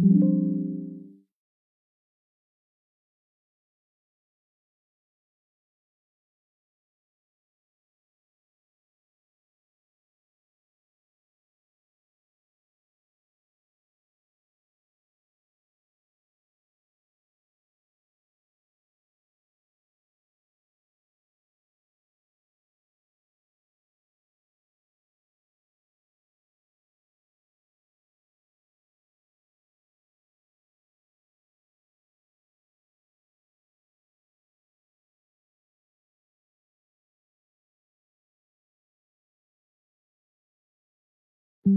thank you family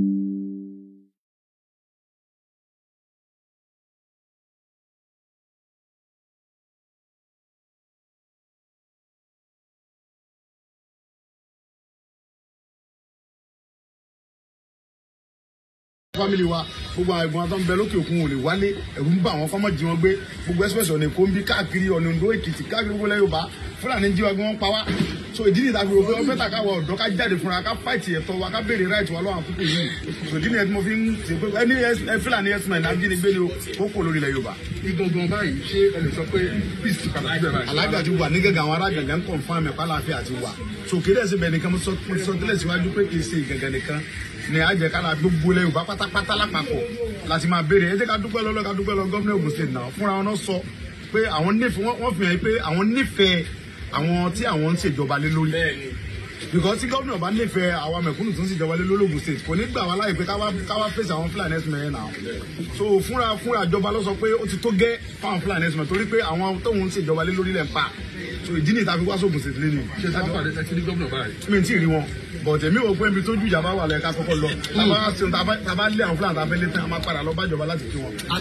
wa gbogbo àìgbọn àtọ́ ń bẹ lókè òkun ò lè wálé ẹ̀rù ń bà wọ́n fọ́mọ́ jí wọn gbé gbogbo express ọ̀nà èkó ń bí káàkiri ọ̀nà Oǹdó Èkìtì káàkiri gbogbo lẹ́yìn Yorùbá fúlàní jí wa gbé pa wá so ìdí nìyí tàbí òfin ọpẹ tàkà wọ ọ̀dọ́ ká jáde fúnra ká fáìtì ẹ̀tọ́ wa ká béèrè ráìtì wa lọ́wọ́ àkókò yìí so ìdí nìyí tí mo fi ń ṣe pé ẹni fúlàní ẹsùn ẹ̀ nàbíjínigbé ni ó kò lórí ilẹ̀ yorùbá. igungun báyìí ṣé ẹ lè sọ pé peace ti padà síbẹ̀ báyìí. alága ti wà ní gẹ́gẹ́ àwọn ará gàngán kàn fún àmì pálàfíà ti wà so kí lẹ́sìn bẹ̀ nìkan sọ tẹ́lẹ̀ síwájú pé kì í ṣe ìgàngàn nìkan ni a jẹ gbogbo ilẹ̀ yorùbá pátápátá lápapọ̀ láti máa béèrè ẹ ká dúpẹ́ lọ́lọ́ ká dúpẹ́ lọ gómìnà Ògùn state náà fúnra wọn sọ pé àwọn nífẹ̀ẹ́ pé àwọn nífẹ̀ẹ́ àwọn tí àwọn ń ṣèjọba lé lórí because tí gómìnà bá nífẹ̀ẹ́ àwa mẹ̀kúnnù tó ń ṣèjọba lé lólogun state kò ní gbà wá láì pé káwá fèsì àwọn fúlàní ẹ̀sìn mẹ́rin náà so fúnra fúnra ìjọba ló sọ pé ó ti tó gẹ́ fáwọn fúlàní ẹ̀sìn mẹ́rin torí pé àwọn tóun ń ṣèjọba lé lórí lẹ̀ ń pa so ìdí ni ìta fi wá sóògùn state lé ní. ṣé táwọn pàdé tẹ́tí ní gómìnà báyìí. mi ti rí wọn but èmi ò pé ibi tójú ìjà bá wà lẹ ká a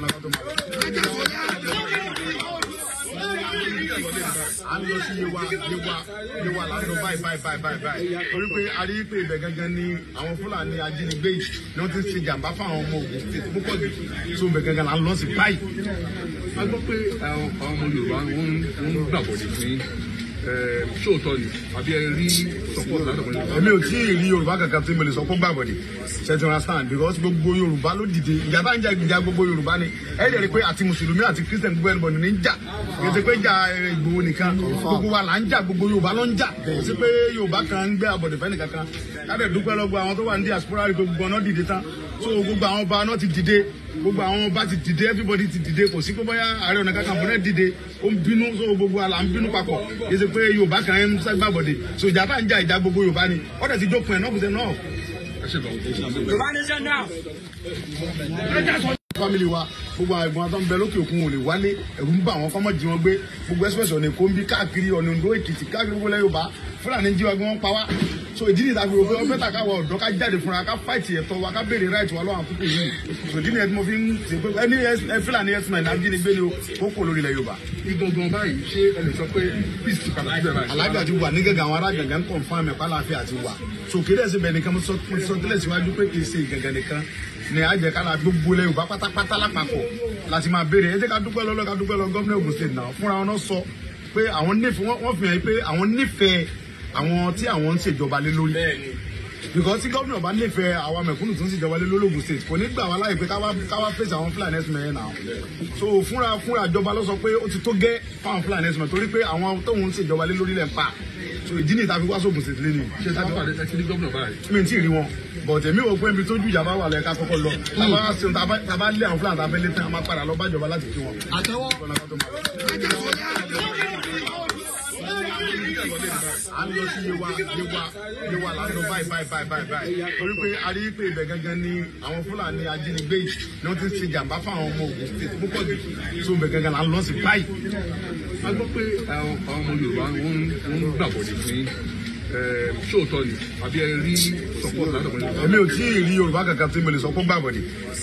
máa lọ sí yewa yewa yewa lásán báyìí báyìí báyìí báyìí báyìí torí pé a rí pé ibẹ̀ gangan ni àwọn fúlàní ajínigbé yìí ni wọ́n ti ń ṣe jàǹbá fáwọn ọmọ Ògùn state púpọ̀ jù tó ibẹ̀ gangan là ń lọ sí báyìí. a ṣóòtọ́ ehm, ni àbí ẹ rí support látọ̀kọ̀ yorùbá. èmi ò tí ì rí yorùbá kankan tí mo lè sọ pé gbàgbọ́dì ṣètò understand because gbogbo yorùbá ló dìde ìjà bá ń jà ìjà gbogbo yorùbá ni ẹ lè rí pé àti mùsùlùmí àti christian gbogbo ẹnubọ̀nì ní ń jà ètò pé jà eh, Ìgbòho nìkan gbogbo wa là ń jà gbogbo yorùbá ló ń jà sí pé yorùbá kan ń gbé àbọ̀dẹ̀fẹ́ nìkan kan so gbogbo àwọn ọba náà ti dìde gbogbo àwọn ọba ti dìde everybody ti dìde kò sí pé bóyá ààrẹ ọ̀nà kakanfò náà dìde ó ń bínú so gbogbo àlà ń bínú papọ̀ yé ṣe pé yorùbá kan ń ságbàbọ̀dé so ìjà tá ń jà ìjà gbogbo yorùbá ni ọ̀dẹ̀ ti dópin ẹ̀ náà kò sẹ́ náà. yorùbá nation now family wa gbogbo àìgbọ́n tó ń bẹ lókè òkun ò lè wálé ẹ̀rù ń bà wọ́n kọ́mọ́ jí wọn gbé gbogbo express ọ̀nà èkó ń bí káàkiri ọ̀nà Oǹdó Èkìtì káàkiri gbogbo ilẹ̀ Yorùbá Fúlàní jí wa gbé wọ́n pa wá so ìdí nìta fi wọ́pẹ́ ọ̀pẹ́ta káwọ ọ̀dọ́ ká jáde fúnra ká fáìtì ẹ̀tọ́ wa ká béèrè ráìtì wa lọ́wọ́ àkókò yìí so ìdí nìyẹn tí mo fi ń ṣe pé ẹni ẹ ni àjẹ kára gbogbo ilẹ̀ yorùbá pátápátá lápapọ̀ láti máa béèrè ẹ jẹ́ ká dúpẹ́ lọ́lọ́ ká dúpẹ́ lọ gómìnà Ògùn state náà fúnra wọn sọ pé àwọn nífẹ̀ẹ́ wọ́n fi hàn pé àwọn nífẹ̀ẹ́ àwọn tí àwọn ń ṣèjọba lé lórí because tí gómìnà bá nífẹ̀ẹ́ àwa mẹ̀kúnnù tó ń ṣèjọba lé lólógùn state kò ní gbà wá láì pé káwá fèsì àwọn fúlàní ẹ̀sìn mẹ́rin náà so fúnra fúnra ìjọba ló sọ pé ó ti tó gẹ́ fáwọn fúlàní ẹ̀sìn mẹ́rin torí pé àwọn tóun ń ṣèjọba lé lórí lẹ́ so ìdí ni ìtàfi wá sóògùn sí lẹ́nu. ṣé tájú pàdé ẹ ti ní gómìnà báyìí. mi ò tí ì rí wọn bọ̀dẹ̀ mi ò pé ibi tójú ìjàmbá wà lẹ́ka kọ́kọ́ lọ. tàbá ṣe tàbá lé àwọn fúlàní abẹ́lé tán a máa padà lọ bájọba láti kí wọn. àtẹwọ́ a lọ sí yewa yewa yewa lánàá báyìí báyìí báyìí báyìí báyìí torí pé a rí pé ibẹ̀ gangan ni àwọn fúlàní ajínigbé yìí ni wọ́n ti ṣe jàǹbá fáwọn ọmọ Ògùn state púpọ̀ jù so ibẹ̀ gangan là ń lọ sí báyìí a gbọ́ pé àwọn eh, ọmọ Yorùbá wọ́n ń gbàbọ̀dé fún eh, yín sóòótọ́ ni àbí ẹ rí sọ́pọ̀ ládàbọ̀ ní. èmi ò tí ì rí yorùbá kankan tí mo lè sọ fún gbàgbọ́dì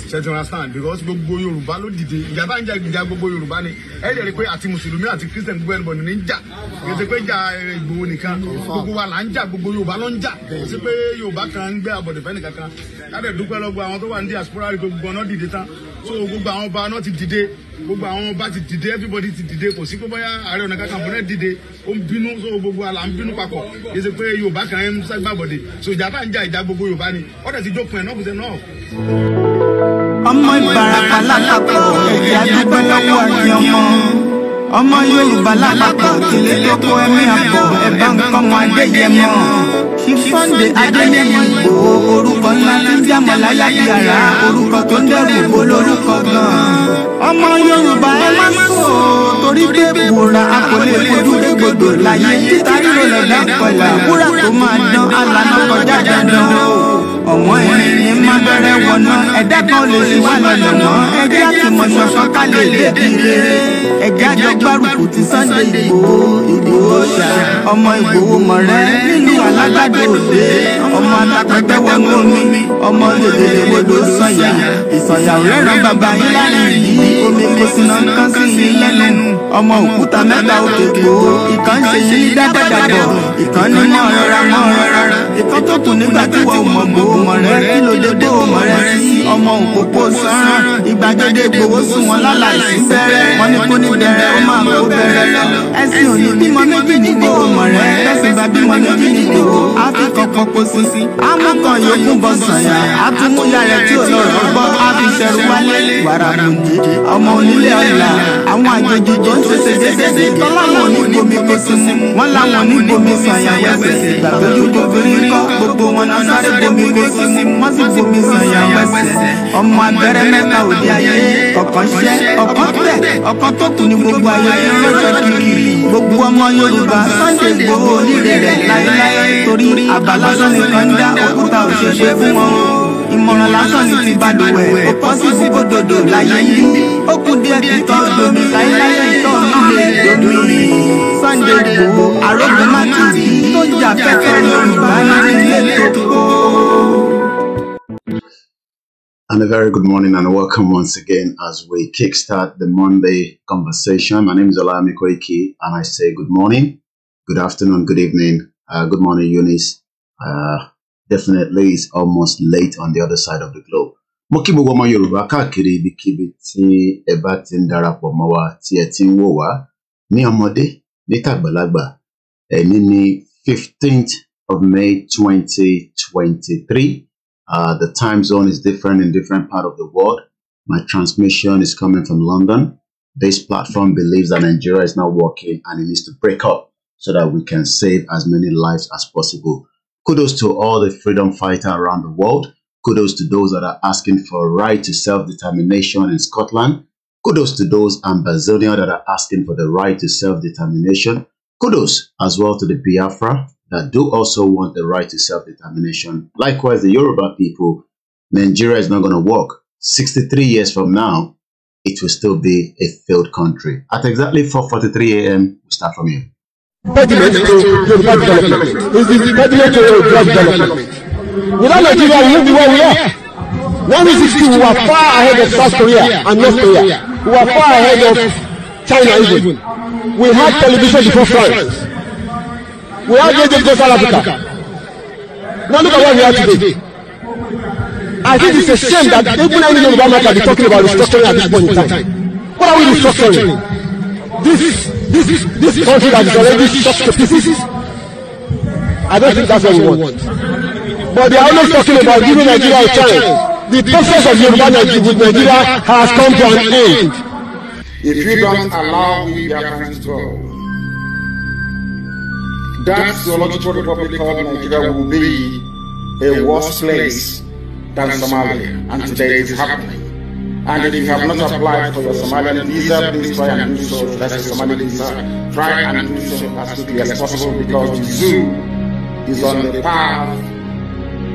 ṣẹ́tì understand because gbogbo yorùbá ló dìde ìjà bá ń jà ìjà gbogbo yorùbá ni ẹ jẹ́rìí pé àti mùsùlùmí àti christian gbogbo ẹnubọ̀ ní ń jà kì í ṣe pé jà eh, Ìgbòho nìkan gbogbo wa là ń jà gbogbo yorùbá ló ń jà kì pé yorùbá kan ń gbé àbọ̀dẹ̀fẹ́ nìkan kan so gbogbo àwọn ọba náà ti dìde gbogbo àwọn ọba ti dìde everybody ti dìde kò sí pé bóyá ààrẹ ọ̀nà kakanfò náà dìde ó ń bínú so gbogbo àlà ń bínú papọ̀ yìí ṣe pé yorùbá kan ń ságbàbọ̀dé so ìjà tá ń jà ìjà gbogbo yorùbá ni ọ̀dẹ̀ ti jókòó ẹ̀ náà kò sẹ́ náà. ọmọ Ìbàràpá lálàpọ̀ ẹ̀yà dúpẹ́ lọ́wọ́ àti ọmọ yorùbá lápapọ̀ òkèlè lóko ẹ̀mí àpọ̀ ẹ̀bá nkọ́mọ adéyẹmọ ṣífọ́ǹdé adéyẹmọ ìgbòho orúkọ ńlá tí ń jàmọ̀ láyà yàrá orúkọ tó ń dẹ̀rù bo lórúkọ gan-an. ọmọ yorùbá ẹ má sọ torí pé bùrà a kò lè fojú gbogbo láyé títa ríro lọ́dọ̀ pẹ̀lú àwúrà tó máa dán alànà kọjá dandan o ọ̀wọ́n ẹni má bẹ̀rẹ̀ wọ̀nà ẹ̀dá kan lè fi wá lọ́nà mọ́ ẹjẹ́ àtìmọ̀ṣọ́ sọ́ká lè débi rere ẹjẹ́ àjọ gbárùkù ti Sunday Ìgbòho Ìgbòho ṣá ọmọ Ìgbòho mọ̀rẹ́ nínú alágbàdo òde ọmọ alápẹ̀pẹ̀ wọnú omi ọmọ lèlèlè wodò sọ̀yà ìsọ̀yà òrẹ́ràn bàbá yín láàrin yìí omi kò síná kán sí yín lẹ́nu ọmọ òkúta mẹ́ta òkè Ìgbòho ìkan ṣe yín dágbàdàgbọ̀ ìkan ní mọ́ rọra mọ́ rọra ìkan tó kù nígbà tí wọ́n mọ̀ gbòho mọ̀rẹ́ kí ló dé sí ọmọ òpópó sára ìgbàgede gbowó sùn wọn lálà ìsísẹ́rẹ́ wọn ní kó ní bẹ̀rẹ̀ ó máa kó bẹ̀rẹ̀ lọ. ẹ̀sìn òní bímọ méjì ní gbòòrò mọ̀ rẹ̀ bẹ́sẹ̀ bá bímọ méjì ní gbòòrò á fi kankan po sísí. á mú kan yòókù bọ sànyà á tún mú ya tí ò lọ́rọ̀ gbọ́ á fi ṣẹ̀rù wálé. wàrà mùdí ọmọ onílé ọ̀la àwọn àjèjì tó ń ṣe ṣeṣeṣe tọ́láwọn ní bomi ní bomi sànyà wẹ́sẹ̀ gbàgbójú wọn ọmọ abẹ́rẹ́ mẹ́ta òde ayé ọ̀kan ṣẹ́ ọ̀kan tẹ̀ ọ̀kan tó kù ní gbogbo ayé lọ́jọ́ kiri gbogbo ọmọ Yorùbá Sunday Igboho oníire rẹ̀ láéláé torí àbálásán nìkan ń dá òkúta òṣèṣe fún wọn ìmọ̀ràn lásán ni ti balùwẹ̀ ó pọ̀ sí síbòdòdò láyé yìí ó kù díẹ̀ kí domi láéláé tọ́ ilé domi Sunday Igboho arógunmákìtì tó jà fẹ́fẹ́ Yorùbá ní ilé tó kó. And a very good morning and welcome once again as we kickstart the Monday conversation. My name is Olami Koiki and I say good morning, good afternoon, good evening, uh, good morning, Eunice. Uh, definitely it's almost late on the other side of the globe. Mo kí gbogbo ọmọ Yorùbá káàkiri ibikíbi tí ẹ bá ti darapo wa ti ni tàgbàlagbà ẹ̀ní ní fifteenth of May twenty twenty three. Uh, the time zone is different in different part of the world. My transmission is coming from London. This platform believes that Nigeria is not working and it needs to break up so that we can save as many lives as possible. Kudos to all the freedom fighters around the world. Kudos to those that are asking for a right to self-determination in Scotland. Kudos to those Ambazonia that are asking for the right to self-determination. Kudos as well to the Biafra that do also want the right to self-determination. Likewise, the Yoruba people, Nigeria is not going to work. 63 years from now, it will still be a failed country. At exactly 4.43 a.m., we start from here. Without Nigeria, we won't be where we are. is 160, we are far ahead of South Korea and North Korea. We are far ahead of China even. We had television before France we have native go South Africa. Now look at what we are today. I think it's a shame that even any Yoruba man can be talking about restructuring at this point in time. What are we restructuring? This this this country that is already shocked to pieces. I don't think that's what we want. But they are always talking about giving Nigeria a chance. The process of Yoruba Nigeria has come to an end. If you don't allow me, we Biafrans go, that zoological republic of Nigeria will be a worse place than Somalia. And today it is happening. And if you have not applied for your Somalian visa, please try and do so. That's a Somalian visa. Try and do so as quickly as possible because the zoo is on the path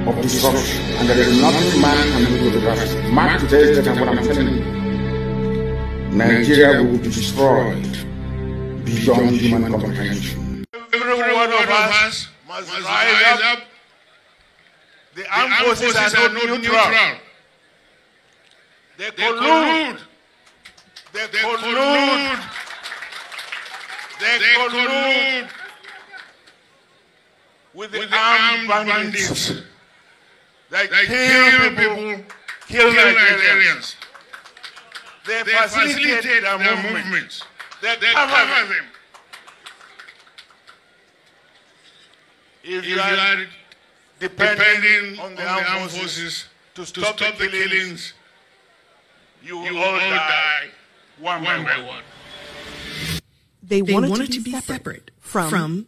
of destruction, and there is nothing man can do to reverse it. Mark today's date and what I'm telling you. Nigeria will be destroyed beyond human comprehension every, every one, one of us must rise, rise up. up. The armed, the armed forces, forces are, are not neutral. neutral. They, they collude. They, they collude. collude. They, they collude with the, with the armed, armed bandits. bandits. They, they kill, kill people, kill, kill Nigerians. Nigerians. They, they facilitate, facilitate their movements. Movement. They, they cover them. them. If, if you, are you are, depending, depending on, the, on armed the armed forces, to stop, to stop the, killings, the killings, you, will all die, die one, by one, one. They, they wanted, wanted, to be, to be separate, from, from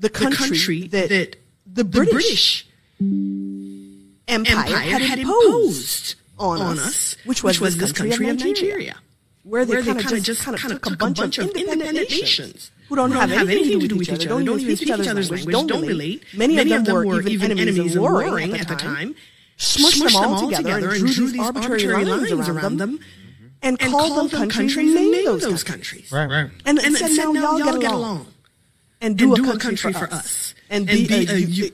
the country, country that, that, the British, Empire, Empire had, imposed on, on us, which was, which this country, country of Nigeria, Nigeria, where they, they kind of just kind of took, took a bunch of independent, independent nations. nations who don't, don't have, have anything, anything to do with each other, don't even speak each other's language, language don't relate. Many, Many of them, them were even enemies and warring at the time. Smushed them all together and drew these arbitrary lines around them and, and called, them countries and named those, those countries. Right, right. And, and said, said now y'all get, get along. And do, and a, do country a country for us. For us. And, and be, be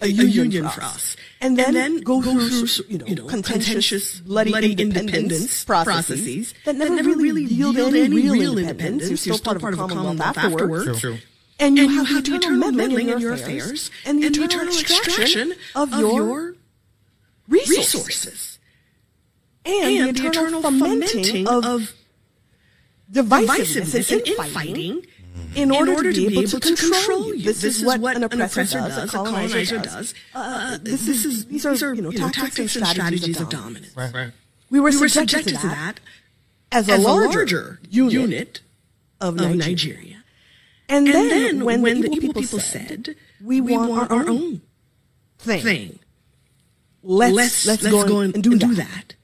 a, a, a, a union for us and then, and then go, go through, through, you know, you know contentious, bloody, bloody independence, independence processes, processes that never, that never really yield any real independence. independence. You're, still, still part, of a Commonwealth, Commonwealth afterwards. True. True. And you, and have, you have the eternal, eternal meddling in your affairs, affairs and the and eternal, eternal extraction, extraction of your resources. resources. And, and the eternal, eternal fomenting, fomenting of divisiveness, divisiveness and infighting, and infighting Mm-hmm. In order, in order, to, be, able, to, able control, to control you. This, this is, what an oppressor, an oppressor does, a colonizer, does. does. Uh, uh, uh this, this is, these are, you know, you tactics, and strategies, of dominance. Of dominance. Right, right. We were, we were subjected, to that, as a larger, unit, unit of, Nigeria. of Nigeria. And, then, and then when, when, the people, people said, we want, want our, own thing, thing. Let's, let's, let's, go, go and, and, do, that. that.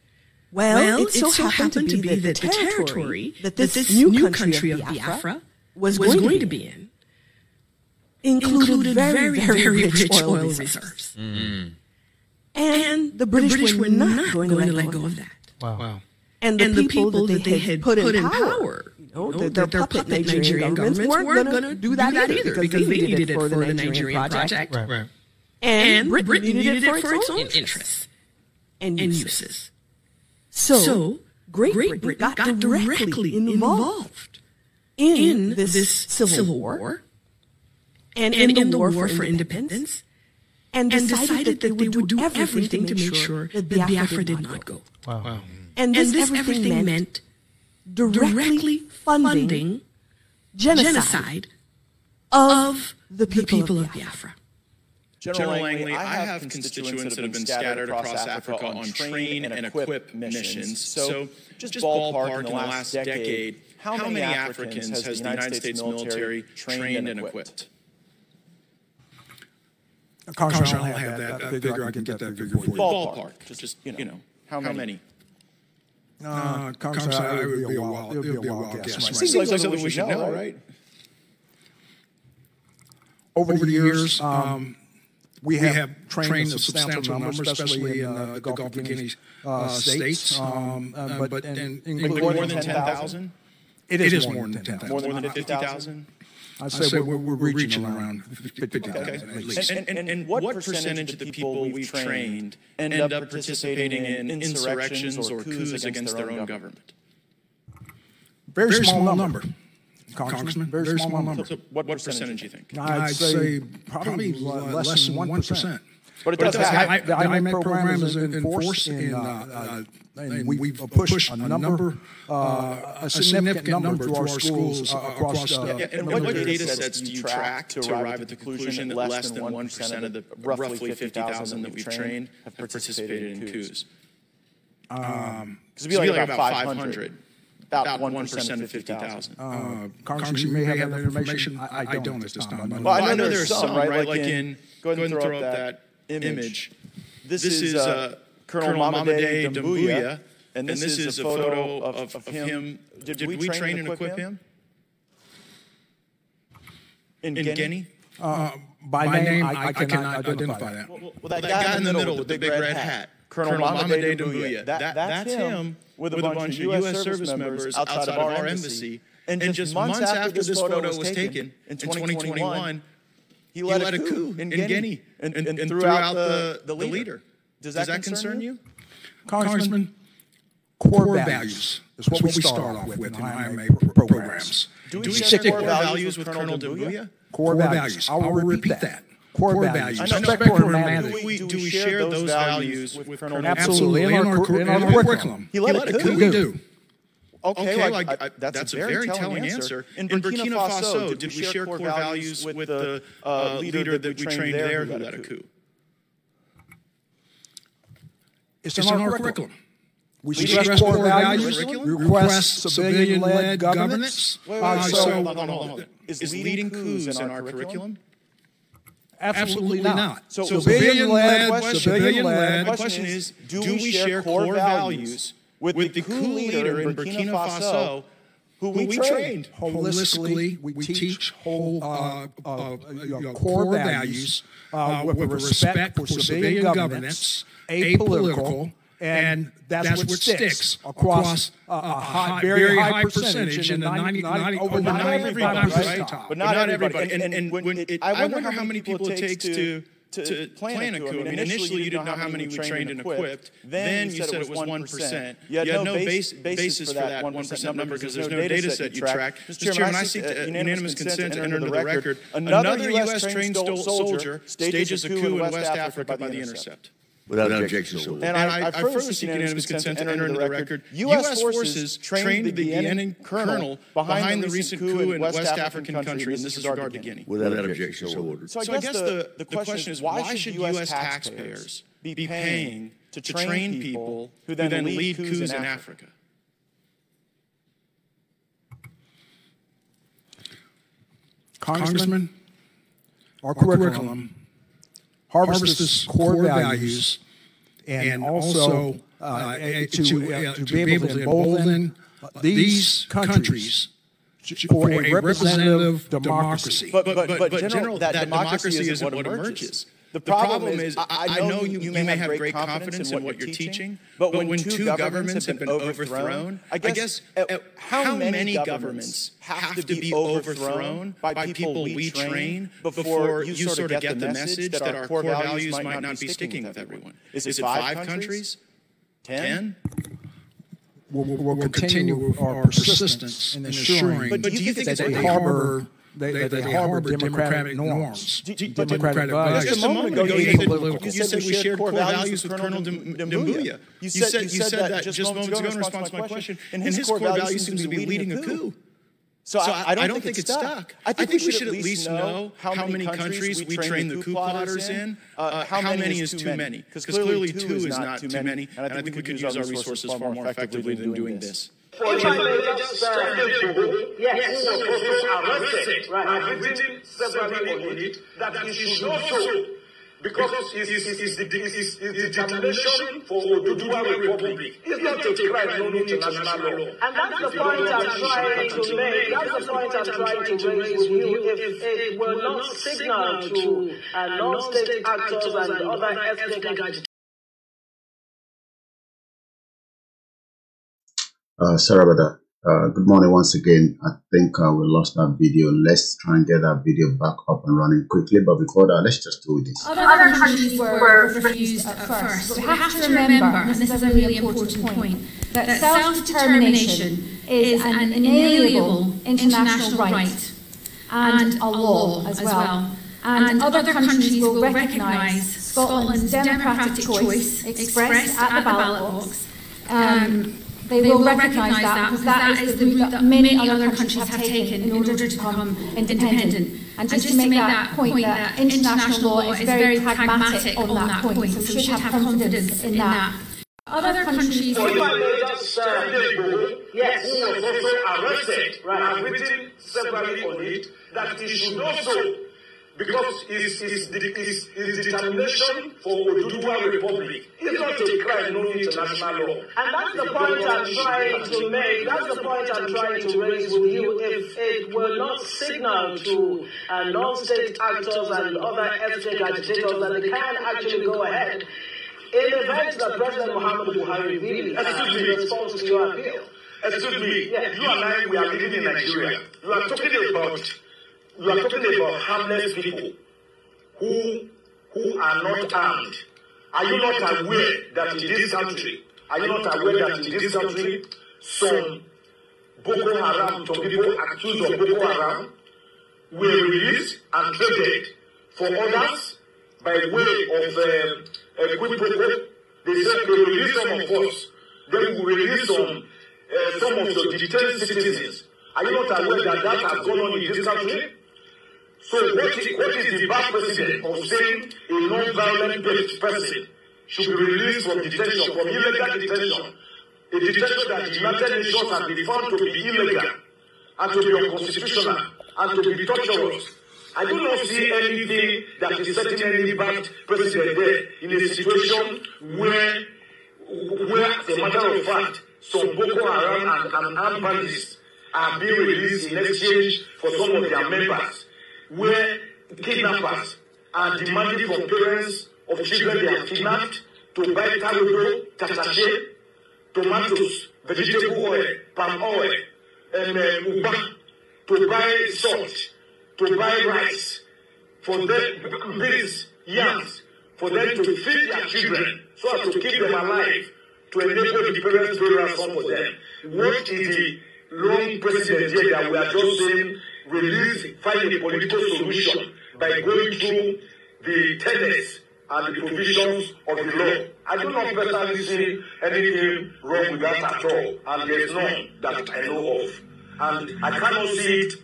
Well, well, it, so, happened, to be that the territory, that this, new country, of Biafra was, was going, going, to be in included, included very, very, very, rich, rich oil, oil, reserves. reserves. Mm. And, the British, the British were, not going, going to let go of that. Wow. wow. And, the, and people the, people that they had put in power, power you know, that, that their puppet Nigerian, Nigerian governments, governments weren't going to do that, either, either because, because, they needed, needed it for the Nigerian, Nigerian project. project. Right. right. And, and Britain, Britain needed, needed, it for its own interests and uses. So, so Great, Britain, got, directly involved in, in this, this, civil, civil war, war, and, and in, the war, war for independence, independence and, decided and decided, that they, would, they would do everything, to make sure that Biafra, Biafra did not go. Wow. wow. And, this, and this everything, everything, meant directly funding, genocide, genocide, of the people, the people of Biafra. Biafra. General, Langley, I have constituents that have been scattered across Africa on train and equip missions. So, just ballpark in the last decade how, how many, Africans, Africans has the United States, States military trained, trained and equipped? Congress, I'll have that, that, figure. I can get that figure for you. Ballpark, just, you know, how many? Uh, Congress, it would be a wild, it would be a wild guess. guess. Seems like something we should know, right? Over the years, um, um we have, we have trained, trained a substantial number, number especially in uh, uh the Gulf of Guinea uh, uh, states, um, um uh, uh, but, but and, including more than 10,000? It is, it is more, more than 10,000. More than fifty I say, I say we're, we're, reaching, reaching around 50,000 okay. at least. And, and, and what, what percentage of the people we've trained end up participating in insurrections or coups against their own government? Very, very small, small number. Congressman, very, very small, small number. So, so what, what percentage do you think? I'd, I'd say probably less, less than 1%. 1%. But it does, but it does I, the IMED program is in uh, force in uh, uh, and we've pushed a number, uh, uh a significant number to our schools uh, uh, across the. Yeah, and what data sets do you track to arrive at the conclusion that less than 1% of the roughly 50,000 that we've trained have participated in coups? Um, um, Cause it'd be, like, about 500. About one percent of fifty thousand. Uh, um, Congress, you may have that information. I, I don't at this time. Well, I know there's some, right? Like in, go ahead and throw up that image. This is. Colonel, Colonel Mamade Dumbuya. And this, and this, is, a photo of, of, of him. him. Did, Did, we, train, train and equip, him? him? In, in Guinea? Uh, by, by, name, I, I, cannot, I cannot identify, identify, that. Well, well, that, well, that guy, guy, in the middle with the big red, red hat, hat, Colonel, Colonel Mamade Dumbuya, that, that's him with a, bunch, bunch, of U.S. service members outside, of our embassy. And, and just months after this photo was taken in 2021, he led, a coup in Guinea and, threw out the, the leader. Does that, Does that concern, concern, you? Congressman, Congressman core, core, values is what, we start, start off with, in IMA programs. programs. Do we share core values with Colonel Dabuya? Core, core values. I will repeat that. Core, core values. values. Respect for humanity. Do we, do we share those values with Colonel Dabuya? Absolutely. In our, in our, in our curriculum. He let, he let it cook. We do. Okay, okay like, I, that's, that's, a very, very telling, telling answer. In Burkina, Burkina Faso, did we share core values with the uh, uh leader that we trained there who led a coup? It's, it's in, in, our, curriculum. curriculum. We, we stress, stress core, core values, values request civilian-led governance. Wait, wait, wait, Is, leading, coups in our, curriculum? Absolutely, not. So, civilian-led, civilian-led. The question is, do we share core values with the coup leader in Burkina Faso who we, we trained. Holistically, we, we teach whole uh, uh, uh, you know, core, core values uh, uh, with, with respect, respect for civilian governance, apolitical, and that's, that's what, what sticks across, uh, a, a high, very high percentage in the 90, 90, 90 over 95 percentile. But not everybody. And, and, and when it, I wonder how many people it takes to to, to plan, plan, a coup. I mean, initially, you didn't know how many we trained and equipped. Then you said it was 1%. You had no base, basis for that 1% number because there's no data set you track. Mr. Chairman, I seek uh, uh, unanimous consent to enter into the record another U.S. trained soldier stages a coup in West Africa by the intercept. Without, objection, so ordered. And, I, I, I further seek unanimous consent to enter into the record, U.S. forces trained the Guinean colonel behind the recent coup in West African country, and this is regard to Guinea. Without objection, so ordered. So I guess the, the question is, why should U.S. taxpayers be paying to train people who then lead coups in Africa? Congressman, Congressman our curriculum harvest core, core values, and, and also uh, uh, to, to, uh, uh, to, be able to embolden these countries for a representative democracy. But, but, but, but General, that, that democracy is what emerges. The problem, the problem is, I, I know you, you, may, may have great confidence, confidence in, what in what you're teaching, but, when, when two governments, governments have been overthrown, I guess, I guess at, at how many governments have to be overthrown by people we train before you sort of get the message that our core values might not be sticking with everyone? Is it five countries? Ten? We'll, we'll, we'll continue our persistence in ensuring. But do you think that they harbor they, they, they, they harbor democratic, democratic norms, do, do, democratic, democratic Just a moment ago, you said, you said, we, shared core values with Colonel Dumbuya. You said, you said, that just moments ago in response to my question, and his core value seems to be leading a coup. So, so I, I, don't I, don't, think, it's stuck. stuck. I, think I, think we should, at least know how many countries we train the coup plotters in. Uh, how, many, is too many? Because clearly two is not too many, and I think, we, could use our resources far more effectively than doing this. for if you. If yes. yes. who was also arrested, right. I've written separately on it that, that he should not so. Because, it is the, it's, it's the determination for Oduduwa Republic. It's not a crime known international law. And that's the point I'm trying to make. That's the point I'm trying to raise with you. If it were not signaled to non-state actors and other ethnic Uh, sorry about that. Uh, good morning once again. I think uh, we lost that video. Let's try and get that video back up and running quickly. But before that, let's just do this. Other, Other countries, countries were, were refused at first. But we have, have to remember, and this is a really important point, that, that self-determination is an inalienable international right and a law as well. And, and other, other countries will recognise Scotland's democratic choice expressed at the ballot box. Um, they, they will, will recognise that because that, that is the route that, that many other countries have taken in order to become independent. And just, and just to make, make that point, point that international law is very pragmatic on that point, point. so we should have confidence in that. Other countries... So you are just people yes. who were arrested right. have written separately on it that it should also because it's, it's, determination for Oduduwa Republic. is not a crime, no international law. And that's the point I'm trying to make. That's the point I'm trying to raise with you. If it were not signaled to uh, non-state actors and other ethnic agitators that they can actually go ahead, in the event that President Muhammad Buhari really uh, in response to your appeal. Excuse me. Yes. You and I, we are living in Nigeria. You are talking about We are talking about harmless people who who are not armed. Are you not aware that in this country, are you not aware that in this country, some Boko Haram, some people accused of Boko Haram, were released and traded for others by way of um, a quid pro people. They said they release some of us, then we release some uh, some of the detained citizens. Are you not aware that that has gone on in this country? So what is, what is the bad precedent of saying a non-violent person should be released from detention, from illegal detention, a detention that the United Nations have been found to be illegal and to be unconstitutional and to be torturous? I do not see anything that is setting any bad precedent there in a situation where, where as a matter of fact, some Boko Haram and, and armed bandits are being released in exchange for some of their members where kidnappers are demanding from parents of children they have kidnapped to buy tarodo, tatache, tomatoes, vegetable oil, palm oil, and uh, to buy salt, to buy rice, for them, beans, yams, for them to feed their children so as to keep them alive, to enable the parents to ransom for them. What is the wrong precedent here that we are just saying release, find a political solution by going through the tenets and the provisions of the law. I do not personally see anything wrong with that at all, and there is none that I know of. And I cannot see it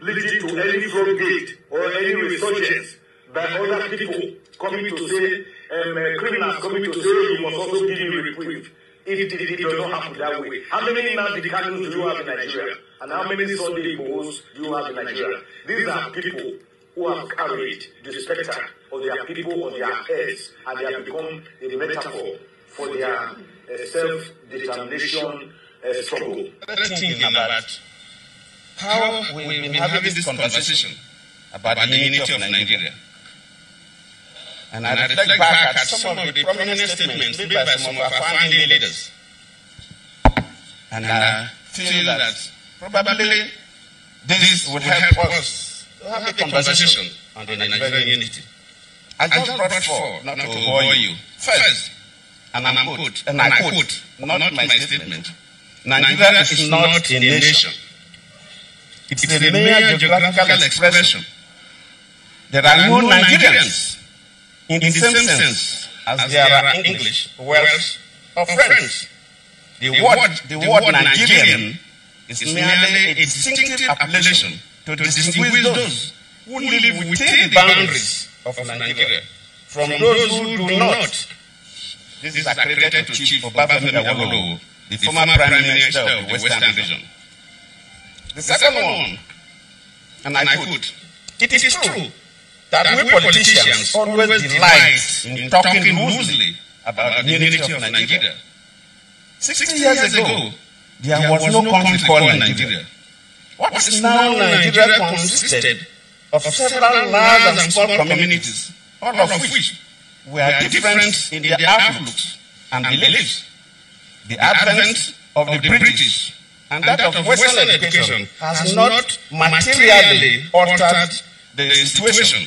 leading to any floodgate or any resurgence by other people coming to say, um, uh, criminals coming to say, you must also give me reprieve if it, it, it does not happen that way. How many Nnamdi Kanus do you have in Nigeria? And how many Sunday Igbos do you have in Nigeria? These are people who have carried the spectre of their people on their heads and they have become a metaphor for their uh, self-determination uh, struggle. Thinking about how we, we've been having this conversation about the unity of Nigeria. And I, reflect, reflect back, back at some of the prominent statements made by some of our founding leaders. And, and I feel, feel that, probably this would help, help us to have a conversation on the Nigerian, Nigerian unity. I just, I just brought, brought forward, not, to bore you, first, and, and, I'm quote, and I quote, not, not my statement, Nigeria, Nigeria is, not a nation. It's, it's a mere geographical expression. expression. There, there are, are no Nigerians. Nigerians in the, same, sense as, as there are English, Welsh, or French. The, word, the word Nigerian is merely a distinctive appellation to distinguish those who live within the boundaries of Nigeria from those who do not. This is accredited to Chief Obafemi Awolowo, the former Prime Minister of the Western Region. The second one, and I quote, it is true that, that we politicians always delight in talking loosely about the unity of Nigeria. 60 years ago, there was no country called Nigeria. What is now Nigeria consisted of several large and small communities, all of which were different in their outlooks and beliefs. The advent of the British and that of Western education has not materially altered the situation,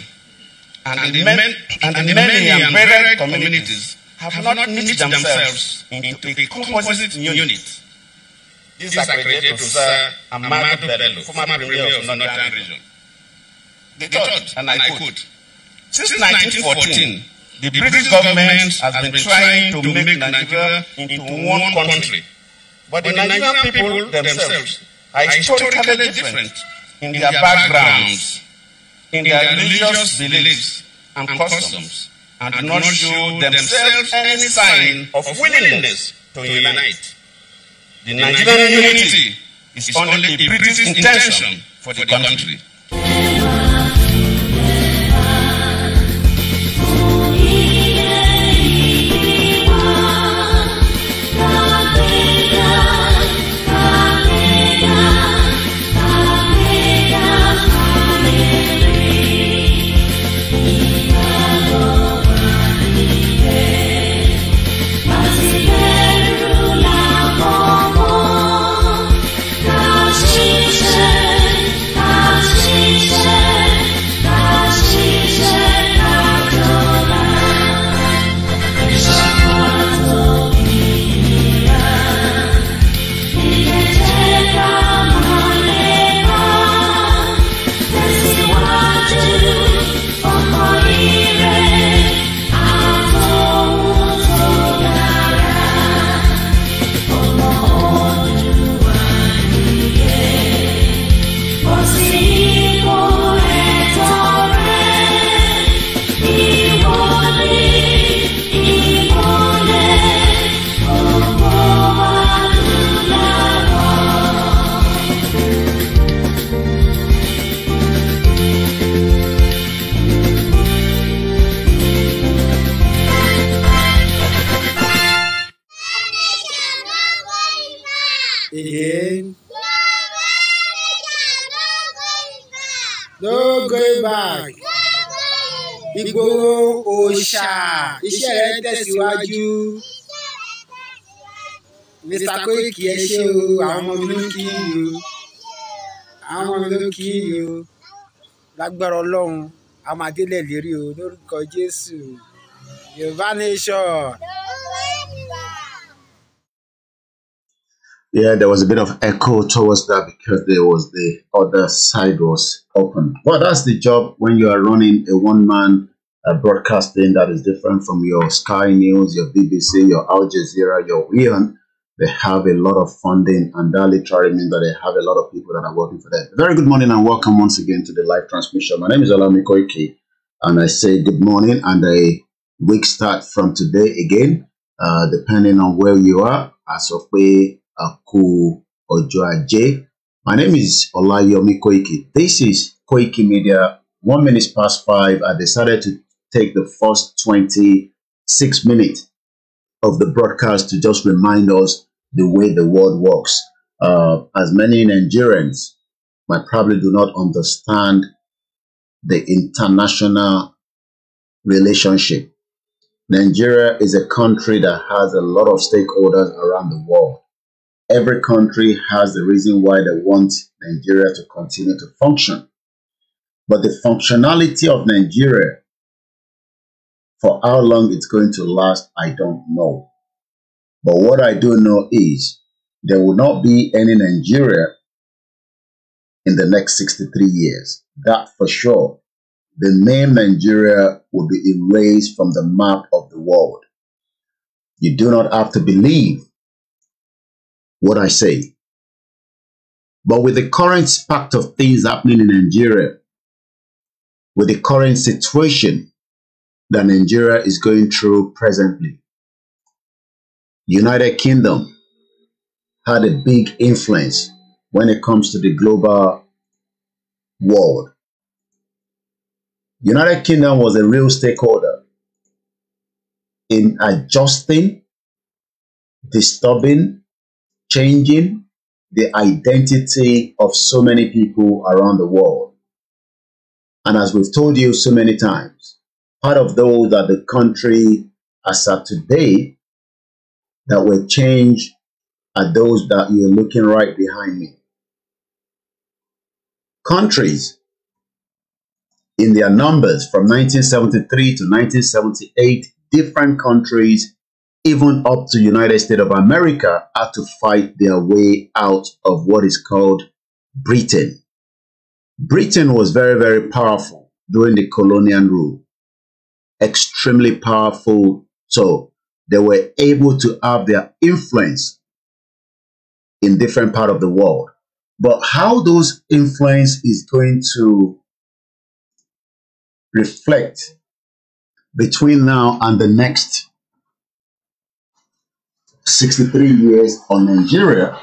and, and the men, and, and the many and varied communities have not knit themselves into a composite unit. This is accredited to Sir Amado Bello, former Premier of Northern Region. The thought, and I quote, since 1914, the British government has been trying to make Nigeria into one country. But the Nigerian people themselves are historically different in their backgrounds in their religious beliefs and customs and do not show themselves any sign of willingness to unite. The Nigerian unity is only a British intention for the country. òòṣà iṣẹ́ rẹ̀ tẹ̀síwájú. Mr. ẹ ṣé o àwọn ọmọ yìí o àwọn ọmọ yìí o lágbára Ọlọ́run lérí o lórúkọ Jésù Yorùbá nation. Yeah, there was a bit of echo towards that because there was the other side was open. Well, that's the job when you are running a one man uh, broadcasting that is different from your Sky News, your BBC, your Al Jazeera, your WEON. They have a lot of funding, and that literally means that they have a lot of people that are working for them. Very good morning, and welcome once again to the live transmission. My name is Alami Koike, and I say good morning and a week start from today again, uh, depending on where you are. As of way, Aku My name is Olayomi Koike. This is Koike Media. One minute past five, I decided to take the first 26 minutes of the broadcast to just remind us the way the world works. Uh, as many Nigerians might probably do not understand the international relationship. Nigeria is a country that has a lot of stakeholders around the world. Every country has the reason why they want Nigeria to continue to function. But the functionality of Nigeria for how long it's going to last, I don't know. But what I do know is there will not be any Nigeria in the next 63 years. That for sure. The name Nigeria will be erased from the map of the world. You do not have to believe what I say. But with the current pact of things happening in Nigeria, with the current situation, that Nigeria is going through presently. United Kingdom had a big influence when it comes to the global world. United Kingdom was a real stakeholder in adjusting, disturbing, changing the identity of so many people around the world. And as we've told you so many times, part of those that the country as of today that were changed are those that you're looking right behind me. Countries in their numbers from 1973 to 1978, different countries, even up to United States of America, had to fight their way out of what is called Britain. Britain was very, very powerful during the colonial rule extremely powerful. So they were able to have their influence in different part of the world. But how those influence is going to reflect between now and the next 63 years on Nigeria,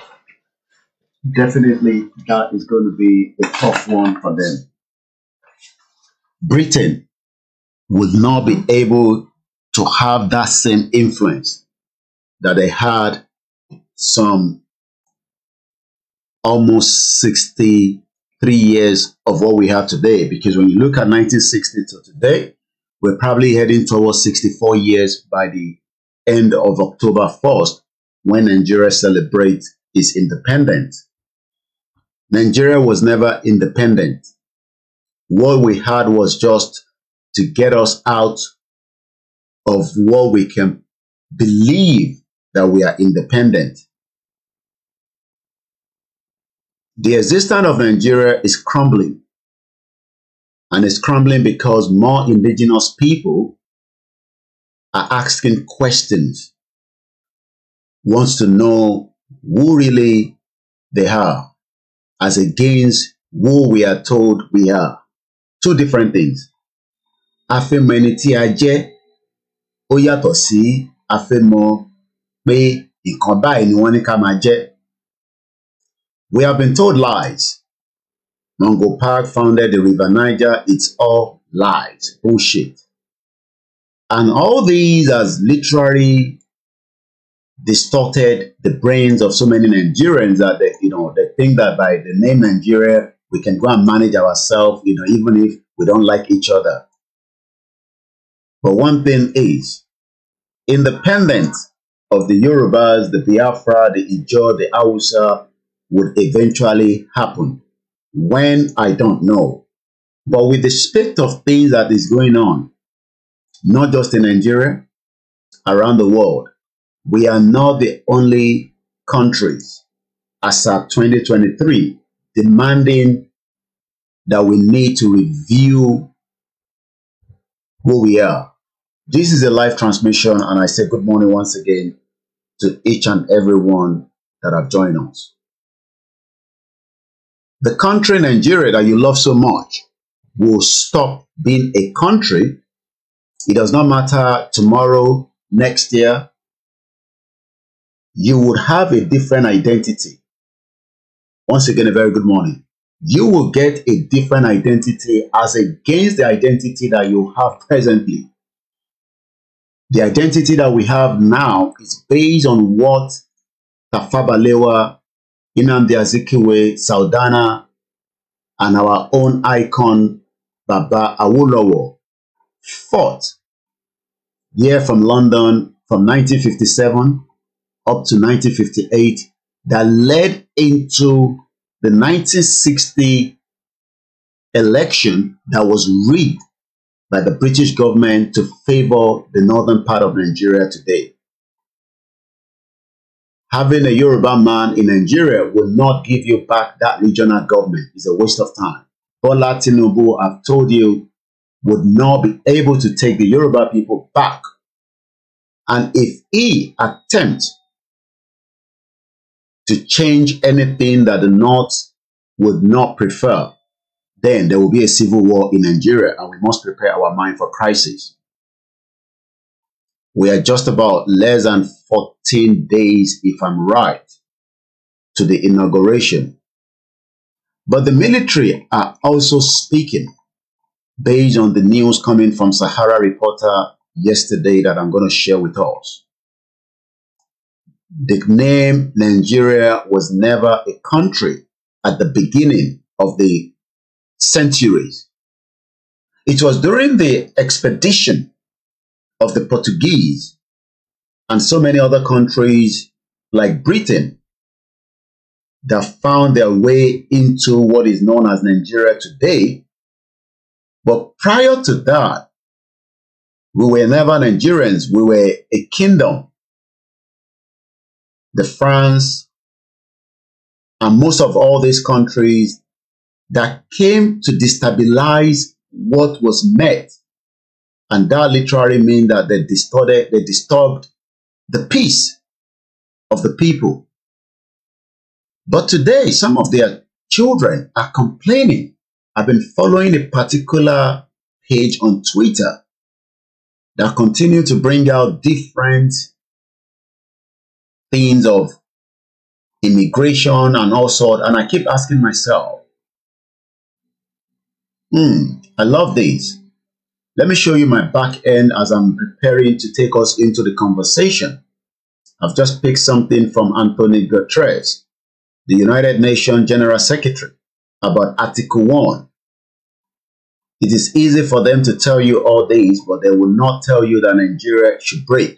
definitely that is going to be a tough one for them. Britain would not be able to have that same influence that they had some almost 63 years of what we have today. Because when you look at 1960 to today, we're probably heading towards 64 years by the end of October 1st when Nigeria celebrates its independence. Nigeria was never independent. What we had was just to get us out of what we can believe that we are independent. The existence of Nigeria is crumbling. And it's crumbling because more indigenous people are asking questions, wants to know who really they are, as against who we are told we are. Two different things ẹni tí a jẹ́ ó yàtọ̀ sí pé ni wọ́n ní ká jẹ́. We have been told lies. Mungo Park founded the River Niger. It's all lies, bullshit. And all these has literally distorted the brains of so many Nigerians that they, you know, they think that by the name Nigeria, we can go and manage ourselves, you know, even if we don't like each other. But one thing is, independence of the Yorubas, the Biafra, the Ijo, the Hausa would eventually happen. When, I don't know. But with the state of things that is going on, not just in Nigeria, around the world, we are not the only countries as of 2023 demanding that we need to review who we are this is a live transmission, and I say good morning once again to each and everyone that have joined us. The country Nigeria that you love so much will stop being a country. It does not matter tomorrow, next year. You would have a different identity. Once again, a very good morning. You will get a different identity as against the identity that you have presently the identity that we have now is based on what Tafabalewa, Inamdi Azikiwe, Saudana, and our own icon, Baba Awolowo, fought here from London from 1957 up to 1958 that led into the 1960 election that was rigged by the British government to favor the northern part of Nigeria today. Having a Yoruba man in Nigeria will not give you back that regional government. It's a waste of time. Bola Tinubu, I've told you, would not be able to take the Yoruba people back. And if he attempts to change anything that the North would not prefer, then there will be a civil war in Nigeria and we must prepare our mind for crisis. We are just about less than 14 days, if I'm right, to the inauguration. But the military are also speaking based on the news coming from Sahara Reporter yesterday that I'm going to share with us. The name Nigeria was never a country at the beginning of the centuries. It was during the expedition of the Portuguese and so many other countries like Britain that found their way into what is known as Nigeria today. But prior to that, we were never Nigerians, we were a kingdom. The France and most of all these countries that came to destabilize what was met. And that literally means that they distorted, they disturbed the peace of the people. But today, some of their children are complaining. I've been following a particular page on Twitter that continue to bring out different things of immigration and all sorts. And I keep asking myself, Hmm, I love these. Let me show you my back end as I'm preparing to take us into the conversation. I've just picked something from Anthony Guterres, the United Nations General Secretary, about Article 1. It is easy for them to tell you all these, but they will not tell you that Nigeria should break.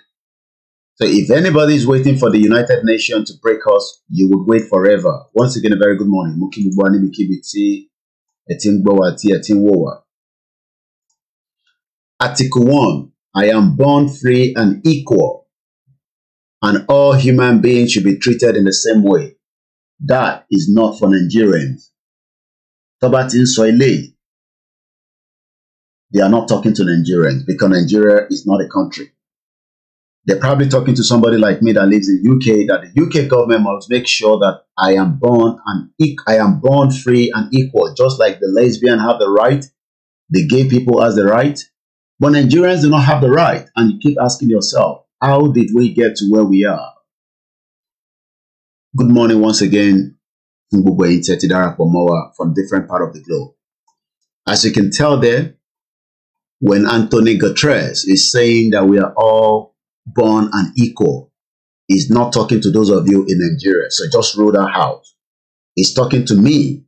So if anybody is waiting for the United Nations to break us, you would wait forever. Once again, a very good morning. Mukibubwani Mikibiti ẹ ti ń gbọ́ wa tí ẹ ti ń wò wá. Article one I am born free and equal and all human beings should be treated in the same way. That is not for Nigerians. Tó bá ti ń sọ eléyìí they are not talking to Nigerians because Nigeria is not a country. They're probably talking to somebody like me that lives in the UK that the UK government must make sure that I am born and I am born free and equal, just like the lesbian have the right, the gay people has the right, but Nigerians do not have the right. And you keep asking yourself, how did we get to where we are? Good morning once again, Ngugwe from different part of the globe. As you can tell there, when Anthony Guterres is saying that we are all born an equal. is not talking to those of you in Nigeria. So just rule that out. He's talking to me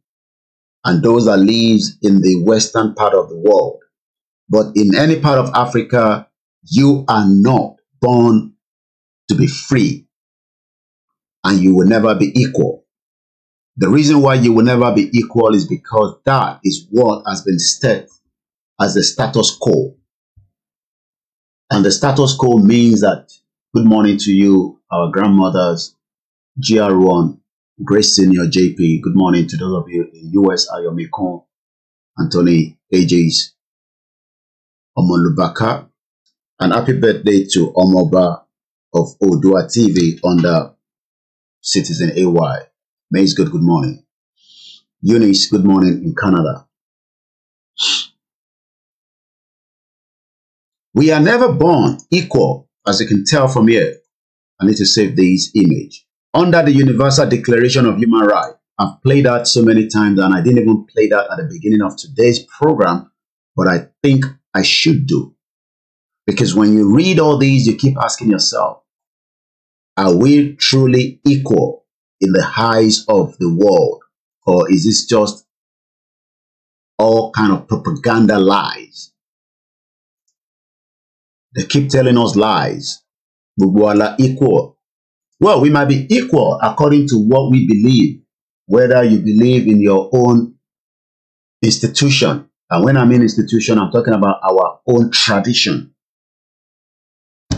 and those that lives in the western part of the world. But in any part of Africa, you are not born to be free and you will never be equal. The reason why you will never be equal is because that is what has been set as the status quo and the status quo means that good morning to you, our grandmothers, GR1, Grace Senior JP. Good morning to those of you in US, Ayomi Anthony AJs, Omolubaka, and happy birthday to Omoba of Odua TV under Citizen AY. Maze, good, good morning. Eunice, good morning in Canada. We are never born equal, as you can tell from here. I need to save this image. Under the Universal Declaration of Human Rights, I've played that so many times and I didn't even play that at the beginning of today's program, but I think I should do. Because when you read all these, you keep asking yourself, are we truly equal in the eyes of the world? Or is this just all kind of propaganda lies? They keep telling us lies. We are equal. Well, we might be equal according to what we believe, whether you believe in your own institution. And when I mean institution, I'm talking about our own tradition.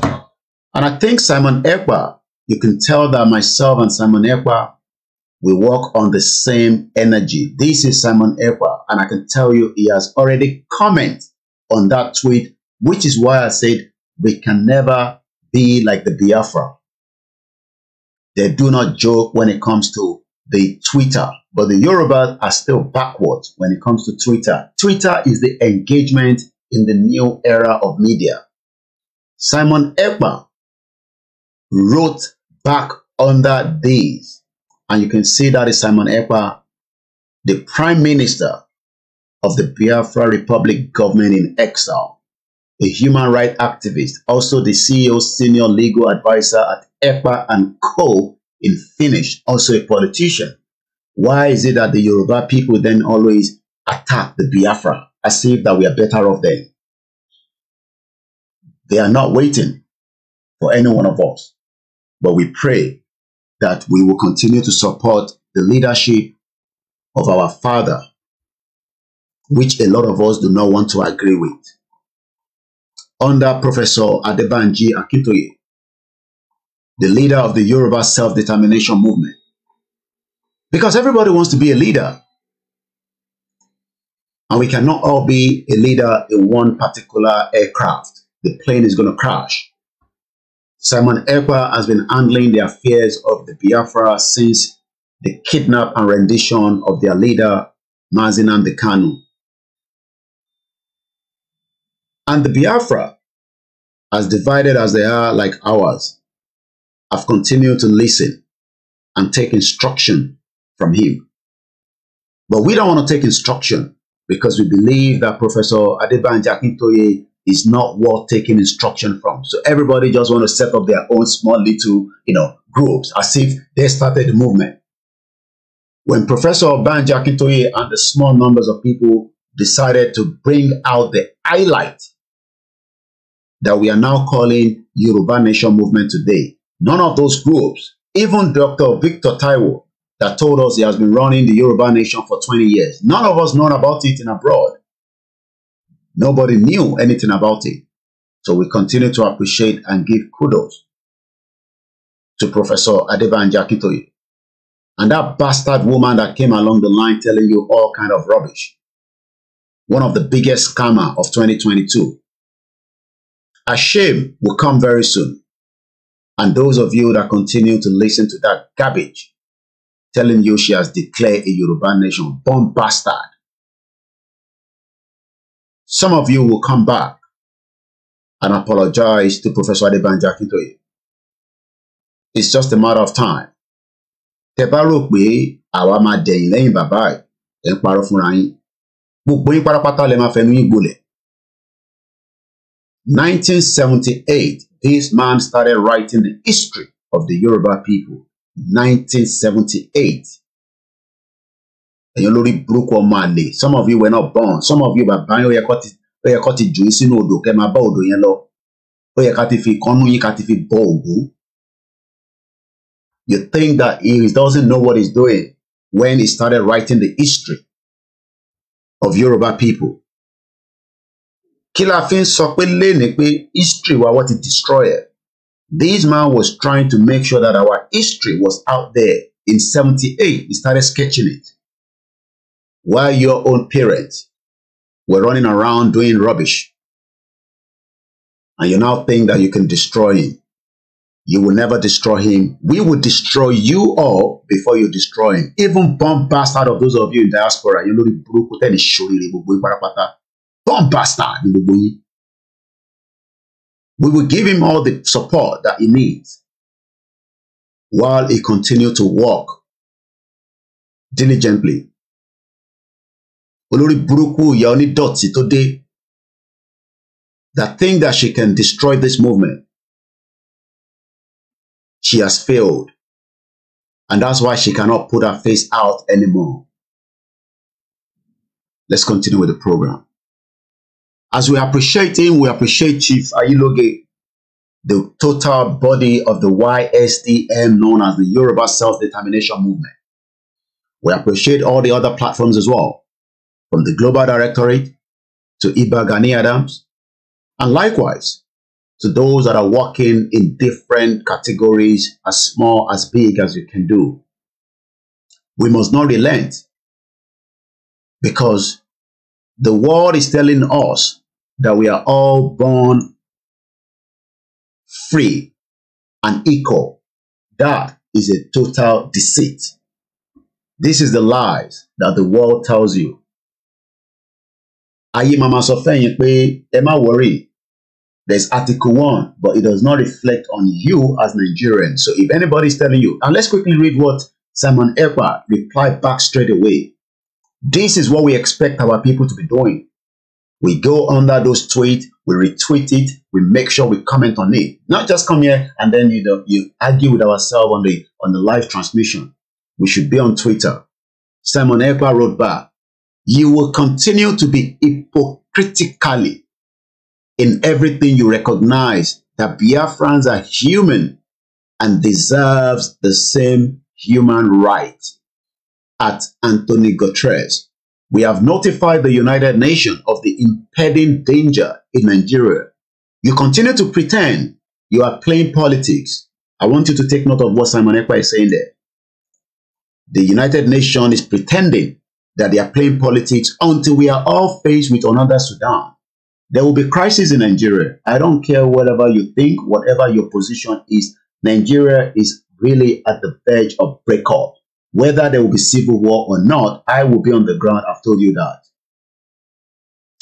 And I think Simon Ekwa, you can tell that myself and Simon Ekwa, we work on the same energy. This is Simon Ekwa, and I can tell you he has already commented on that tweet which is why I said we can never be like the Biafra. They do not joke when it comes to the Twitter, but the Yoruba are still backwards when it comes to Twitter. Twitter is the engagement in the new era of media. Simon Ekpa wrote back on that days, and you can see that is Simon Ekpa, the prime minister of the Biafra Republic government in exile a human rights activist, also the CEO, senior legal advisor at EPA and Co. in Finnish, also a politician. Why is it that the Yoruba people then always attack the Biafra as if that we are better off them? They are not waiting for any one of us, but we pray that we will continue to support the leadership of our Father, which a lot of us do not want to agree with under Professor Adebanji Akintoye, the leader of the Yoruba self-determination movement. Because everybody wants to be a leader. And we cannot all be a leader in one particular aircraft. The plane is going to crash. Simon Ekpa has been handling the affairs of the Biafra since the kidnap and rendition of their leader, the Kanu. And the Biafra, as divided as they are like ours, have continued to listen and take instruction from him. But we don't want to take instruction because we believe that Professor Adebanji Akintoye is not worth taking instruction from. So everybody just want to set up their own small little, you know, groups as if they started the movement. When Professor Banji Akintoye and the small numbers of people decided to bring out the highlight that we are now calling Yoruba Nation Movement today. None of those groups, even Dr. Victor Taiwo, that told us he has been running the Yoruba Nation for 20 years, none of us known about it in abroad. Nobody knew anything about it. So we continue to appreciate and give kudos to Professor Adebanji Kitoye And that bastard woman that came along the line telling you all kind of rubbish. One of the biggest scammer of 2022 A shame will come very soon. And those of you that continue to listen to that garbage telling you she has declared a Yoruba nation, bomb bastard. Some of you will come back and apologize to Professor Adebanja Akintoye. It's just a matter of time. Tẹ́ bá rò pé àwa máa dẹ̀yìn lẹ́yìn bàbá ẹ̀ ń parọ́ fúnra yín. Gbogbo yín pátápátá lè máa fẹnu yín gbolẹ̀. 1978, this man started writing the history of the Yoruba people. 1978. Ẹ̀yin olórí burúkú ọmọ àlè. Some of you were not born. Some of you bàbá yín ó yẹ kó ti ó yẹ kó ti jù yín sínú odò fi kánú yín ká fi bọ ògún. You think that he doesn't know what he's doing when he started writing the history of Yoruba people kí la fi ń sọ pé lénìí pé history wa wọ́n ti destroy ẹ̀ this man was trying to make sure that our history was out there in seventy-eight he started sketching it while your own parents were running around doing rubbish and you now think that you can destroy him you will never destroy him we will destroy you all before you destroy him even bomb bastard of those of you in diaspora you know the burúkú tẹ́lẹ̀ gbogbo ìparapata. Born bastard ni gbogbo We will give him all the support that he needs while he continues to work diligently. Olórí burúkú ìyá onídọ̀tí today. that that she can destroy this movement. She has failed. And that's why she cannot put her face out anymore. Let's continue with the program. As we appreciate him, we appreciate Chief Ayiloge, the total body of the YSDM known as the Yoruba Self-Determination Movement. We appreciate all the other platforms as well, from the Global Directorate to Iba Gani Adams, and likewise to those that are working in different categories, as small, as big as you can do. We must not relent because the world is telling us that we are all born free and equal. That is a total deceit. This is the lies that the world tells you. Ayé mama sọ fẹ́yìn worry there's article 1 but it does not reflect on you as Nigerians. So if anybody is telling you, and let's quickly read what Simon Ekpa replied back straight away. This is what we expect our people to be doing. We go under those tweets, we retweet it, we make sure we comment on it. Not just come here and then you know you argue with ourselves on the on the live transmission. We should be on Twitter. Simon Ekpa wrote back, you will continue to be hypocritically in everything you recognize that Biafrans are human and deserves the same human right at Anthony Gutierrez. We have notified the United Nations of the impending danger in Nigeria. You continue to pretend you are playing politics. I want you to take note of what Simon Ekpa is saying there. The United Nations is pretending that they are playing politics until we are all faced with another Sudan. There will be crisis in Nigeria. I don't care whatever you think, whatever your position is. Nigeria is really at the verge of breakup. Whether there will be civil war or not, I will be on the ground. I've told you that.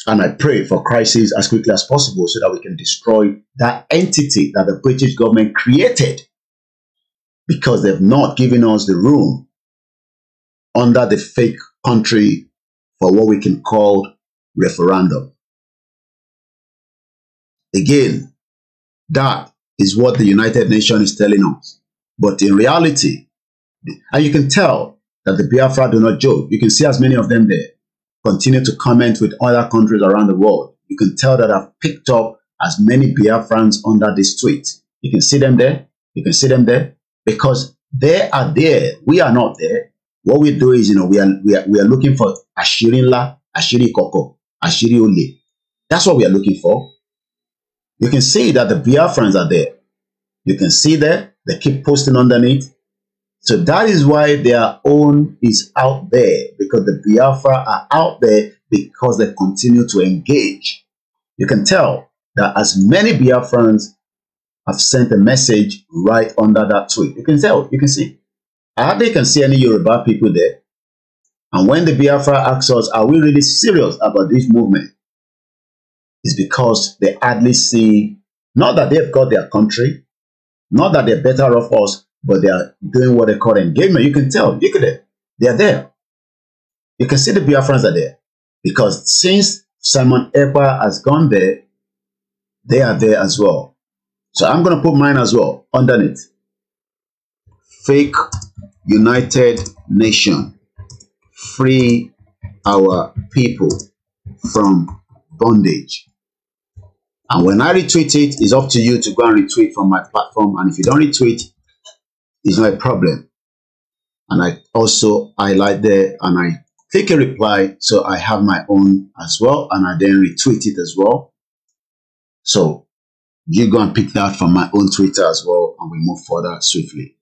And I pray for crisis as quickly as possible so that we can destroy that entity that the British government created because they've not given us the room under the fake country for what we can call referendum. Again, that is what the United Nations is telling us. But in reality, and you can tell that the Biafra do not joke. You can see as many of them there continue to comment with other countries around the world. You can tell that I've picked up as many Biafrans under this tweet. You can see them there. You can see them there because they are there. We are not there. What we do is, you know, we are, we are, we are looking for Ashirinla, La, Ashiri Koko, Ashiri Uli. That's what we are looking for. You can see that the Biafrans are there. You can see there, they keep posting underneath. So that is why their own is out there because the Biafra are out there because they continue to engage. You can tell that as many Biafrans have sent a message right under that tweet. You can tell, you can see. I hardly can see any Yoruba people there. And when the Biafra asks us, are we really serious about this movement? It's because they hardly see, not that they've got their country, not that they're better off us, but they are doing what they call engagement. You can tell, look at it. They are there. You can see the Biafrans are there. Because since Simon Epa has gone there, they are there as well. So I'm going to put mine as well underneath. Fake United Nation. Free our people from bondage. And when I retweet it, it's up to you to go and retweet from my platform. And if you don't retweet, is not a problem. And I also I like there and I take a reply. So I have my own as well. And I then retweet it as well. So you go and pick that from my own Twitter as well. And we move further swiftly.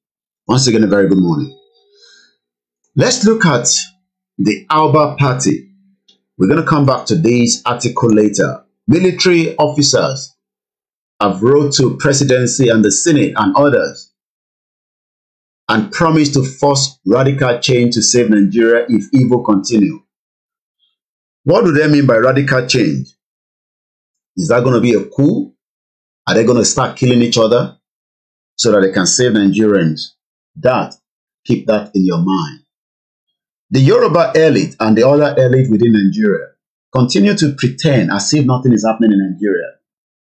Once again, a very good morning. Let's look at the Alba Party. We're going to come back to this article later. Military officers have wrote to presidency and the Senate and others and promised to force radical change to save Nigeria if evil continue. What do they mean by radical change? Is that going to be a coup? Are they going to start killing each other so that they can save Nigerians? That, keep that in your mind. The Yoruba elite and the other elite within Nigeria continue to pretend as if nothing is happening in Nigeria.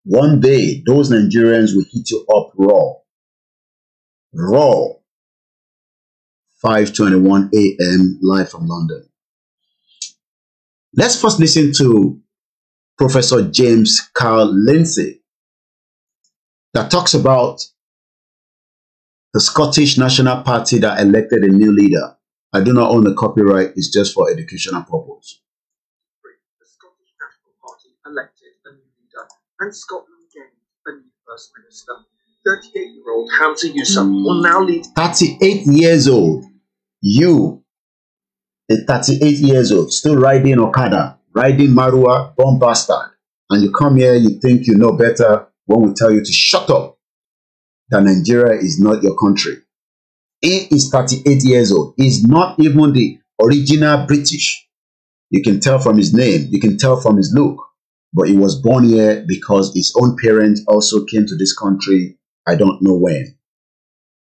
One day, those Nigerians will hit you up raw. Raw 5:21 a.m. live from London. Let's first listen to Professor James Carl Lindsay that talks about the Scottish National Party that elected a new leader. I do not own the copyright, it's just for educational purpose. The Scottish National Party elected a new leader and Scotland gained a new First Minister. 38 year old Hamza Yusuf will hmm. now lead. 38 years old. You, a 38 years old, still riding Okada, riding Marua, bomb bastard. And you come here, you think you know better when we tell you to shut up that Nigeria is not your country. He is 38 years old. He's not even the original British. You can tell from his name, you can tell from his look. But he was born here because his own parents also came to this country I don't know when.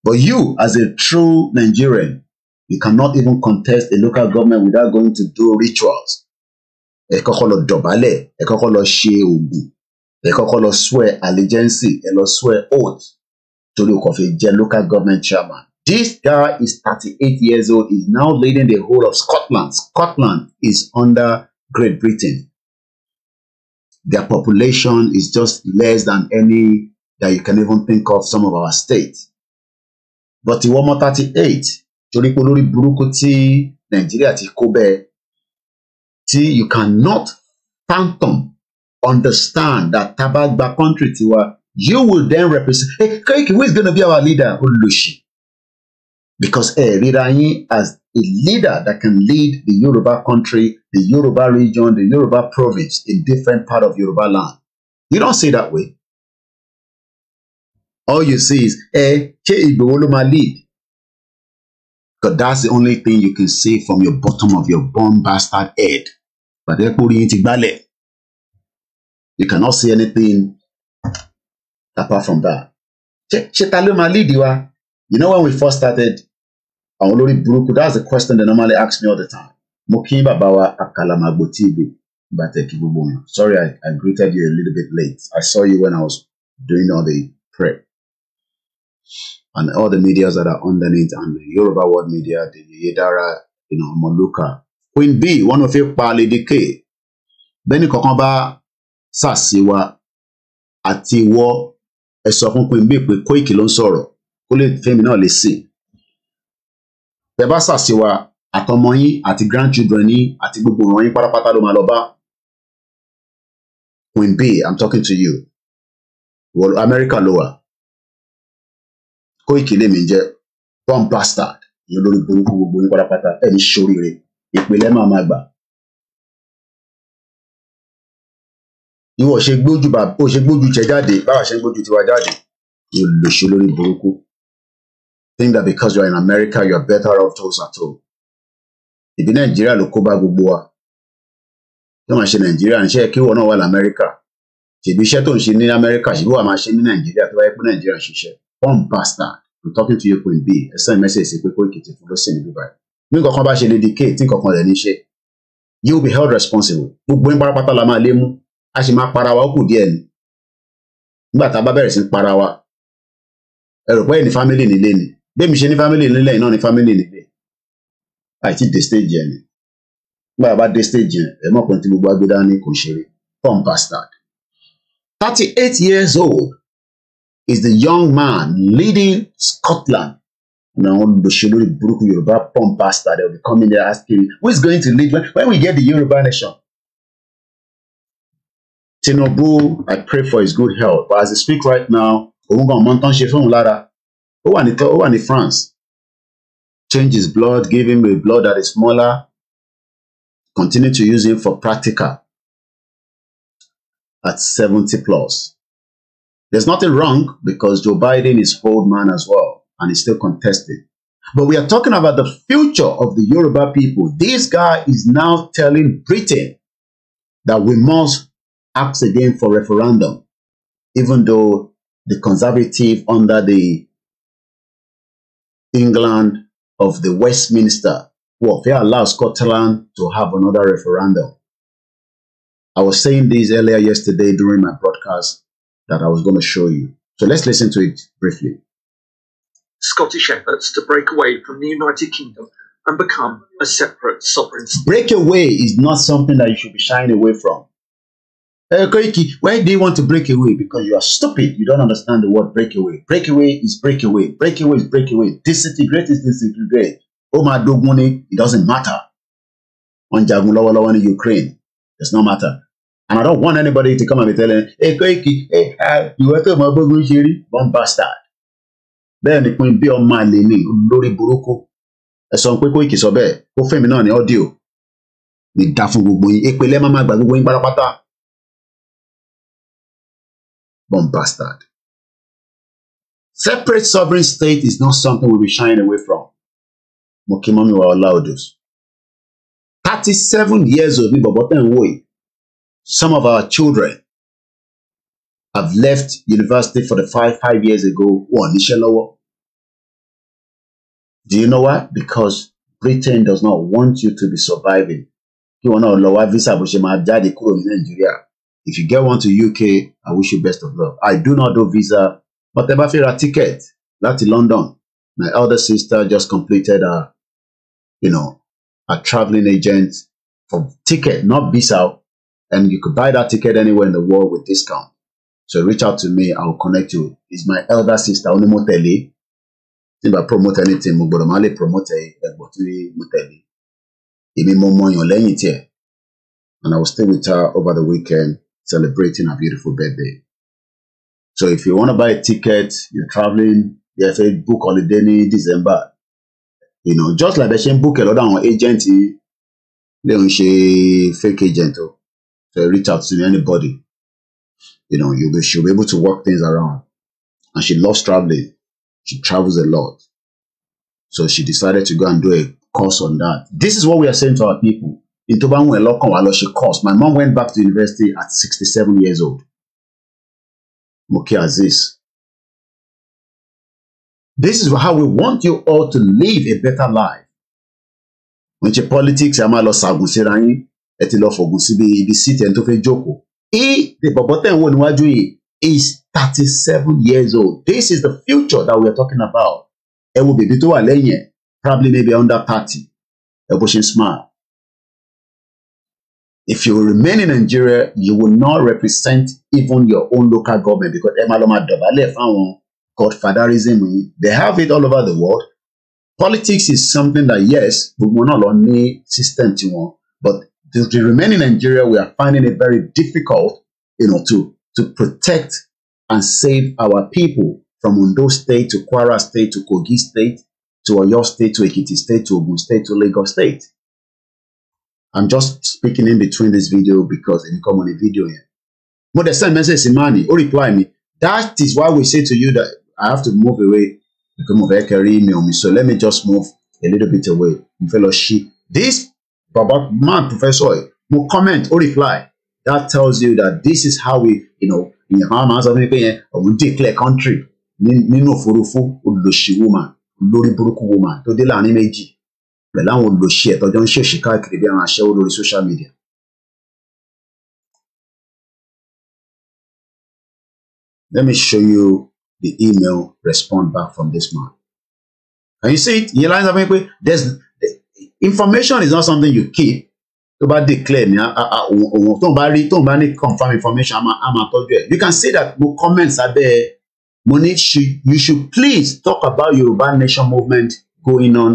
But you, as a true Nigerian, you cannot even contest a local government without going to do rituals. Ẹ kọ́kọ́ lọ dọ̀bálẹ̀, ẹ kọ́kọ́ lọ ṣe oògùn, ẹ kọ́kọ́ swear allegiance, ẹ lọ swear oath to o kò fi local government chairman. This guy is 38 years old, is now leading the whole of Scotland. Scotland is under Great Britain. Their population is just less than any that you can even think of some of our states but ìwọ ọmọ thirty eight torí pé olórí burúkú tí nàìjíríà ti kó bẹ́ẹ̀ tí you cannot phantom understand that taba country tiwa you will then represent hey kéèkì who is gonna be our leader olùsì because ẹ ríra yín as a leader that can lead the Yoruba country the Yoruba region the Yoruba province a different part of Yoruba land you don't say that way all you see is eh, ke Ìgbòho ló máa lead because that's the only thing you can see from your bottom of your born bastard head gbàdé pórí yín ti ballet. you cannot see anything apart from that ṣé ṣé ta ló máa you know when we first started àwọn olórí burúkú that's the question they normally ask me all the time mo kí bàbá wa sorry I, I greeted you a little bit late I saw you when I was doing all the prep and all the medias that are underneath and Yoruba World Media, the Yedara, you know, Moluka. Queen B, one of your pa Lady K. Bẹ́ẹ̀ni kankan bá sàṣìwà àti ìwọ ẹ sọ fún Queen B with Koiki ló ń sọ̀rọ̀ kó lè fẹ́mi náà lè sìn. Bẹ́ẹ̀ bá sàṣìwà àtọmọ yín àti grandchildren yín àti gbogbo ìran yín pátápátá Queen B, I'm talking to you. Well, America, ló Koiki lèmi ń jẹ́ born bastard ìyẹn olórí burúkú gbogbo yín pátápátá ẹ̀ ṣoríire ìpìlẹ̀ máa máa gbà. ìwọ ṣe gbójú bá o ṣe gbójú jẹ jáde báwa ṣe gbójú tiwa jáde yóò lè ṣe burúkú think that because you are in America you are better off us at all ìbí Nàìjíríà ló kó bá gbogbo wa kí wọn ṣe Nàìjíríà ń ṣe kí wọn náà wà lamẹ́ríkà ṣèbí iṣẹ́ tó ń ṣe ní Amẹ́ríkà ṣèbí wàá máa ṣe ní Nàìjíríà tó bá yẹ pé Nàìjíríà ń ṣiṣẹ́ born bastard i'm talking to you point b ẹ send message sí pé Koiki ti fún lọ́sìn níbí báyìí bí nǹkan kan bá ṣe lady k tí nǹkan rẹ̀ ní ṣe you will be held responsible gbogbo yín pátápátá la máa lé mú a sì máa para wa ó kù díẹ̀ ni nígbà tá a bá bẹ̀rẹ̀ sí para wa ẹ rò pé family nílé ni bẹ́ẹ̀mi ṣe ní family nílé iná ní family nílé àìtí dé stage yẹn ni nígbà bá dé stage yẹn ẹ mọ̀ tí gbogbo agbẹ́dá ní kò ṣeré tom bastard thirty eight years old is the young man leading Scotland. Now I want the Yoruba pump pastor. They'll be coming there asking, who is going to lead when, when we get the Yoruba nation? Tinobu, I pray for his good health. But as I speak right now, Ounga Montan Shefun Lara, Owan in France, change his blood, give him a blood that is smaller, continue to use him for practical at 70 plus. There's nothing wrong because Joe Biden is old man as well and he's still contested. But we are talking about the future of the Yoruba people. This guy is now telling Britain that we must ask again for referendum, even though the conservative under the England of the Westminster warfare allow Scotland to have another referendum. I was saying this earlier yesterday during my broadcast that I was going to show you. So let's listen to it briefly. Scottish efforts to break away from the United Kingdom and become a separate sovereign state. Break away is not something that you should be shying away from. Koiki, why do you want to break away? Because you are stupid. You don't understand the word breakaway. Breakaway is breakaway. Breakaway is breakaway. Disintegrate is disintegrate. Oh my dog money, it doesn't matter. On Jagun in Ukraine, It's no matter. And I don't want anybody to come and be telling, hey, Koiki, hey, you tó mọ bógun ṣe shiri, one bastard. Then it pin be on my ni lórí buruko. Ẹ sọ pé Koiki sọ bẹ́ẹ̀, ó fẹ́mi náà ní ọ́díò. Lè dá fún gbogbo yín, èpè lẹ́ẹ̀ má má gbà gbogbo One bastard. Separate sovereign state is not something we we'll be shying away from. Mo wa ọlá odòs. Thirty-seven years of ni bọ̀bọ̀ tẹ̀ ń wò some of our children have left university for the five, five years ago, one Nishelowo. Do you know what? Because Britain does not want you to be surviving. You want to lower visa, but you might could in Nigeria. If you get one to UK, I wish you best of luck. I do not do visa, but I feel a ticket. That's in London. My elder sister just completed a, you know, a traveling agent for ticket, not visa, And you could buy that ticket anywhere in the world with discount. So reach out to me, I'll connect you. It's my elder sister, Onimoteli. If I promote anything, mo promote ẹ̀gbọ́n tí mo tẹ̀lé. Èmi mo mọ èèyàn lẹ́yìn And I will stay with her over the weekend celebrating her beautiful birthday. So if you want to buy a ticket, you're traveling, you have a book holiday ní December. You know, just like they ṣe book ẹ̀ lọ́dọ̀ on agent lè ń fake agent o. If reach out to anybody, you know, you'll be, she'll be able to work things around. And she loves traveling. She travels a lot. So she decided to go and do a course on that. This is what we are saying to our people. In Tobangu and Lokan Waloshi course. My mom went back to university at 67 years old. Moki Aziz. This is how we want you all to live a better life. When politics, I'm a lot ẹ ti lọ fògùn síbi ibi síìtì ẹni tó fẹ́ jókòó he the bọ̀bọ̀ tẹ̀ níwájú yìí is thirty seven years old this is the future that we are talking about ẹ wo bèbí tó wà lẹ́yìn ẹ̀ probably maybe under thirty ẹ bó ṣe ń smile if you remain in Nigeria you will not represent even your own local government because ẹ máa lọ máa dọ̀bálẹ̀ fáwọn godfatherism yìí they have it all over the world politics is something that yes gbogbo náà lọ ní system tiwọn but the, the remaining Nigeria, we are finding it very difficult, you know, to, to protect and save our people from Ondo State to Kwara State to Kogi State to Oyo State to Ekiti State to Ogun State to Lagos State. I'm just speaking in between this video because on common video here. But the same message Imani, Who reply me. That is why we say to you that I have to move away because of Ekeri email me. So let me just move a little bit away fellowship. This Baba man professor, mo comment or reply. That tells you that this is how we, you know, in Hamas, I mean, we declare country. Nínú òfurufú olùlòṣì woman lórí burúkú woman tó dé láàrin méjì pẹ̀lú àwọn olùlòṣì ẹ̀ tọ́jọ́ ń ṣèṣì káàkiri bí àwọn aṣẹ́wó lórí social media. Let me show you the email response back from this man. Can you see it? Ìyẹn láti sọ fún mi pé there's information is not something you keep tó bá declare ní òun tó ń bá rí tó ń bá ní confirm information a máa a máa tọ́jú ẹ̀ you can say that mo comment sábẹ́ mo ní you should please talk about Yoruba nation movement going on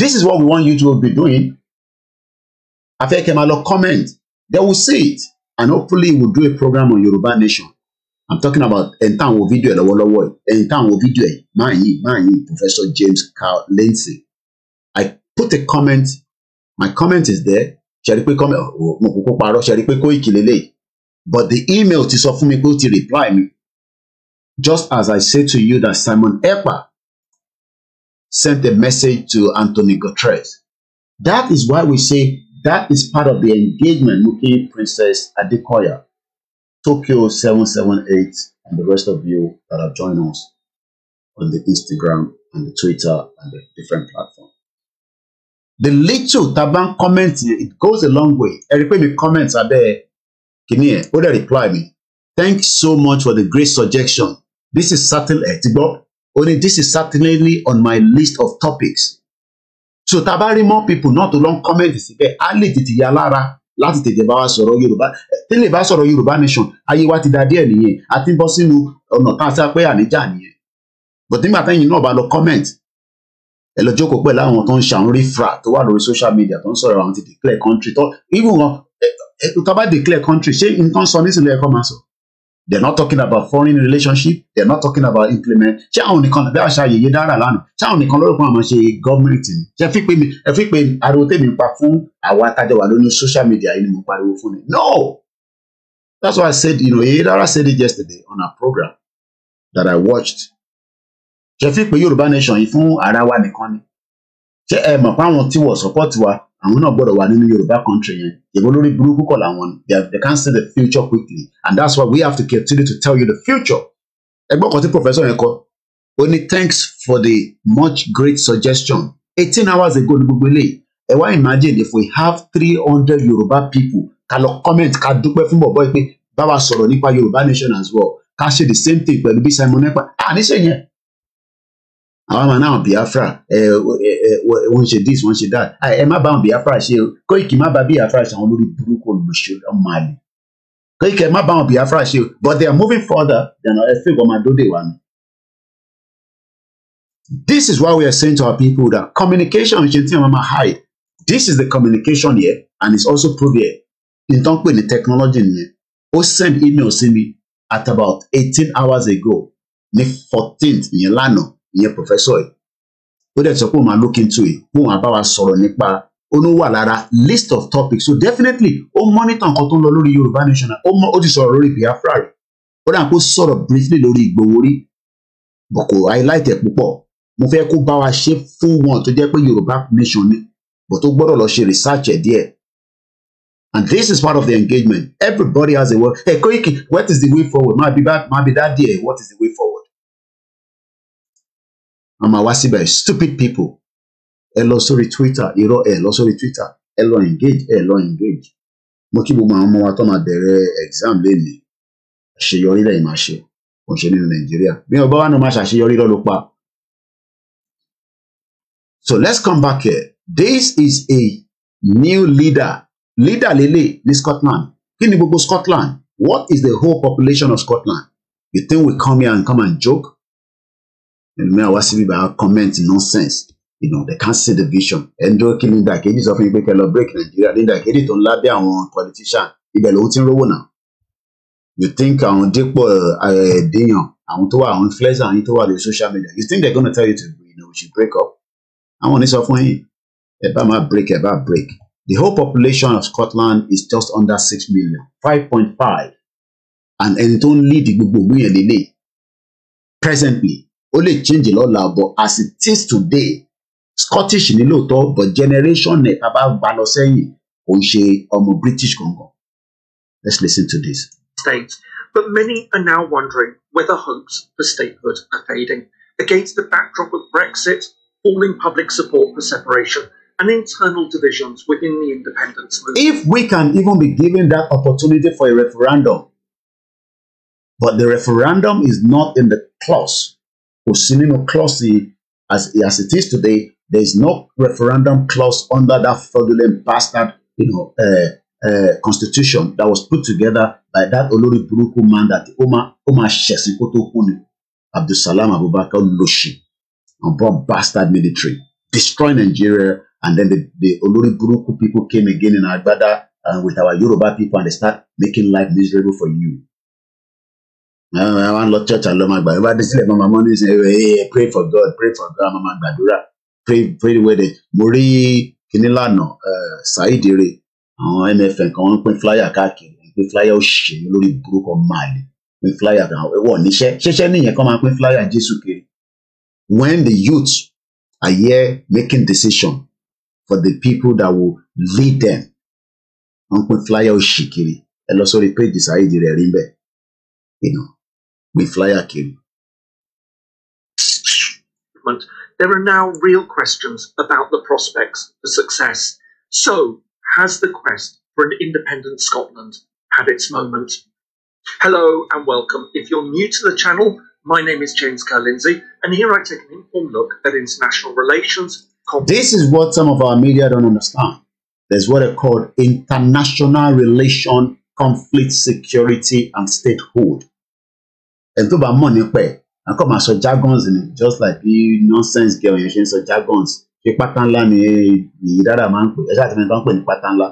this is what we want you to be doing a fẹ́ kẹ́ máa lọ comment they will see it and hopefully we will do a program on Yoruba nation i'm talking about ẹ̀ǹtà àwọn fídíò ẹ̀ lọ́wọ́lọ́wọ́ ẹ̀ ẹ̀ǹtà àwọn fídíò ẹ̀ máa yìí máa yìí Professor James Carl Lindsay i put a comment my comment is there Shall we comment oh, mo parọ́ but the email to sọ fún mi reply me. just as I say to you that Simon Epa sent a message to Anthony Guterres that is why we say that is part of the engagement Muki Princess Adekoya Tokyo seven seven eight and the rest of you that have joined us on the Instagram and the Twitter and the different platforms. the little taban a comment it goes a long way ẹ rí i pé mi comment abẹ́ kìíní ẹ̀ ó dẹ̀ reply me? thank you so much for the great suggestion this is certainly ẹ̀ ti this is certainly on my list of topics so tabari more people not tó lọ ń comment síbẹ̀ á lè tètè ya lára láti tètè bá wa sọ̀rọ̀ yorùbá tẹ́lẹ̀ bá sọ̀rọ̀ yorùbá nation ayé wa ti da díẹ̀ nìyẹn àti bọ́ sínú ọ̀nà tá a sá pé àníjà nìyẹn but nígbà táyìn náà bá lọ comment ẹ lọ jókòó pẹ̀lú àwọn tó ń ṣe àwọn tó wà lórí social media tó ń sọ̀rọ̀ àwọn ti declare country tó even wọn tó bá declare country ṣé nǹkan sọ nísìnyí ẹ̀kọ́ máa sọ they not talking about foreign relationship they not talking about implement ṣé àwọn nìkan bí àṣà yèyé dára lánàá ṣé àwọn nìkan lórúkọ àwọn ṣe gọ́ọ̀mẹ̀ntì ni ṣe fi pe mi ẹ fi pe ariwo tèmi pa fún àwa akájọ wà lónìí social media yìí ni mo pariwo fún ni no that's why i said you know yèyé dára said it yesterday on our program that i watched ṣe fi pé yorùbá nation yìí fún ara wa nìkan ni ṣé ẹ mọ̀ fáwọn tí wọ́n support wa àwọn náà gbọ́dọ̀ wà nínú yorùbá country yẹn ìwọ lórí burúkú kọ̀ làwọn they, can see the future quickly and that's why we have to continue to tell you the future ẹgbọ́n kan tí professor yẹn kọ ó ní thanks for the much great suggestion eighteen hours ago ní gbogbo eléyìí ẹ wá imagine if we have three hundred yorùbá people ká lọ comment ká dúpẹ́ fún bọ̀bọ́ yìí pé bá wa sọ̀rọ̀ nípa yorùbá nation as well ká ṣe the same thing pẹ̀lú bí simon ekpa àníṣe yẹn àwọn ọmọ náà Biafra ẹ ẹ wọ́n ṣe this wọ́n ṣe that ẹ má bá wọn Biafra ṣe o Koiki má bá Biafra ṣe àwọn olórí burúkú olùṣèlú ọmọ àlè Koiki má bá wọn Biafra ṣe o but they are moving further than ẹ fẹ́ gbọ́n máa dóde wa This is why we are saying to our people that communication ṣe tí wọn máa hide. This is the communication here and it's also proved here. Nǹkan pè ní technology nìyẹn. Ó send email sí mi at about eighteen hours ago ní fourteenth ìyẹn lánàá ìyẹn pòfẹ́sọ̀ yìí ó dẹ̀ sọ pé òun máa look into it pé òun á bá wa sọ̀rọ̀ nípa olówà lára list of topics so definitely ó monitor nǹkan tó ń lọ lórí Yorùbá Nation ó ti sọ̀rọ̀ lórí Biafra rẹ̀ ó dà kó sọ̀rọ̀ briefly lórí Ìgbòho rí bọ̀ kò highlight ẹ̀ púpọ̀ mo fẹ́ kó bá wa ṣe full one tó jẹ́ pé Yorùbá Nation ni bọ̀ tó gbọ́dọ̀ lọ ṣe research ẹ̀ díẹ̀ and this is part of the engagement everybody has a word hey Koiki what is the way forward má bí that díẹ̀ what is the way forward wọn máa stupid people ẹ lọ sórí Twitter irọ́ ẹ lọ sórí Twitter ẹ lọ engage ẹ lọ engage mo kí gbogbo àwọn ọmọ wa tó máa bẹ̀rẹ̀ exam lẹ́nu àṣeyọrí lẹ́yìn máa ṣe kò ṣe nínú Nàìjíríà bí wọn bá wà ní máa ṣàṣeyọrí lọ́lọ́ pa. So let's come back here this is a new leader leader lele ní Scotland kí ni gbogbo Scotland what is the whole population of Scotland you think we come here and come and joke And ẹlòmíràn wá síbi bá comment nonsense you know they can't see the vision ẹnjọ kí ní That sọ is often pé kẹ lọ break Nigeria That ìdàkejì tó ń lábẹ́ àwọn politician ibẹ̀ lòun ti ń rówó náà you think àwọn dípò ẹ̀ẹ́dẹ́yàn eh, àwọn tó wà àwọn influencer àwọn tó wà social media you think they're gonna tell you to you know, you should break up àwọn ò this sọ fún yín ẹ bá break about break the whole population of Scotland is just under six million five point five and ẹni tó the lead we ògbó yẹn presently Only change change lọ́la but as it is today Scottish ni lóòótọ́ but generation ẹ̀ tá a gbà lọ sẹ́yìn ṣe ọmọ British congo let's listen to this. States, but many are now wondering whether hopes for statehood are fading against the backdrop of Brexit, falling public support for separation, and internal divisions within the independence movement. If we can even be given that opportunity for a referendum, but the referendum is not in the clause kò sí nínú as, as it is today there is no referendum clause under that fraudulent bastard you know, uh, uh, constitution that was put together by that olórí buruku man that ó máa ṣẹ̀sìn kó tó kú ni Abdulsalam Abubakar lóṣì and bastard military destroying Nigeria and then the, the Olori Buruku people came again in Agbada uh, with our Yoruba people and they start making life miserable for you. I want ń church alone. My brother, ẹ bá is sílẹ̀ máa mọ́ nísìn pray for God pray for God máa máa gbàdúrà pray pray wẹ́dẹ̀ mo rí kíní lànà ṣáìdìrè eh, àwọn MFN kan wọ́n ń pín flyer káàkiri wọ́n ń pín flyer òṣèlú lórí burúkọ máàlì pín flyer kan wọ̀ níṣẹ́ ṣẹ́ṣẹ́ come kan máa pín flyer Jésù kiri when the youth are here making decision for the people that will lead them wọ́n pín flyer òṣì kiri ẹ also sórí péjì ṣáìdìrè rí bẹ́ẹ̀. You know, at you. There are now real questions about the prospects for success. So, has the quest for an independent Scotland had its moment? Hello and welcome. If you're new to the channel, my name is James Kerr Lindsay, and here I take an informed look at international relations. This is what some of our media don't understand. There's what are called international relation, conflict, security, and statehood. ẹni tó bá mọ̀ nípa ẹ̀ àkọ́ máa jargons ni just like bí nonsense girl yẹn ṣe ń sọ jargons ṣe pátá ńlá ni èyí dára máa ń pè ẹ ṣáà ti máa ń pè ní pátá ńlá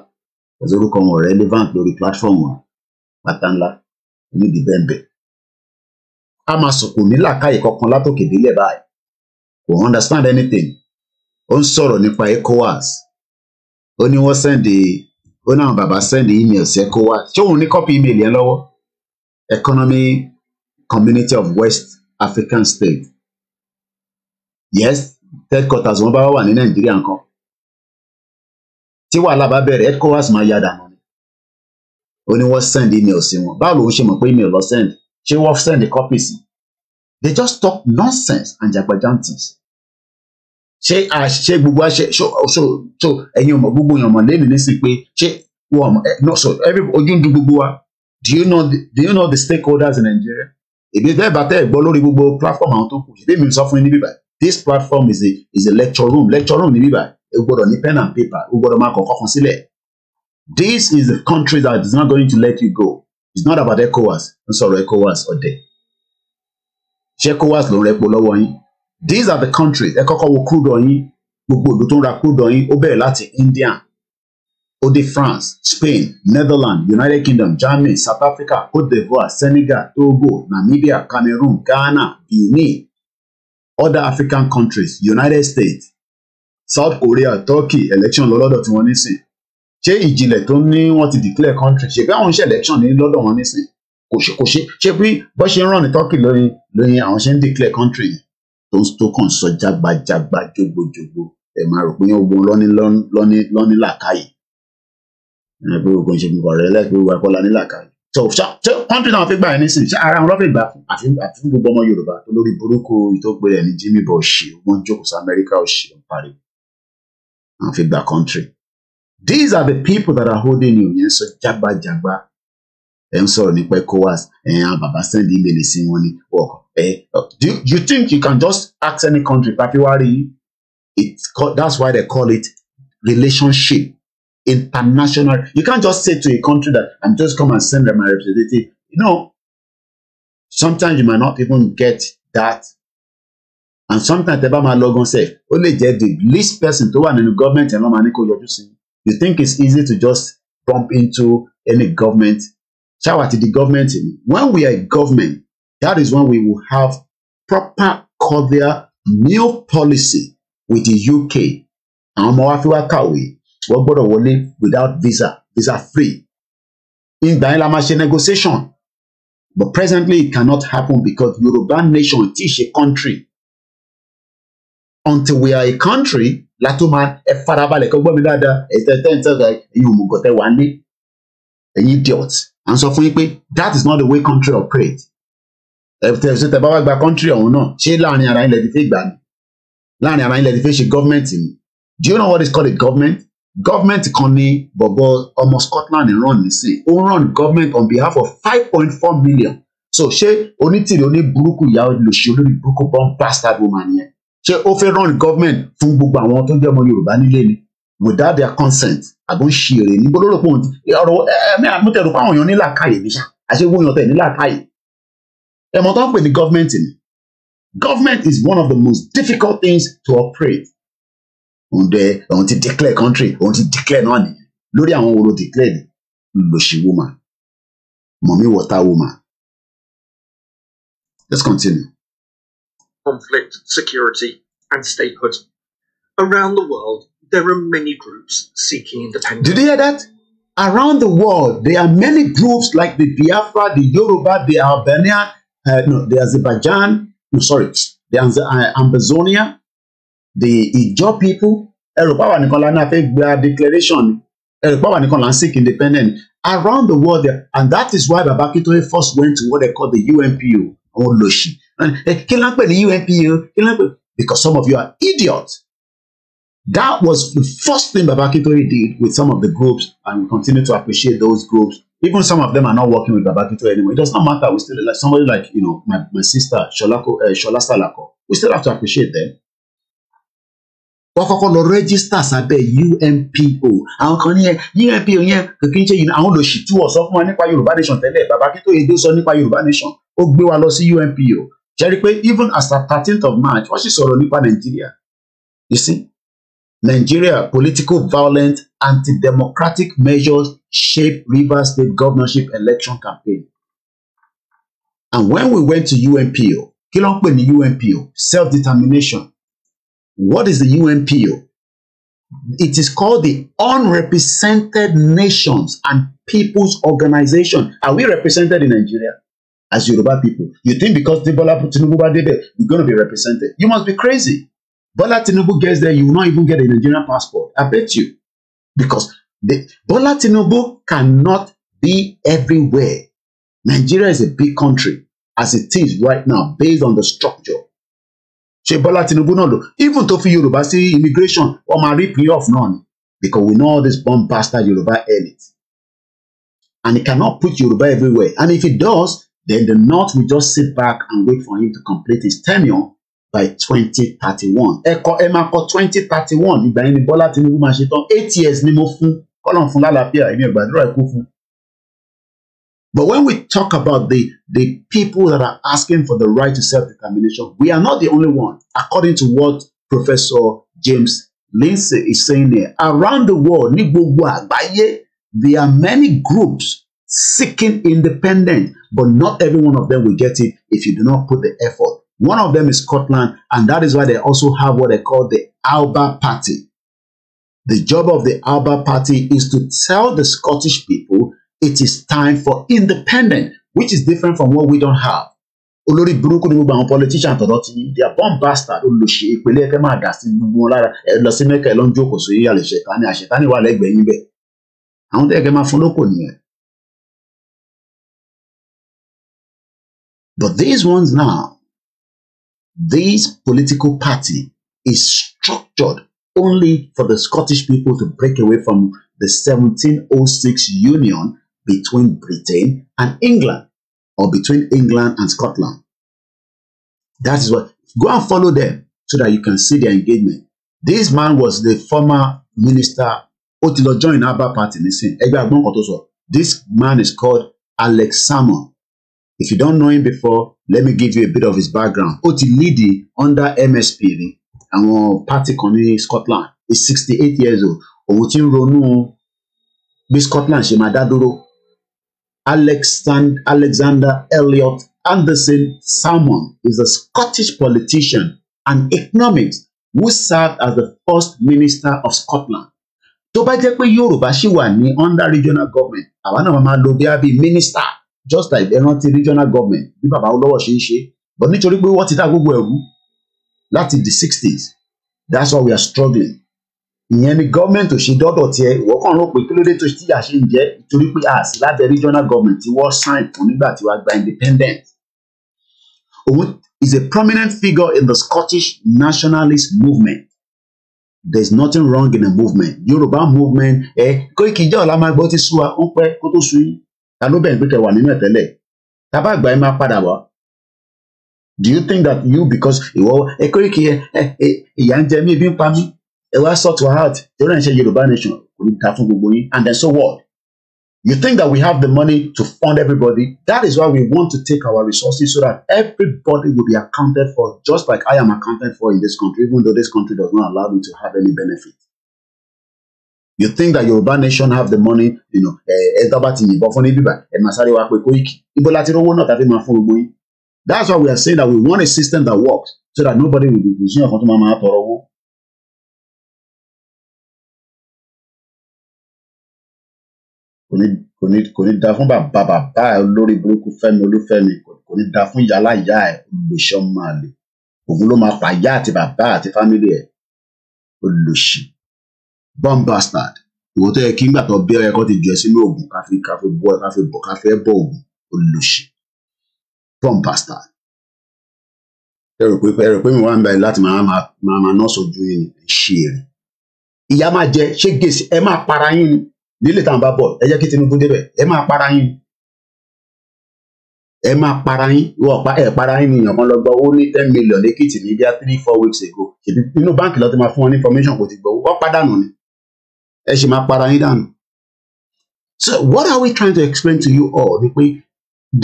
ẹ̀sọ́ orúkọ wọn relevant lórí platform wọn pátá ńlá níbi bẹ́ẹ̀bẹ́ẹ̀ a máa sọ̀kò ní làákàyè kankan látòkè délẹ̀ báyìí kò understand anything ó ń sọ̀rọ̀ nípa ECOWAS ó ní wọ́n sẹ́ndì ó náà bàbá sẹ́ndì email sí ECOWAS ṣé òun ní kọ́pì email yẹn lọ́wọ́ economy Community of West African States yes headquarters wọn bá wà ní Nàìjíríà nǹkan tí wàhálà bá bẹ̀rẹ̀ headquarters máa yá dànù ni ó ní wọ́n send email sí wọn báwo lòun ṣe mọ̀ pé email lọ send ṣé wọ́n send copy sí they just talk nonsense and jagbajantis ṣé àṣẹ gbogbo àṣẹ so so so ẹ̀yin ọmọ gbogbo èèyàn ọmọ lẹ́nu nísìnyí pé ṣé wọn ọmọ eh, no so every ojú ń du gbogbo wa do you know the, do you know the stakeholders in Nigeria èmi tẹ́ bá tẹ́ gbọ́ lórí gbogbo platform àwọn tó kù ṣèbí mi sọ fún yín ní bíbá this platform is a is a lecture room lecture room ní bíbá ẹ gbọ́dọ̀ ní pen and paper ẹ gbọ́dọ̀ máa kọ̀ọ̀kan kan sílẹ̀ this is a country that is not going to let you go it's not about ECOWAS n sọ̀rọ̀ ECOWAS ọ̀dẹ̀ ṣé ECOWAS ló ń rẹpo lọ́wọ́ yín these are the countries ẹ kọ́kọ́ wo crude oyin gbogbo òdò tó ń ra crude oyin ó bẹ̀rẹ̀ láti India Ode France, Spain, Netherlands, United Kingdom, Germany, South Africa, Cote d'Ivoire, Senegal, Togo, Namibia, Cameroon, Ghana, Guinea, other African countries, United States, South Korea, Turkey, election lọ́lọ́dọ̀ tí wọ́n ní sìn. Ṣé ìjìnlẹ̀ tó ní wọ́n ti declare country ṣe bí àwọn ṣe election ní lọ́dọ̀ wọn ní sìn? Kò ṣe kò ṣe ṣé bí bọ́ ṣe ń ràn ní Turkey lóyin lóyin àwọn ṣe ń declare country tó ń tó kàn sọ jágbajàgba jogbojogbò ẹ̀ máa rò pé ó gbọ́n lọ́ní lọ́ní lọ́ní làkàyè pé gbogbo ń ṣe gbogbo ọ̀rẹ́ lẹ́gbẹ̀ẹ́ gbogbo akọ́lá nílà kan tó ṣá tó kọ́ńtì náà fi gbà ẹ́ nísìnyí ṣá ara wọn lọ́fẹ̀ẹ́ gbà fún àfi gbogbo ọmọ Yorùbá lórí burúkú ìtòpè ẹ̀ Jimmy bọ̀ ṣì wọ́n jókòó sí Amẹ́ríkà ò ṣì ń parí wọn fi gbà kọ́ńtì. These are the people that are holding you yẹn sọ jágbajàgba ẹ ń sọ̀rọ̀ nípa ECOWAS ẹ̀ ń bàbá send email sí wọn ní wọ́ọ̀kọ̀ ẹ̀ do you think you can just ask any country papi wá rí it that's why they call it relationship international. You can't just say to a country that I'm just come and send them my representative. You know, sometimes you might not even get that. And sometimes the bá máa lọ́gán sẹ̀, the least person to one in the government and lọ́ máa ní kó yọjú sí. You think it's easy to just bump into any government? Ṣáwá ti the government When we are a government, that is when we will have proper cordial new policy with the UK. Àwọn ọmọ wa fi wá wọ́n gbọ́dọ̀ wọlé without visa visa free ìgbà yẹn la máa ṣe negotiation but presently it cannot happen because Yorùbá nation ti ṣe country until we are a country la tó máa ẹ farabalẹ̀ kọ́ gbọ́ mi dáadáa ẹ̀tẹ̀ tẹ́ ń tẹ́lẹ̀ ẹ̀yin òmùgọ̀tẹ̀ wà ní ẹ̀yin idiot à ń sọ fún yín pé that is not the way country operate ẹ̀fẹ̀ tẹ̀ bá wá gba country ọ̀hún náà ṣé láàrin ara ilẹ̀ ti fi gbà ní láàrin ara ilẹ̀ ti fi ṣe government ni do you know what is called a government gọ́ọ̀mẹ̀ntì kan ní bọ̀bọ̀ ọmọ Scotland ràn nísìn ó ràn government on behalf of five point four million so ṣé onítìrì oní burúkú ìyá olùṣe olórí burúkú born bastard woman yẹn ṣé ó fẹ́ ràn gọ́ọ̀mẹ̀ntì fún gbogbo àwọn tó jẹ́ ọmọ Yorùbá nílé ni without their consent àbọ̀ ń ṣe èrè ní gbọ́dọ̀ pọ̀ ọ̀rọ̀ ẹ̀mí àmútẹ̀rù pé àwọn èèyàn ní làákàyè níṣà àṣewó èèyàn tẹ̀ ní làákàyè ẹ̀mọ́ tó ń pè ní gọ́ọ̀mẹ̀ntì ni government is one of the most difficult things to operate òun dẹ òun ti declare country want ti declare náà nìyẹn lórí àwọn wo ló declare ni lòṣì woman mọ̀mí water woman. Let's continue. Conflict, security, and statehood. Around the world, there are many groups seeking independence. Did you hear that? Around the world, there are many groups like the Biafra, the Yoruba, the Albania, uh, no, the Azerbaijan, no, sorry, the uh, Ambazonia, the ìjọ people ẹrù pàwọn nìkan la ní a fẹ́ gba declaration ni ẹrù pàwọn nìkan la ń seek independent around the world and that is why Baba Akintoye first went to what they call the UNPO àwọn olóṣì kí ló ń pè ní UNPO kí ló ń pè because some of you are idiots that was the first thing Baba Akintoye did with some of the groups and we continue to appreciate those groups even some of them are not working with Baba Akintoye anymore it does not matter we still like somebody like you know my my sister Sholako uh, eh, Salako we still have to appreciate them wọ́n kọ́kọ́ lọ rẹ́gísítà sábẹ́ UNPO àwọn kan nìyẹn UNPO yẹn kìkì ń ṣe yìí àwọn olùṣìtú ọ̀sọ́ fún wa nípa Yorùbá Nation tẹ́lẹ̀ bàbá kí tó yẹ dé sọ nípa Yorùbá Nation ó gbé wa lọ sí UNPO jẹ́rí pé even as at thirteenth of March wọ́n sì sọ̀rọ̀ nípa Nàìjíríà you see Nigeria political violent anti-democratic measures shape Rivers State governorship election campaign and when we went to UNPO kí ló ń pè ní UNPO self-determination What is the UNPO? It is called the Unrepresented Nations and People's Organization. Are we represented in Nigeria as Yoruba people? You think because Bola Tinubu did it, we're going to be represented? You must be crazy. Bola Tinubu gets there, you will not even get a Nigerian passport. I bet you. Because the, Bola Tinubu cannot be everywhere. Nigeria is a big country as it is right now, based on the structure ṣe Bọ́lá Tinubu náà lò even tó fi Yorùbá sí immigration wọ́n máa rí pay off náà ni because we know all this bomb bastard Yorùbá elite and he cannot put Yorùbá everywhere and if he does then the North will just sit back and wait for him to complete his tenure by twenty thirty one ẹ kọ ẹ máa kọ twenty thirty one ìgbà yẹn ni Bọ́lá Tinubu máa ṣe tán eight years ni mo fún kọ́lọ̀ fún lálàáfíà èmi ò gbàdúrà ikú fún But when we talk about the, the people that are asking for the right to self-determination, we are not the only one, according to what Professor James Lindsay is saying there. Around the world, ní there are many groups seeking independence, but not every one of them will get it if you do not put the effort. One of them is Scotland, and that is why they also have what they call the Alba Party. The job of the Alba Party is to tell the Scottish people it is time for independence, which is different from what we don't have olórí burúkú ni gbogbo àwọn politician tọ̀dọ̀ ti yín they are born bastard olùṣe ìpele ẹ̀kẹ́ máa dà sí gbogbo wọn lára ẹ lọ sí mẹ́kà lọ ń jókòó sí yíyá lẹ́sẹ̀ ká ní àṣetá ní ìwà lẹ́gbẹ̀ẹ́ yín bẹ̀ àwọn tẹ́ẹ̀kẹ́ máa fún lóko nìyẹn. But these ones now this political party is structured only for the Scottish people to break away from the 1706 union between Britain and England or between England and Scotland. That is what, go and follow them so that you can see their engagement. This man was the former minister ó ti lọ join Labour Party nísìn ẹgbẹ́ agbọn this man is called Alex Salmon if you don't know him before let me give you a bit of his background ó ti lead under MSP and one party in Scotland he's sixty eight years old òun ti ń ronú bí Scotland She máa dá Alexander Elliot Anderson Salmon is a Scottish politician and economist who served as the first minister of Scotland. Tó bá jẹ́ pé Yorùbá ṣì wà ní under regional government, àwa náà máa lo bí a bí minister just like ẹran ti regional government bí bàbá olówó ṣe ń ṣe. But nítorí pé wọ́n ti dá gbogbo ẹ̀rú láti the sixties, that's why we are struggling ìyẹn ni gọọmenti ò ṣe dọdọ tiẹ ìwọ kàn rò pé kí ló dé tó tíyà ṣe ń jẹ torí pé a sì lábẹ́ regional government tí wọ́n sign fún nígbà tí wàá gba independent òun is a prominent figure in the Scottish nationalist movement there is nothing wrong in the movement Yorùbá movement ẹ kó ìkìjà ọ̀la máa gbọ́ ti sú wa ó pẹ́ kó tó sú yín ta ló bẹ̀rẹ̀ pé kẹwàá nínú ẹ̀ tẹ́lẹ̀ tàbá àgbà ẹ máa padà wá do you think that you because ìwọ ẹ kó ìkìyẹ ẹ ìyà ń jẹ mí ebi ń pa mí ẹ wá sort to out torí ẹ̀ ń ṣe yorùbá nation kò ní ta fún gbogbo yín and then so what you think that we have the money to fund everybody that is why we want to take our resources so that everybody will be accounted for just like i am accounted for in this country even though this country does not allow me to have any benefit you think that Yoruba nation have the money you know ẹ dábàá ti yìnbọn fún ní bíbá ẹ máa sáré wá pé Koiki ibo láti rówó náà tàbí máa fún gbogbo yín that's why we are saying that we want a system that works so that nobody will be pushing ọkàn tó máa máa tọrọ owó kò ní kò ní kò ní da fún bàbá bàbá ẹ olórí burúkú Fẹ́mi Olúfẹ́mi kò ní da fún yàrá ìyá ẹ olùṣọ máa lè òun ló máa pa ìyá àti bàbá àti fámìlì ẹ olùṣì born bastard ìwọ tó yẹ kí ngbà tó bí ẹ kó ti jù ẹ sínú oògùn káfí káfí bọ ẹ káfí bọ káfí ẹ bọ oògùn olùṣì born bastard ẹ rò pé ẹ rò pé mi wà ń báyìí láti máa máa máa nọ́ọ̀sì ojú yìí ṣe é ìyá máa jẹ ṣé gèsè ẹ máa para yín ni nílé tá à ń bá bọ̀ ẹ jẹ́ kí Tinubu débẹ̀ ẹ máa para yín ẹ máa para yín wọ́n ẹ̀ para yín nìyàn kan lọ gbọ́ ó ní ten million lẹ́kìtì ní bíi three four weeks ago ṣèbí inú báǹkì lọ́ọ́ ti máa fún wọn ní information kò ti gbọ́ wọ́n pàdánù ni ẹ sì máa para yín dànù. So what are we trying to explain to you all ni pé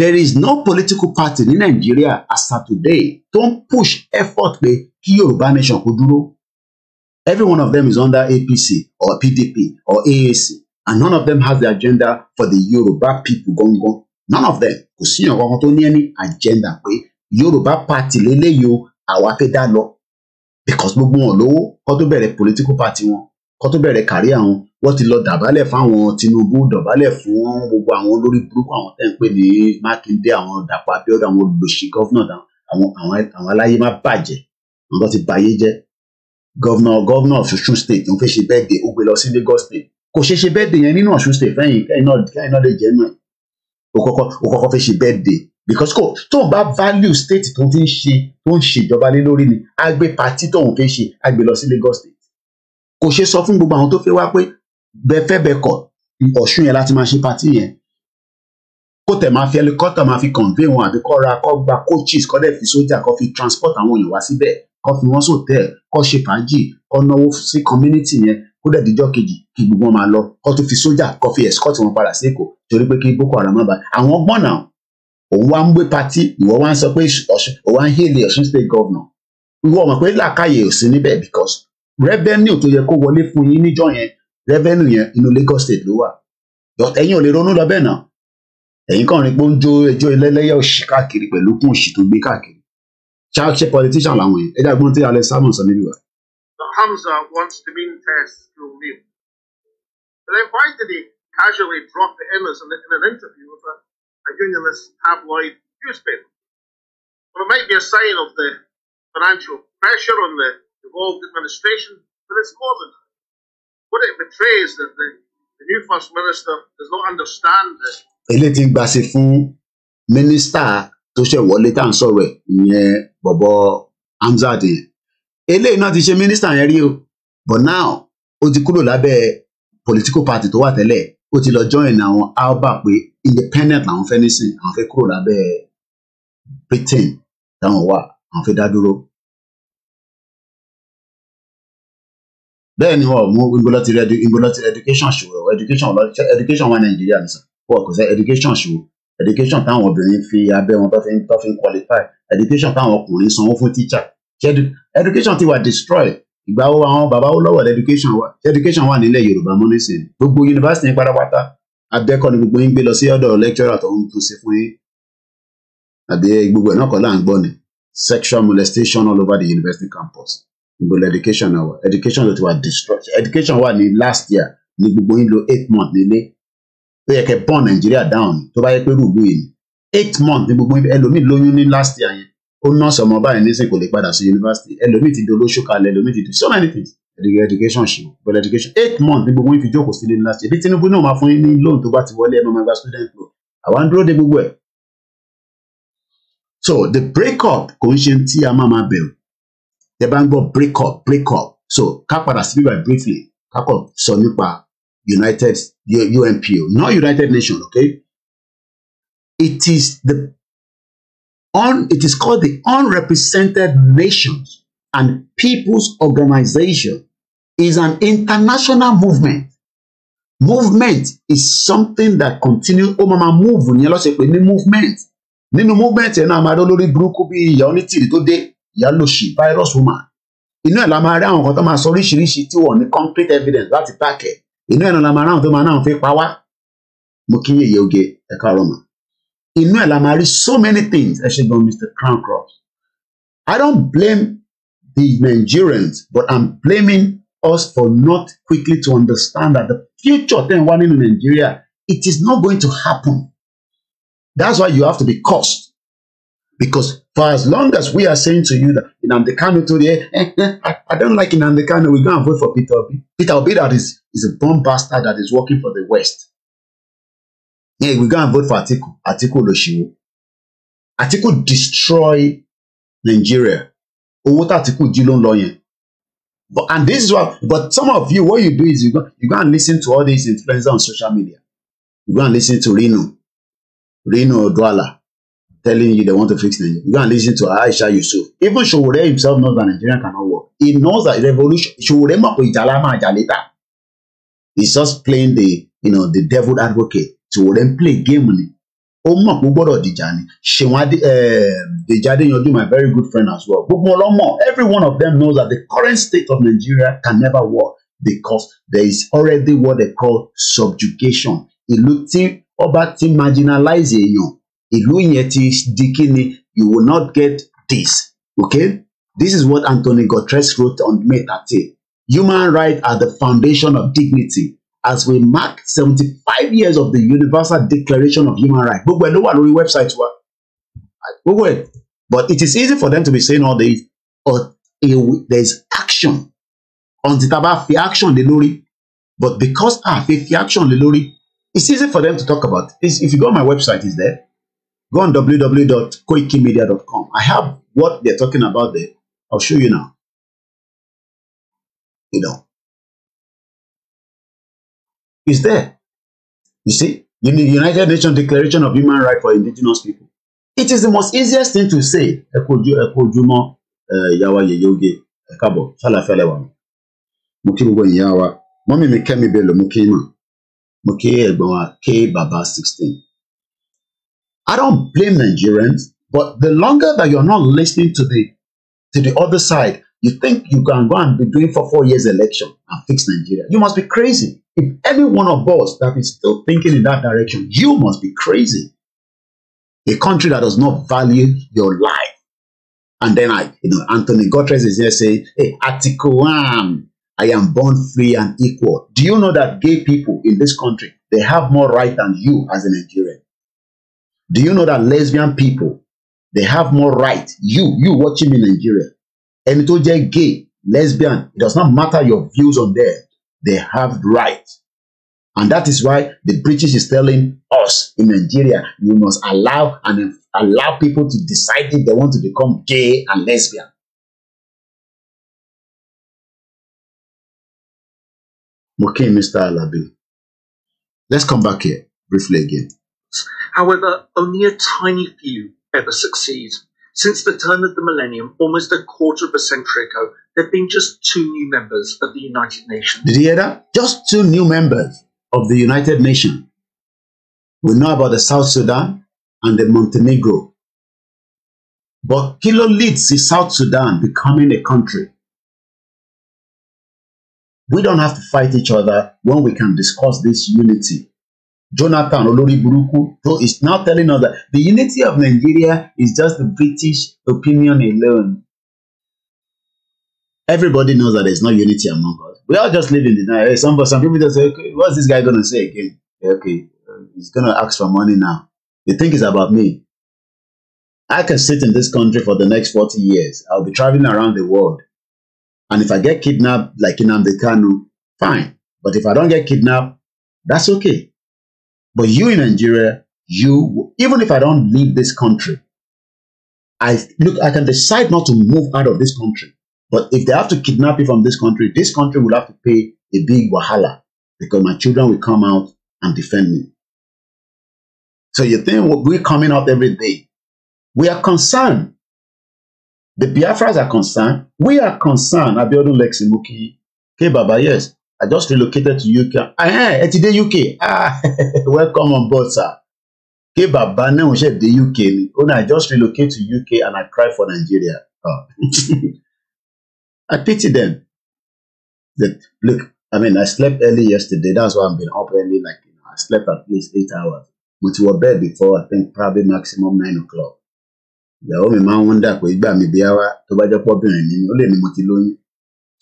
there is no political party ní Nàìjíríà as of today tó ń push effort pé kí Yorùbá nation kó dúró every one of them is under APC or PDP or AAC and none of them has the agenda for the Yoruba people gangan none of them kò sí ìyàn kankan tó ní ẹni agenda pé Yoruba party lélẹ́yìí o àwa fẹ́ dá lọ because gbogbo wọn lówó kó tó bẹ̀rẹ̀ political party wọn kó tó bẹ̀rẹ̀ kárí àwọn wọ́n ti lọ dàbálẹ̀ fáwọn Tinubu dọ̀bálẹ̀ fún gbogbo àwọn olórí burúkú àwọn tẹ́ ń pè ní Mákindé àwọn Dàpọ̀ Abíọ́dún àwọn olùlòṣì gọ́vnà àwọn àwọn àwọn aláyé má bàjẹ́ àwọn tó ti bàyé jẹ́ gọ́vnà gọ́vnà of Osun state òun fẹ́ ṣe bẹ́ẹ̀ dé ó gbé lọ sí Lagos state kò ṣeé ṣe bẹ́ẹ̀dì yẹn nínú Ọ̀ṣun state fẹ́yìn kẹ́yìn náà lè jẹ́ náà o kọ́kọ́ o ṣe bẹ́ẹ̀dì because kò tó o bá value state tó fi ń ṣe tó ń ṣèjọba lé lórí ni a gbé party tóun fẹ́ ṣe a gbé lọ sí Lagos state kò ṣeé sọ fún gbogbo àwọn tó fẹ́ wá pé bẹ́ẹ̀ fẹ́ bẹ́ẹ̀ kọ̀ Ọ̀ṣun yẹn láti máa ṣe party yẹn kó tẹ̀ máa fi helicopter máa fi convey wọn àbí kọ́ ra kọ́ gba coaches kọ́ dẹ̀ fi sójà kọ́ fi transport àwọn èèyàn wá síbẹ̀ kọ́ fi wọ́n sòtẹ́ẹ̀ kọ́ ṣe fàájì kọ́ náwó sí community yẹn kó dẹ̀ díjọ́ kejì kí gbogbo wọn máa lọ kó tún fi sójà kó fi escort wọn padà sí èkó torí pé kí boko haram má ba àwọn gbọ́n náà òun wá ń gbé pati ìwọ wá ń sọ pé òun wá ń hélè ọ̀ṣun state governor ìwọ mọ̀ pé làákàyè ò sí níbẹ̀ because revenue tó yẹ kó wọlé fún yín níjọ́ yẹn revenue yẹn inú Lagos state ló wà ẹ̀yin ò lè ronú lọ bẹ́ẹ̀ náà ẹ̀yin kàn rí pé ó ń jó ẹjọ́ ẹlẹ́lẹ́yà òṣì káàkiri pẹ̀lú kún òṣì tó gbé káàkiri ṣáà politician làwọn yẹn ẹ̀dá gbọ́n tí alẹ́ sámọ̀ sọ níbi wà. Hamza wants to mean-test school name. But then why did he casually drop it in in, an interview with a, a unionist tabloid newspaper? Well, it might be a sign of the financial pressure on the devolved administration, but it's more than that. What it betrays that the, the new First Minister does not understand the. eléyìí ti gbàṣẹ tó share what tá à ń sọ̀rọ̀ ìyẹn bọ̀bọ̀ Hamzat eléyìí náà ti ṣe mínísítà yẹn rí o but now ó ti kúrò lábẹ́ political party tó wà tẹ́lẹ̀ ó ti lọ join àwọn alba pé independent làwọn fẹ́ nísìn àwọn fẹ́ kúrò lábẹ́ Britain táwọn wà àwọn fẹ́ dá dúró. bẹ́ẹ̀ ni wọ́n mú ingoloti ingoloti education ṣòro education education wà nàìjíríà nìsan wọ́n kò sẹ́ education ṣòro education táwọn obìnrin fi abẹ́ wọn tó fi ń qualify education táwọn ọkùnrin sanwó fún teacher education ti wà destroy ìgbà wo àwọn bàbá wo lọ́wọ́ education wa education wà nílẹ̀ Yorùbá monisin. nísìnyí gbogbo yunifásitì yẹn pátápátá abẹ́kọ́ ni gbogbo yín gbé lọ sí ọ̀dọ̀ lecturer tó ń tún sí fún yín àbí gbogbo ẹ̀ náà kọ́ là ń gbọ́ ni sexual molestation all over the university campus ìgbòlò education náà education ló ti wà destroy education wà ní last year ní gbogbo yín lo eight months nílé tó yẹ kẹ́ burn Nàìjíríà down tó bá yẹ pé rúùlù yìí eight months ní gbogbo yín ẹlòmíì lóyún ní last year yẹn ó nọ́ọ̀sì ọmọ báyìí nísìn kò lè padà sí yunifásitì ẹlòmíì ti dolóṣù kalẹ̀ ẹlòmíì ti do so many things education ṣe but education eight months ní gbogbo yín fi jókòó sílé ní last year bí Tinubu náà máa fún yín ní loan tó bá ti wọlé ẹ máa gba student loan àwa ń dúró de gbogbo ẹ. so the break up kò ń ṣe tí a máa máa bẹ̀rù ẹ bá ń gbọ́ break up break up so ká padà sí bíbá briefly ká kọ̀ sọ nípa United UNPO not United Nations okay it is the Un, it is called the Unrepresented Nations and Peoples Organization is an international movement. Movement is something that continues. Oh mama, máa move ní ọlọ́sẹ̀ pé ní movement nínú movement yẹn náà máa rí olórí burúkú bí ìyá onítìrì tó dé ìyá lòṣì virus woman inú ẹ̀ la máa rí àwọn kan tó máa sọ oríṣiríṣi tí wọ́n ní concrete evidence láti tàkẹ́ inú ẹ̀ náà la máa rí àwọn tó máa náà fi pa wá mo kí yẹ̀yẹ̀ oge ẹ̀ka ọ̀rọ̀ mọ́. inú ẹ̀ la máa rí so many things Actually, ṣe Mr. Crown Cross, I don't blame the Nigerians but I'm blaming us for not quickly to understand that the future ten one in Nigeria it is not going to happen that's why you have to be cursed because for as long as we are saying to you that in Kanu told you eh, eh, I, I don't like in Kanu we going to vote for Peter Obi Peter Obi that is is a bomb bastard that is working for the West yeah, we go and vote for Atiku. Atiku Oloshiwo. Atiku destroy Nigeria. Oh, what Atiku jí ló ń But and this is what but some of you what you do is you go you go and listen to all these influencers on social media. You go and listen to Reno, Reno Dwala, telling you they want to fix Nigeria. You go and listen to Aisha Yusuf. Even Sowore himself knows that Nigeria cannot work. He knows that revolution Sowore mọ̀ pé ìjà la He's just playing the you know the devil advocate. Tìwòrẹ́ ń play game ni ó mọ̀ pé ó gbọ́dọ̀ dìjà ni Ṣèwọ́n Adé eh, Dèjì Adéyanjú my very good friend as well gbogbo wọn ló mọ̀ every one of them knows that the current state of Nigeria can never work because there is already what they call subjugation ìlú tí ọba ti marginalize èèyàn ìlú yẹn ti di kí ni you will not get this okay this is what Anthony Guterres wrote on May thirteen human rights are the foundation of dignity as we mark seventy five years of the universal declaration of human rights but we ló wà lórí websites wa gbogbo but it is easy for them to be saying all this but there is action on the a bá action the lórí but because I have fi action the lórí it's easy for them to talk about it's, if you go on my website it's there go on www.koikimedia.com I have what they're talking about there I'll show you now you know is there. You see, in the United Nations Declaration of Human Rights for Indigenous People. It is the most easiest thing to say. Ẹ kojú ẹ kojú mọ́ yàwá yèyé oge ẹ kí gbogbo ìyá wa. Mọ́mí mi Kẹ́mi Bello mo kí mà. K Baba sixteen. I don't blame Nigerians, but the longer that you're not listening to the to the other side, you think you can go and be doing for four years election and fix Nigeria. You must be crazy. If every one of us that is still thinking in that direction, you must be crazy. A country that does not value your life. And then I, you know, Anthony Guterres is here saying, hey, Article 1, I am born free and equal. Do you know that gay people in this country, they have more right than you as a Nigerian? Do you know that lesbian people, they have more right? You, you watching in Nigeria. And it gay, lesbian, it does not matter your views on them they have right. And that is why the British is telling us in Nigeria, you must allow and allow people to decide if they want to become gay and lesbian. Okay, Mr. Alabi. Let's come back here briefly again. However, only a tiny few ever succeed. Since the turn of the millennium, almost a quarter of a century ago, there have been just two new members of the United Nations. Did you hear that? Just two new members of the United Nations. We know about the South Sudan and the Montenegro. But Kilo leads the South Sudan becoming a country. We don't have to fight each other when we can discuss this unity Jonathan Olori Buruku it's now telling us that the unity of Nigeria is just the British opinion alone. Everybody knows that there's no unity among us. We all just live in denial. Some, some people just say, okay, what's this guy going to say again? Okay, uh, he's going to ask for money now. The think it's about me. I can sit in this country for the next 40 years. I'll be traveling around the world. And if I get kidnapped like in Amdekanu, fine. But if I don't get kidnapped, that's okay. But you in Nigeria, you even if I don't leave this country, I look I can decide not to move out of this country. But if they have to kidnap you from this country, this country will have to pay a big wahala because my children will come out and defend me. So you think we're coming out every day. We are concerned. The Biafras are concerned. We are concerned. Abiodun Leximuki, K Baba, yes. I just relocated to UK. it is the UK. Ah, welcome on board, sir. Ké bàbá náà ṣe dé UK ni. Ó ní I just relocated to UK and I cry for Nigeria. Oh. I pity them. That, look, I mean, I slept early yesterday. That's why I've been up early. Like, you know, I slept at least eight hours. Mo ti wọ bed before, I think probably maximum nine o'clock. Ìyàwó mi máa ń wọ́ndà pé ìgbà mi bí wá tó bá jẹ́ pọ́bìnrin ni ó lè ní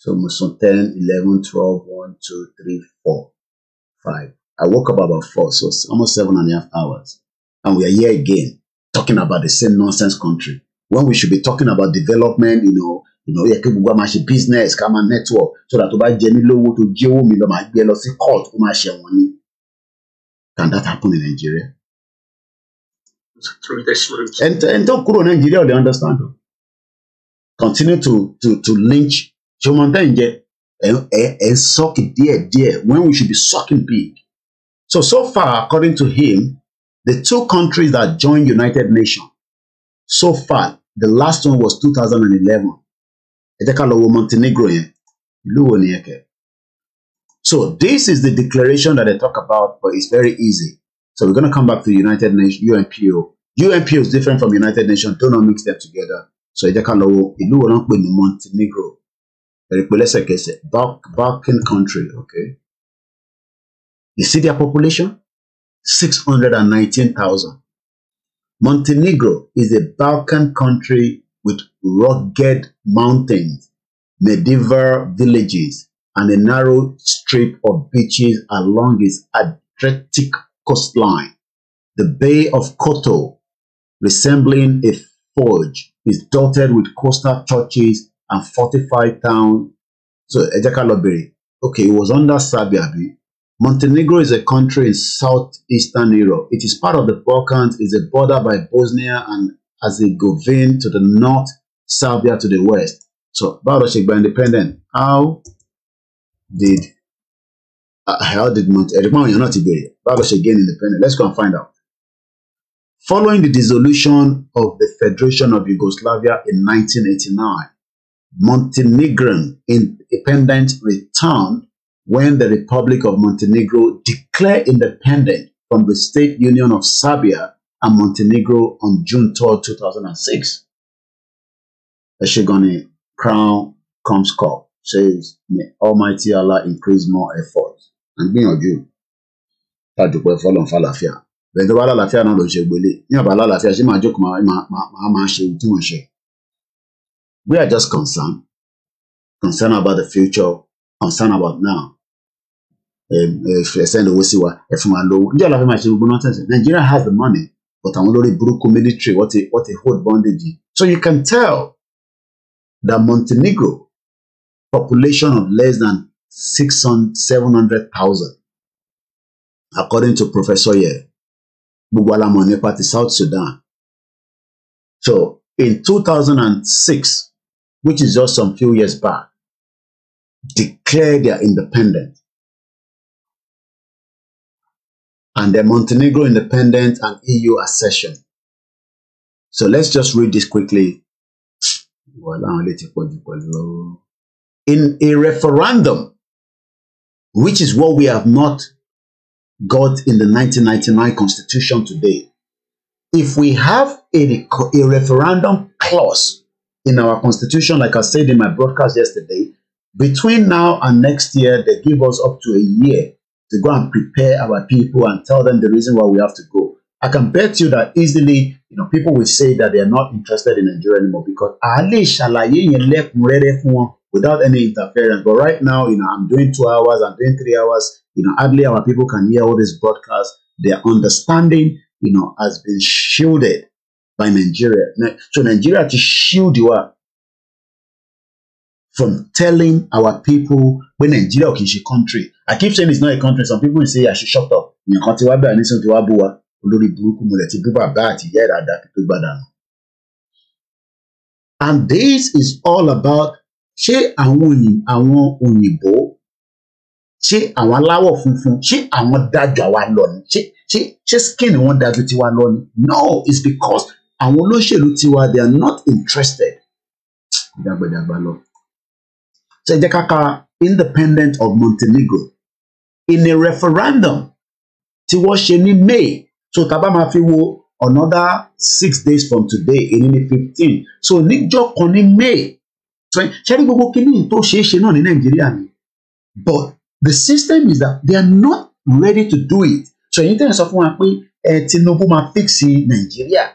So Muslim 10, 11, 12, 1, 2, 3, 4, 5. I woke up about 4, so it's almost seven and a half hours. And we are here again talking about the same nonsense country. When we should be talking about development, you know, you know, yẹ kí gbogbo àmà business come and network so that tó bá jẹ mí lówó tó jí owó mi lọ máa gbé lọ sí Can that happen in Nigeria? Through this route. and don't go Nàìjíríà Nigeria. They understand Continue to to to lynch So Montenegro and jẹ ẹ̀ ń sọ́ọ̀kì díẹ̀díẹ̀ when we should be sucking big. So, so far, according to him, the two countries that joined United Nations, so far, the last one was 2011. Ẹ Montenegro yẹn, ìlú So, this is the declaration that I talk about, but it's very easy. So, we're going to come back to United Nations, UNPO. UNPO is different from United Nations. Do not mix them together. So, ẹ jẹ́ ká Montenegro ẹ̀rìpẹ́ lẹ́sẹ̀kẹsẹ̀ Balkan country okay you see their population six hundred and nineteen thousand Montenegro is a Balkan country with rugged mountains medieval villages and a narrow strip of beaches along its Adriatic coastline the Bay of Kotor resembling a forge is dotted with coastal churches and fortified town. So Ejakalobere. Okay, it was under Serbia. Montenegro is a country in southeastern Europe. It is part of the Balkans, It is a border by Bosnia and Herzegovina to the north, Serbia to the west. So Baroshek by independent. How did uh, how did Montenegro eh, you're not gain independent. Let's go and find out. Following the dissolution of the Federation of Yugoslavia in 1989, Montenegrin independence returned when the Republic of Montenegro declared independence from the State Union of Serbia and Montenegro on June 12, 2006. The Shigoni Crown comes call says, May Almighty Allah increase more efforts. And gbìyànjú, tàdùpẹ́ fọlọ́n fàlàfíà. Bẹ̀rẹ̀ tó bá lálàáfíà náà ló ṣe gbélé. Ní ọ̀bá lálàáfíà ṣé máa jókòó máa máa ṣe ohun tí wọ́n ṣe. We are just concerned, concerned about the future, concerned about now. Um, if lówó send the ẹ fún wa lówó. Ǹjẹ́ àlàáfíà máa ṣe gbogbo náà Nigeria has the money, but I'm already broke. military what a what a hold bondage. So you can tell that Montenegro population of less than six hundred seven hundred thousand according to Professor Yeh gbogbo alamọ̀ nípa South Sudan. So in two thousand and six which is just some few years back, declared their independence. And the Montenegro independence and EU accession. So let's just read this quickly. In a referendum, which is what we have not got in the 1999 constitution today, if we have a, a referendum clause in our constitution, like I said in my broadcast yesterday, between now and next year, they give us up to a year to go and prepare our people and tell them the reason why we have to go. I can bet you that easily, you know, people will say that they are not interested in Nigeria anymore because Ali Shalaye left without any interference. But right now, you know, I'm doing two hours, I'm doing three hours. You know, hardly our people can hear all this broadcast. Their understanding, you know, has been shielded by Nigeria. So Nigeria to shield you up from telling our people when Nigeria is a country. I keep saying it's not a country. Some people say I should shut up. Èèyàn kan ti wá bẹ̀rẹ̀ nísìnyí ti wá bú wa olórí burúkú mulẹ̀ ti bú bàbá àti ìyá ìdàdà pípé gbàdánù. And this is all about ṣé àwọn àwọn òyìnbó ṣé àwọn aláwọ̀ funfun ṣé àwọn dájú àwa lọ ni ṣé ṣé ṣé skin wọn dájú tiwa lọ ni. No, it's because àwọn olóṣèlú tiwa they are not interested ìdàgbàdàgbà lọ. ṣe jẹ́ ká independent of Montenegro in a referendum tí wọ́n ṣe ní May so tá a bá máa fi wo another six days from today èyí ní fifteen so níjọ́ kan ní May ṣe rí gbogbo kíní tó ṣeé ṣe náà ní Nàìjíríà ni but the system is that they are not ready to do it so èyí tẹ̀sán fún wa pé ẹ Tinubu máa fix Nàìjíríà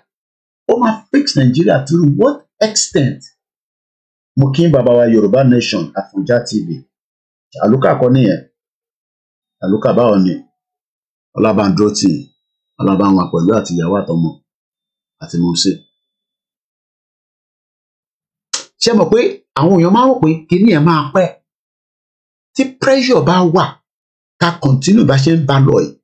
ó máa fix Nigeria to what extent mo kí bàbá Yorùbá Nation Àfọ̀njá TV àlùkà kọ́ nìyẹn àlùkà báwọn ni ọlábàndúró tì í ọlábàwọn àpẹ̀lú àti ìyàwó àtọmọ àti mọ̀ọ́sí. ṣé mọ̀ pé àwọn èèyàn máa ń pè kíní ẹ̀ máa pẹ́ tí pressure bá wà ká continue bá ṣe ń bá lọ yìí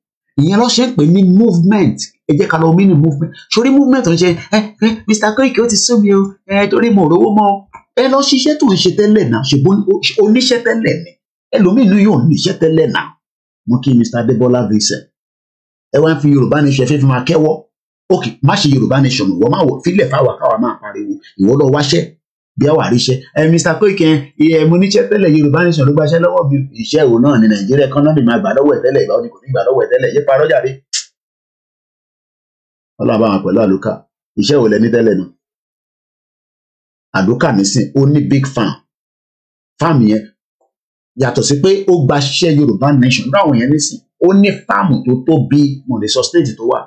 ìyẹn ló ṣe ń pè ní movement ẹ jẹ́ ká lọ mí ní movement sórí movement tó ń ṣe ẹ ẹ Mr Koiki ó ti sú mi o ẹ torí mo rówó mọ́ o ẹ lọ ṣiṣẹ́ tó ń ṣe tẹ́lẹ̀ náà ṣùgbọ́n oníṣẹ́ tẹ́lẹ̀ ni ẹlòmíì ní yóò níṣẹ́ tẹ́lẹ̀ náà mo kí Mr Adébọ́lá Vincent ẹ wá ń fi Yorùbá nation fífi máa kẹ́wọ́ ok má ṣe Yorùbá nation wọ́n máa wọ̀ fílẹ̀ fáwọn káwọn máa pariwo ìwọ́lọ́ wáṣẹ́ bí a wà ríṣẹ́ ẹ Mr Koiki ẹ mo níṣẹ́ tẹ́lẹ̀ Yorùbá Nation ló gbaṣẹ́ lọ́wọ́ mi iṣẹ́ òun náà ní Nàìjíríà kan náà lè máa gbà lọ́wọ́ ẹ tẹ́lẹ̀ ìgbà òdì kò ní gbà lọ́wọ́ ẹ tẹ́lẹ̀ yé parọ́ jáde. Ọlọ́run bá wọn pẹ̀lú àlùkà iṣẹ́ òun lẹni tẹ́lẹ̀ nù àlùkà nísìn ó ní big farm farm yẹn yàtọ̀ sí pé ó gbaṣẹ́ Yorùbá Nation láwọn yẹn nísìn ó ní fáàmù tó tó bí mọ̀lẹ́sọ stéèjì tó wà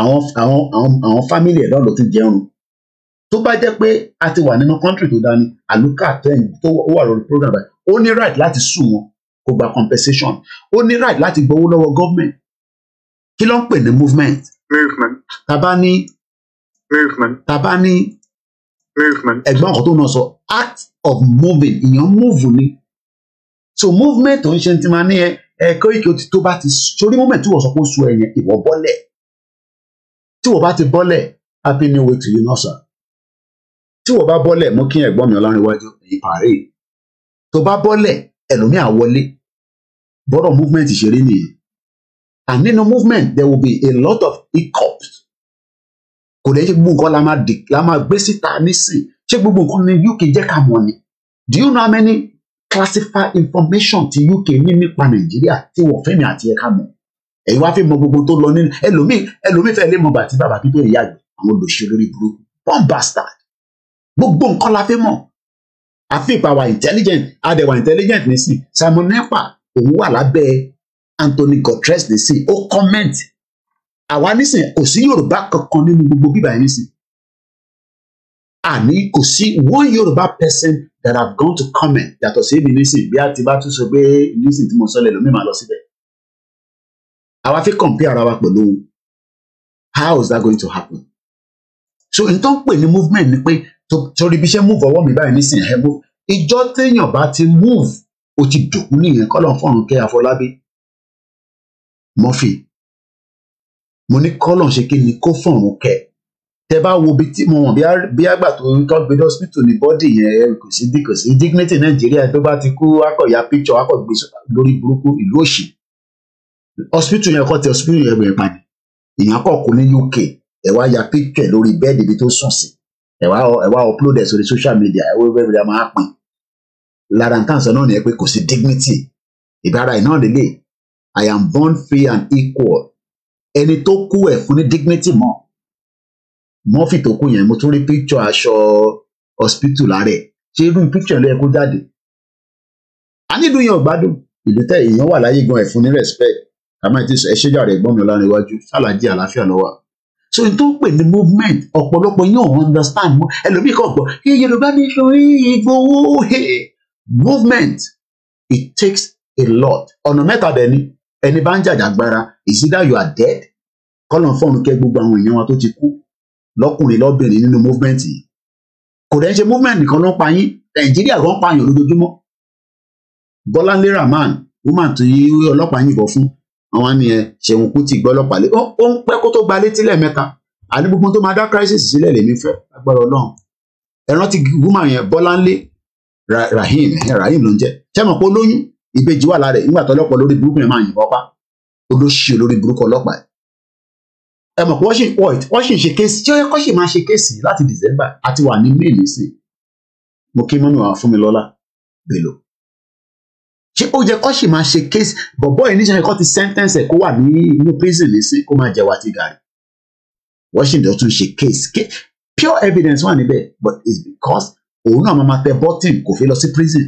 àwọn àwọn àwọn fámìlì ẹ̀ náà ló jẹun tó bá jẹ́ pé a ti wà nínú kọ́ńtì tó dání àlùkà tẹ́yìn tó wà lórí program báyìí ó ní right láti sue wọn kó gba compensation ó ní right láti gbowó lọ́wọ́ government kí ló ń pè ní movement. movement. tàbá ní. movement. tàbá ní. movement. ẹ̀gbọ́n ọ̀kan tó náà sọ act of moving ìyẹn move ni so movement ò ń ṣe ti máa ní ẹ ẹ kó ìkó tó bá ti sórí movement tí wọ́n sọ pé ó sue ẹ̀yẹn ìwọ bọ́lẹ̀ tí wọ́n bá ti bọ́lẹ̀ happy new week to you náà sir tí wọ́n bá bọ́lẹ̀ mú kí ẹ̀gbọ́n mi ọlárìnwájú ẹ̀yìn pàrẹ tó bá bọ́lẹ̀ ẹlòmíà wọlé bọ́rọ̀ movement ṣe rí nìyẹn and nínú movement there will be a lot of hiccups kò lè ṣe gbogbo nǹkan la máa dì la máa gbé síta nísìn ṣé gbogbo nǹkan ni UK jẹ́ ká mọ̀ ni do you know how many classified information ti UK ní nípa Nàìjíríà tí wọ́n fẹ́mi àti ẹ̀ka mọ̀ èyí wá fi mọ gbogbo tó lọ nínú ẹlòmíì ẹlòmíì fẹ́ lè mọ bàtí bàbá kí tó ìyá àgbẹ̀ àwọn olùṣèlú rí burúkú one bastard gbogbo nǹkan la fẹ́ mọ̀ àfi ìpa wa intelligent adẹ̀wà intelligent nísìn Simon Nepa òun wà lábẹ́ Anthony Guterres nísìn ó comment àwa nísìn kò sí Yorùbá kankan nínú gbogbo bíbá yẹn nísìn àní kò sí one Yorùbá person that have gone to comment yàtọ̀ sí èmi nísìn bí a ti bá tún sọ pé nísìn tí mo sọ lẹ́nu mi máa lọ síbẹ̀ àwa fi compare ara wa pẹ̀lú how is that going to happen so n tó ń pè ní movement ni pé torí bí iṣẹ́ move ọwọ́ mi báyìí nísìnyí ẹ mú ìjọ téèyàn bá ti move ó ti dùnkú nìyẹn kọ́lọ̀ fọ̀run kẹ́ Afọlábí Murphy mo ní kọ́lọ̀ ṣe kí ni kó fọ̀run kẹ́ tẹ bá wo bí tí mo mọ̀ bí àgbà tó ń tọ́gbé hospital ní bọ́dì yẹn kò sí kò sí dignity Nàìjíríà tó bá ti kú akọ̀yà picture akọ̀gbé lórí burúkú ìlú òṣì hospital yẹn kọ́ ti hospital yẹn bẹ̀rẹ̀ pani kọ̀ kú ní UK ẹ̀ wá ya picture lórí bẹ́ẹ̀dì ibi tó sùn sí ẹ wá ẹ wá upload ẹ sórí social media ẹ wọ́n fẹ́ẹ́ máa pin lára nǹkan sọ náà nìyẹn pé kò sí dignity ìbára ẹ̀ náà lélẹ̀ I am born free and equal ẹni tó kú ẹ̀ fún ní dignity mọ́ mọ́fì tó kú yẹn mo tún rí picture aṣọ hospital lára ẹ̀ ṣé irú picture ló yẹ kó jáde àníìlú yẹn ò gbádùn ìlú tẹ èèyàn wà láyé gan ẹ̀ fún ní respect kàmáìtì ẹ ṣéjà rẹ̀ gbọ́n mi ọ̀la ṣáláàjì àlàáfíà lọ́wọ́ so n tó ń pè ní movement ọ̀pọ̀lọpọ̀ yóò understand mo ẹlòmíì kan gbọ́ ẹ yorùbá nation he movement it takes a lot ọ̀nà mẹ́ta dẹ̀ ni ẹni bá ń jàjàgbara is either you are dead kọ́lọ̀ fọ́ọ̀nù kẹ́ gbogbo àwọn èèyàn wa tó ti kú lọ́kùnrin lọ́bìnrin nínú movement yìí kò dẹ́ ṣe movement nìkan ló ń pa yín nàìjíríà kan pààyàn lójoojúmọ́ bọ́láńlé rahman woman tó yí ọlọ́pàá yìnbọn fún àwọn nìyẹn Ṣeun Kútì gbọ́lọ́pàá lé ó ń pẹ́ kó tó gba létí lẹ́ẹ̀mẹ́ta àní tó máa dá crisis sílẹ̀ lèmi fẹ́ agbára Ọlọ́run ẹran ti gúnmọ̀ yẹn Bọ́láńlé Rahim Rahim ló ń jẹ́ sẹ́mọ̀ pé olóyún ìbejì wà lára ẹ̀ nígbà tó ọlọ́pàá olórí burúkú yẹn máa yìnbọn pa olóṣì olórí burúkú ọlọ́pàá ẹ̀ mọ̀ pé wọ́n sì wọ́n sì ń ṣe kéèsì máa ṣe kéèsì láti December àti wà ní May nísìn mo kí mọ́mí wa fún mi lọ́lá bèlò ṣé ó yẹ kó sì máa ṣe case bọ̀bọ́ yìí níṣẹ́ kó ti sentence ẹ̀ kó wà ní prison. prison nísìn kó máa jẹ̀wà ti gàrí Washington tún ṣe case pure evidence wà níbẹ̀ but it's because òun náà máa tẹ button kò fi lọ sí prison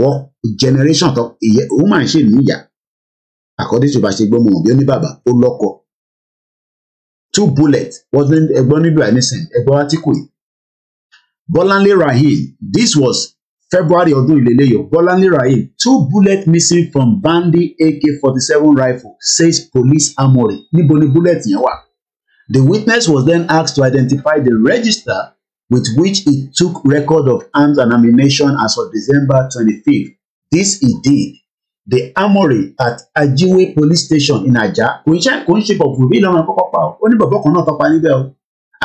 wọ́n generation tó ìyẹ òun máa ń ṣe níyà according to bá ṣe gbọ́ mọ̀ bí ó ní bàbá ó lọ́kọ two bullets wọ́n ní ẹgbọ́n níbi àìníṣẹ́ ẹgbọ́n átíkù yìí Bọ́láńlé Rahim this was february ọdún ìlélẹ́yọ̀ bọ́láńlé rahim two bullets missing from bandi ak forty seven rifle says police armory. níbo ni bullet yẹn wà. the witness was then asked to identify the register with which it took record of arms and ammunition as of december twenty-fifth this he did the armory at ajiwe police station in aja kò ń ṣe kò ń ṣe pọ̀pù bí ìlànà kọ́kọ́ pa ó ní bàbá kan náà tọ́pa níbẹ̀ o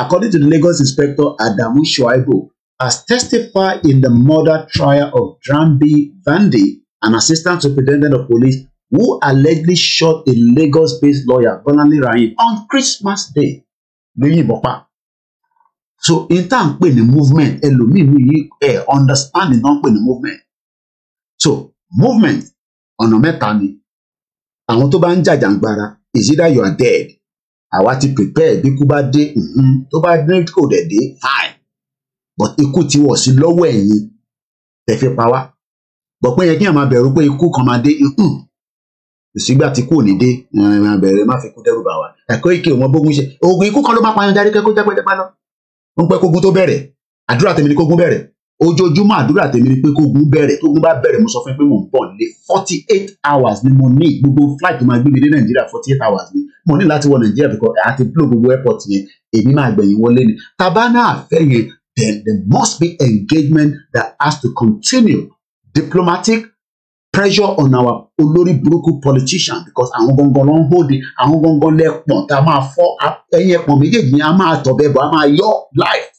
according to the lagos inspector adamu shuaibu Has testified in the murder trial of Drambi Vandy, an assistant superintendent of police who allegedly shot a Lagos-based lawyer, Bolanle Rahim, on Christmas Day. So in tá à ń movement ẹlòmíì mi yìí ẹ̀ understanding náà ń movement. So movement on a ni. Àwọn tó bá ń jàjàǹgbara is either you are dead. Àwa ti prepare bí kú bá dé mhm. tó bá dé kò dẹ̀ fine but ikú ti wọ̀ sí lọ́wọ́ ẹ̀yin tẹ̀ fi pa wá bọ̀ pé yẹn kí àwọn máa bẹ̀rù pé ikú kan máa dé ìsìgbà tí kò ní dé máa bẹ̀rù má fi kú dẹ́rù bà wá ẹ̀kọ́ èké ọmọ bógun ṣe oògùn ikú kan ló máa pààyàn jáde kẹ́kọ́ jápẹ́jẹ́ paná ó ń pẹ́ kógun tó bẹ̀rẹ̀ àdúrà tèmi ni kógun bẹ̀rẹ̀ ojoojúmọ́ àdúrà tèmi ni pé kógun bẹ̀rẹ̀ tógun bá bẹ̀rẹ̀ mo sọ fún yín pé mò ń bọ̀ nílé forty eight hours ni mo ní gbogbo flight tó máa gbé mi dé nàìjíríà forty eight hours ni mo ní láti wọ nàìjíríà because àti blow gbogbo airport yẹn èmi máa gbẹ̀yìn wọlé ni tabana àfẹ́ yẹn then there must be engagement that has to continue. Diplomatic pressure on our olori burúkú politician because àwọn gangan ló ń hóde àwọn gangan lẹ́pọ̀n tá a máa fọ́ ẹyin ẹ̀pọ̀n méjèèjì yẹn a máa tọ̀bẹ̀ bọ̀ a máa yọ life.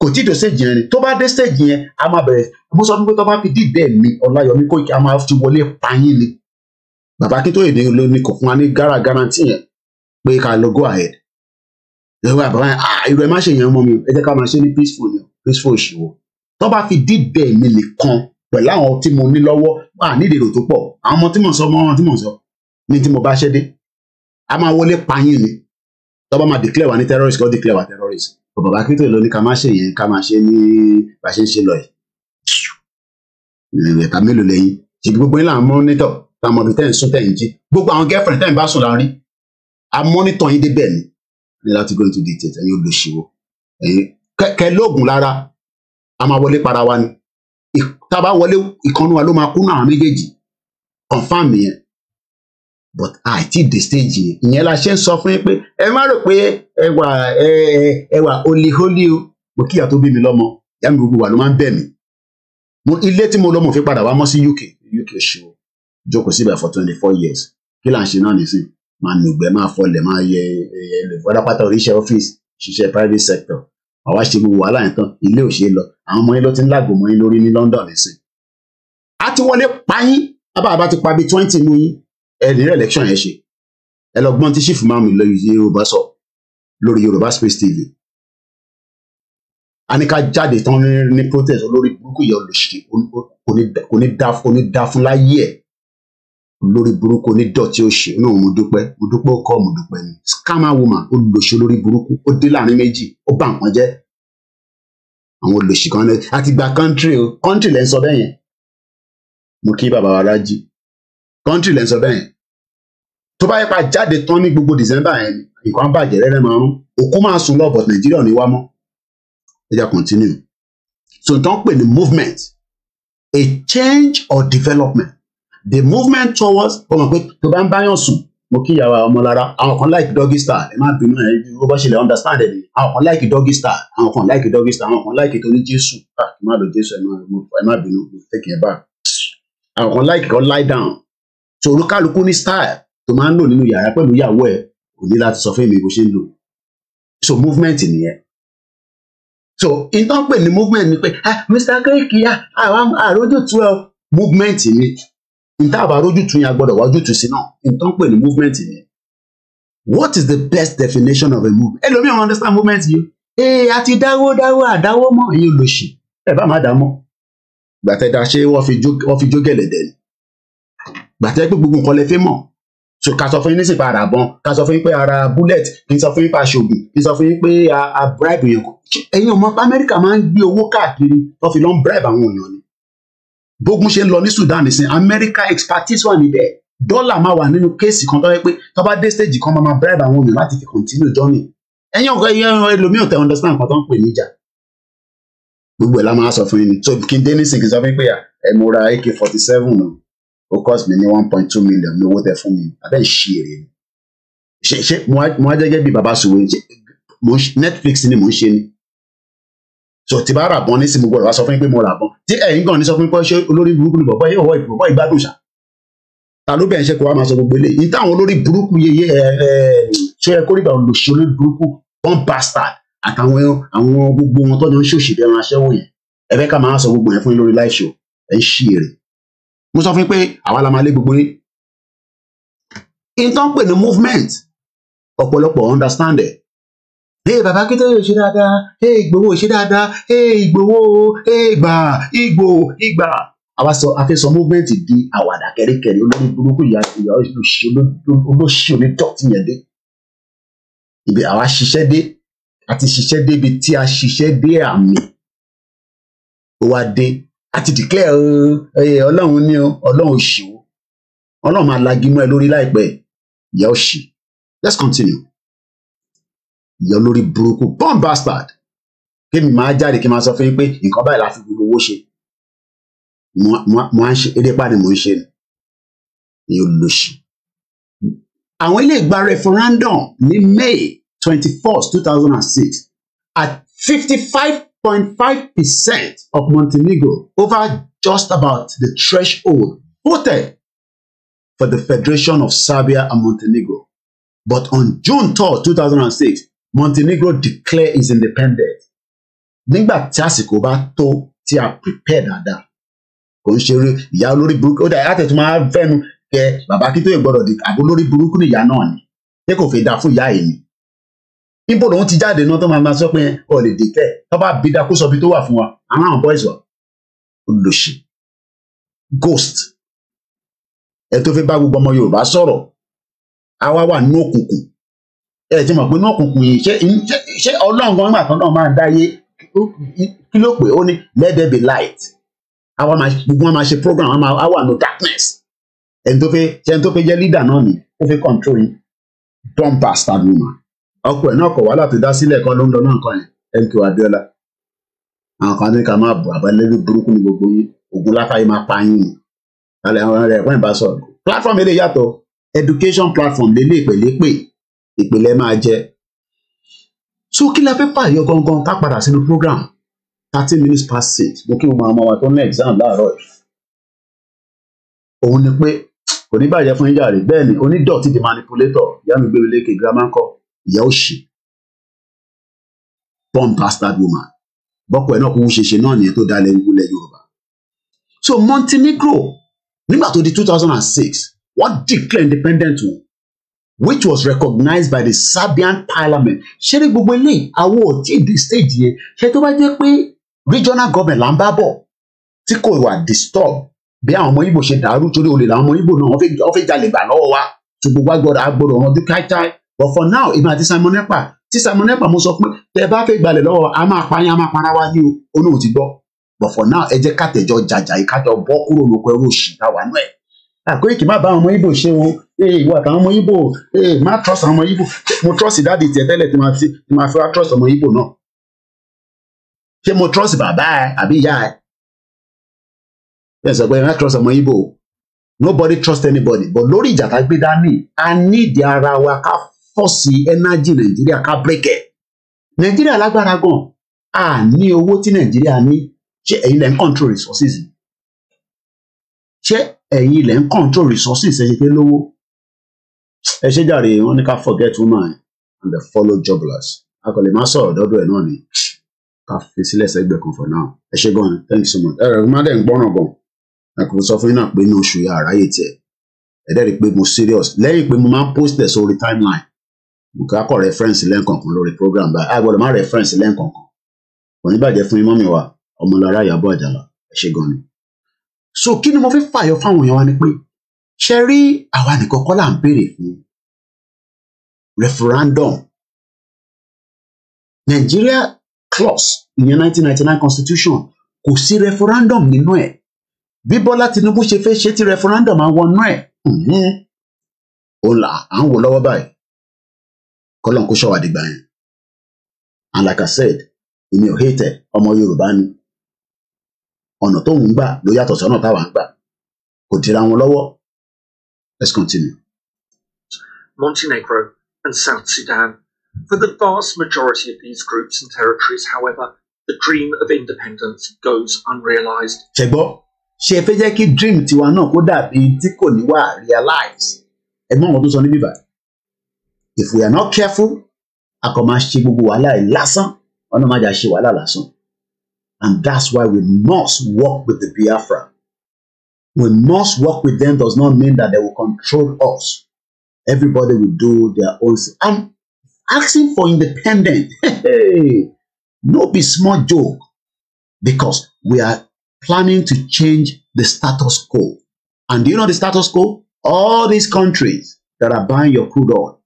kò tí ìdò stage yẹn ni tó bá dé stage yẹn a máa bẹ̀rẹ̀ mo sọ pé tó bá fi dìbẹ́ mi Ọláyọmí Kóìkí a máa ti wọlé payín ni bàbá Akíntóyè ni kò fún wa ní gara guarantee yẹn pé ká lọ go ahead ẹ̀rọ àbáwá yẹn ah ìrọ̀ ẹ má ṣe yẹn mọ́ mi ẹ jẹ́ ká máa ṣe ní peaceful ni peaceful ìṣòwò tó bá fi dídẹ̀ mi lè kan pẹ̀lú àwọn tí mo ní lọ́wọ́ wà nídìí èrò tó pọ̀ àwọn ọmọ tí mò ń sọ ọmọ tí mò ń sọ ní tí mo bá ṣẹ́ a máa wọlé payín ni tó bá máa declare wa ní terrorist kó declare wa terrorist kò bàbá kító ìlú ní ká má ṣe yẹn ká máa ṣe ní bá ṣe ń ṣe lọ yìí ẹ̀ka mélòó lẹ́yìn ṣèbí gbogbo yín là ń mọ́nítọ̀ tá a mọ̀ bí tẹ́ ń sún tẹ́ ń jí gbogbo àwọn girlfriend tẹ́ ń bá sùn láàrin a mọ́nítọ̀ yín débẹ̀ ni láti going into details ẹ̀yin olùṣèwò ẹ̀yin kẹ lóògùn lára a máa wọlé para wa ni tá a bá wọlé ìkànnú wa ló máa kúnnú àwọn méjèèjì confam yẹn but àti the stage yẹn ìyẹn la ṣe ń sọ fún yín pé ẹ má rò pé ẹ wà ẹ ẹ wà holy holy o mo kíyà tó bí mi lọ́mọ ìyá mi gbogbo wà ló máa ń bẹ̀ mí mo ilé tí mo lọ mo fi padà wá mọ́ sí UK UK ṣe o jókòó síbẹ̀ for twenty four years kí là ń ṣe náà nísìnyí máa nùgbẹ́ máa fọlẹ̀ máa yẹ ẹyẹ lè pátápátá oríṣẹ́ ọ́fíìsì ṣiṣẹ́ private sector àwa ṣe gbogbo wàhálà yẹn tán ilé ò ṣe é lọ àwọn ọmọ yín ló ti ń lágò mọ́ yín lórí ní London nísìn a ti wọlé pa yín abáàbá ti pa bíi twenty mú yín ẹ ní election yẹn ṣe ẹ lọ gbọ́n tí chief mamu Yorùbá sọ lórí Yorùbá Space TV a ní ká jáde tán ní protest olórí burúkú yẹn olùṣèlú kò ní dá fún láyé ẹ̀ olórí burúkú onídọ̀tí òṣè náà mo dúpẹ́ mo dúpẹ́ ó kọ́ mo dúpẹ́ ni scammer woman olùlòṣì olórí burúkú ó dé láàrin méjì ó bá nǹkan jẹ́ àwọn olùlòṣì kan lẹ àti gba country o country lẹ ń sọ bẹ́ẹ̀ yẹn mo kí bàbá wa rájí country lẹ ń sọ bẹ́ẹ̀ yẹn tó bá yẹ pa jáde tán ní gbogbo december yẹn nǹkan bàjẹ́ rẹ́rẹ́ máa ń òkú máa sùn lọ nàìjíríà ní wá mọ́ ẹ jẹ́ continue so n tán pè ní movement a change or development the movement towards ó mọ̀ pé tó bá ń báyàn sùn mo kí ìyàwó ọmọ lára àwọn kan like doggy star. ẹ má bínú ẹ bó bá ṣe lè understand ẹ nìyí àwọn kan like doggy star. àwọn kan like doggy star. àwọn kan like tó ní jésù ká ah, kí má lo jésù ẹ má bínú take it back àwọn kan like kan lie down so olúkálukú ní style tó máa ń lò nínú yàrá pẹ̀lú ìyàwó ẹ ò ní láti sọ fún mi bó ṣe ń lò so movement nìyẹn so ìtàn pè ní movement ni pé ah mr kéèkì ah, ah, ah àròjù tu ẹ movement ni ìta àbárójútu yẹn agbọ́dọ̀ wájútu sí náà nǹkan pè ní movement yẹn what is the best definition of a movement ẹlòmíràn understand movement yìí ee àti dáwó dáwó àdáwó mọ èyí olùsì ẹ bá má dá mọ gbàtẹ́dá ṣé wọ́n fi jó gẹ̀lẹ́dẹ̀ ni gbàtẹ́ pé gbogbo nǹkan lè fi mọ̀ so ká sọ fún yín nísìnyí pé ara àbọn ká sọ fún yín pé ara bullet kí n sọ fún yín pé aṣoògùn kí n sọ fún yín pé a bribe yẹn ẹ̀yin ọmọ amẹ́ríkà máa ń gbé owó káàkiri wọ́n fi lọ ń bribe àwọn èèyàn ni bógun ṣe ń lọ ní Sudan nísìn America expertise wà níbẹ̀ dọ́là máa wà nínú kéèsì kan tó yẹ pé tó bá dé stage kan máa máa bribe àwọn èèyàn láti fi continue journey ẹ̀yin ọ̀gá ẹ̀yin ẹlòmíràn tẹ understand nǹkan tó ń pè níjà gbogbo ẹ̀ la máa sọ fún yín so kí n dé nísìn kí n sọ fún yín pé ẹ mo ra AK forty seven o ó cost mi ní one point two million ní owó tẹ fún mi abẹ́ ìṣe èrè ni ṣe ṣe mo á jẹ́gẹ́ bí baba sùwé Netflix ni mo ń ṣe ni so tí bá ràbọn ní sinmi gbọ́dọ̀ wá sọ fún yín pé mo ràbọn tí ẹ̀yin gan ni sọ fún yín pé ṣé olórí burúkú ni bọbọ yìí ọwọ ìbọbọ ìgbádùn ṣá ta ló bẹ̀rẹ̀ ṣe kó wa máa sọ gbogbo eléyìí yìí táwọn olórí burúkú yeye ẹ ẹ ṣó yẹ kó bá olùsí olórí burúkú one bastard àtàwọn àwọn gbogbo wọn tọ́jú ń ṣòṣì bẹ́ẹ̀ ránṣẹ́ yẹn ẹ fẹ́ ká máa sọ gbogbo yẹn fún lórí live show ẹ ń ṣí èrè mo sọ fún yín pé movement ọ̀pọ̀lọpọ̀ understand ee hey, bàbá Akíntóyè ò ṣe dáadáa ee Ìgbòho ò ṣe dáadáa ee Ìgbòho ee ìgbà ìgbò ìgbà àwa sọ afẹsọ múvmẹǹtì di àwàdà kẹríkẹrí olórí burúkú ìyá ìyá olóṣì onídọ̀tí yẹn dé ibi àwa ṣiṣẹ́ dé àti ṣiṣẹ́ débi tí a ṣiṣẹ́ dé àmì ó wá dé àti declare ẹyẹ Ọlọ́run ní o Ọlọ́run òṣìwò Ọlọ́run máa lagi mọ́ ẹ lórí láìpẹ́ ìyá òṣì let's continue ìyá olórí burúkú born bastard kémi máa jáde kí n máa sọ fún yín pé nǹkan báyìí la fi gbogbo owó ṣe mo á ń ṣe erépa ni mo ń ṣe ni olóṣì. àwọn ilé ìgbà referendum ní May twenty first two thousand and six at fifty five point five percent of Montenegro over just about the threshold voted for the Federation of Serbia and Montenegro but on June 3, 2006, Montenegro declare its independence nígbà tí àsìkò bá tó tí a prepare dáadáa kò ń ṣe ìyá olórí burúkú ó dà láti tún máa fẹnu kẹ bàbá kí tó yẹ gbọ́dọ̀ di àbó lórí burúkú nìyá náà ni pé kò fi dáa fún ìyá yìí ni ibo lòun ti jáde náà tó máa máa sọ pé ọ lè dèkẹ tó bá bí dákú sọ bí tó wà fún wa àwọn àwọn boys wa olùsì ghost ẹ tó fi bá gbogbo ọmọ Yorùbá sọ̀rọ̀ àwa wà ní òkùnkùn ẹ ti mọ̀ pé ní òkùnkùn yìí ṣé ṣé ọlọ́run gan nígbà kan náà máa dáyé kí ló pè ó ní let there be light àwa máa gbogbo wọn máa ṣe program wọn máa wà no darkness ẹni tó fẹ́ ṣe ẹni tó fẹ́ jẹ́ leader náà ni ó fẹ́ control yín don bastard woman ọkọ ẹ̀ náà kọ̀ wá láti dá sílẹ̀ kan ló ń lọ náà kan yẹn thank you Abiola àwọn kan ní ká máa bọ àbálẹ́lẹ́ burúkú ní gbogbo yín ògùn láfàáyé máa pa yín alẹ́ àwọn ọ̀rẹ́ ẹ̀kọ́ ìbá sọ̀rọ̀ platform eléyàtọ̀ education platform lélẹ́pẹ̀lẹ́pẹ̀ ìpìlẹ̀ máa jẹ so kí la fẹ́ pààyọ gangan ká padà sínú program thirty minutes past six mo kí mo máa mọ wa tó ní exam láàárọ̀ yìí òun ni pé kò ní bàjẹ́ fún yíyá rẹ̀ bẹ́ẹ̀ ni onídọ̀tí di manipulator ìyá mi gbébi lékè grammar kọ ìyá òṣì born bastard woman bọ́kọ̀ ẹ̀ náà kò ń ṣe ṣe náà nìyẹn tó dalẹ̀ ìwúlẹ̀ Yorùbá so Montenegro nígbà tó di two thousand and six wọ́n declare independent wọn which was recognized by the Serbian parliament ṣé ní gbogbo eléyìí àwọn ò tí stage yẹn ṣé tó bá jẹ́ pé regional government là ń bá bọ̀ tí kò wà disturb bí àwọn ọmọ Ìgbò ṣe dàrú torí olè làwọn ọmọ Ìgbò náà wọ́n fẹ́ jalè gbà lọ́wọ́ wa tó gbogbo agbọ́dọ̀ agbọ́dọ̀ wọn dúkìá táì but for now èmi àti Simon Ekpa tí Simon Ekpa mo sọ pé tẹ́ bá fẹ́ gbalẹ̀ lọ́wọ́ a máa pa yín a máa para wa ní o olóhùn ti gbọ́ but for now ẹ jẹ́ kàtẹ́jọ́ jàjà ìkàtọ̀ bọ́ kúrò lóko ẹrú òṣì àkóyèkì má bá ọmọ ibo ṣe o eh, ìwọ àtàwọn ọmọ ibo eh, má trust àwọn ọmọ ibo mo trust dáàdi tiẹ̀ tẹ́lẹ̀ tí màá fi wá trust ọmọ ibo náà ṣé mo trust bàbá ẹ àbí ìyá ẹ bẹ́ẹ̀ sọ pé má trust ọmọ ibo nobody trust anybody but lórí ìjà tá a gbé dání a need ara wa ká fọ́ọ̀sì energy nàìjíríà ká break ẹ̀ nàìjíríà lágbára gan a ní owó tí nàìjíríà ní ṣé ẹ̀yin lẹ́ ń control resources ṣé ẹ̀yin ilẹ̀ ń control resources ẹ̀ ṣe pé lówó ẹ ṣe jàre wọn ní ká forget woman and the follow jobless akọ̀lẹ̀ má sọ̀rọ̀ dọ́dọ̀ ẹ̀ náà ni ká fi sílẹ̀ sẹ́gbẹ̀ kan for now ẹ ṣe gan thank you so much ẹ̀rọ má dẹ̀ ń gbọ́ràn gan ẹ kò sọ fún yín náà pé inú oṣù yà ráyè tiẹ̀ ẹ̀ dẹ́rì pé mo serious lẹ́yìn pé mo máa ń post ẹ̀ sórí timeline mo kà á kọ̀ reference lẹ́ǹkọ̀ọ̀kan lórí program báyìí a gbọ́dọ̀ má reference lẹ́ǹkọ̀ọ̀kan kò ní bàjẹ́ fún yín mọ́mì wa ọmọlára Ìyábọ̀ Àjàlá ẹ ṣe gan ni so kí ni mo fi fàyọ fáwọn èèyàn wa ni pé ṣe rí àwa nìkan kọ́ là ń béèrè fún referendum Nigeria clause ìyẹn 1999 constitution kò sí referendum nínú ẹ̀ bí Bọ́lá Tinubu ṣe fẹ́ ṣe ti referendum àwọn ẹ̀ òun là à ń wò lọ́wọ́ báyìí kọ́lọ́n kó ṣọ́wádìí gbà yẹn and like I said èmi ò hate ẹ̀ ọmọ Yorùbá ni ọ̀nà tó ń gbà ló yàtọ̀ sọ́nà táwa ń gbà kò dira wọn lọ́wọ́ let's continue. Montenegro and South Sudan. For the vast majority of these groups and territories, however, the dream of independence goes unrealized. ṣẹgbọ́ ṣe fẹ́ jẹ́ kí dream tiwa náà kó dàbí tí kò ní wà realize ẹ̀gbọ́n wọn tó sọ níbí báyìí if we are not careful a kò máa ṣe gbogbo wàhálà yìí lásán ọ̀nà máa jà ṣe wàhálà lásán And that's why we must work with the Biafra. We must work with them does not mean that they will control us. Everybody will do their own And asking for independence, hey, no be small joke. Because we are planning to change the status quo. And do you know the status quo? All these countries that are buying your crude oil,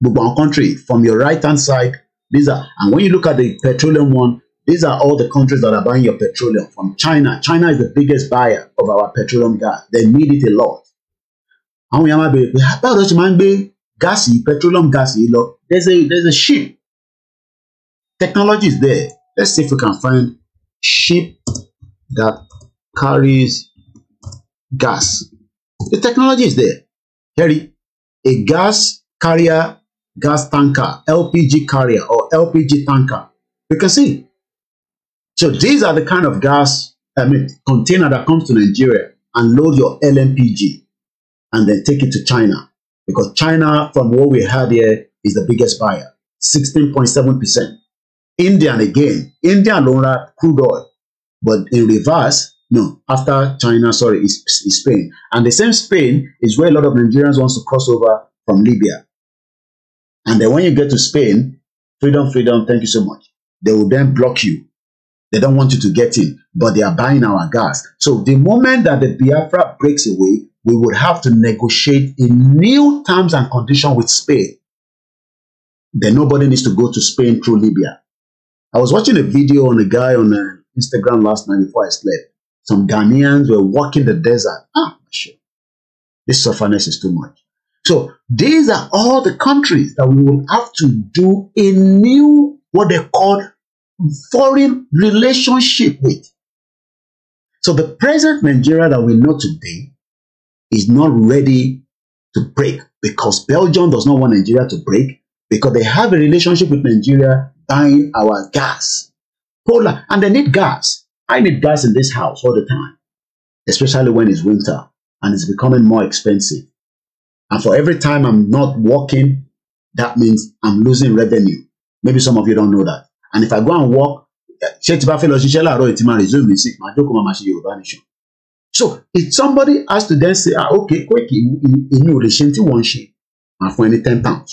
one country from your right hand side, these are, and when you look at the petroleum one, these are all the countries that are buying your petroleum from China. China is the biggest buyer of our petroleum gas. They need it a lot. How èèyàn máa bèrè pé ah, petroleum gas yìí There's a there's a ship. Technology is there. Let's see if we can find ship that carries gas. The technology is there. Harry, a gas carrier, gas tanker, LPG carrier or LPG tanker. You can see so these are the kind of gas, I mean, container that comes to Nigeria and load your LMPG and then take it to China. Because China, from what we had here, is the biggest buyer, 16.7%. India, again, India alone had crude oil. But in reverse, no, after China, sorry, is, is Spain. And the same Spain is where a lot of Nigerians wants to cross over from Libya. And then when you get to Spain, freedom, freedom, thank you so much. They will then block you they don't want you to get in, but they are buying our gas. So the moment that the Biafra breaks away, we would have to negotiate a new terms and condition with Spain. Then nobody needs to go to Spain through Libya. I was watching a video on a guy on uh, Instagram last night before I slept. Some Ghanaians were walking the desert. Ah, shit. This sufferness is too much. So these are all the countries that we will have to do a new, what they call foreign relationship with. So the present Nigeria that we know today is not ready to break because Belgium does not want Nigeria to break because they have a relationship with Nigeria buying our gas. Poland, and they need gas. I need gas in this house all the time, especially when it's winter and it's becoming more expensive. And for every time I'm not working, that means I'm losing revenue. Maybe some of you don't know that. and if i go and work ṣé tí bá fẹ́ lọ ṣiṣẹ́ láàárọ̀ yìí tí máa resume mi sí máa jókòó máa ṣe yorùbá nation so if somebody has to then say ah okay quick èmi ò lè ṣe tí wọ́n ń ṣe máa fún ẹni ten pounds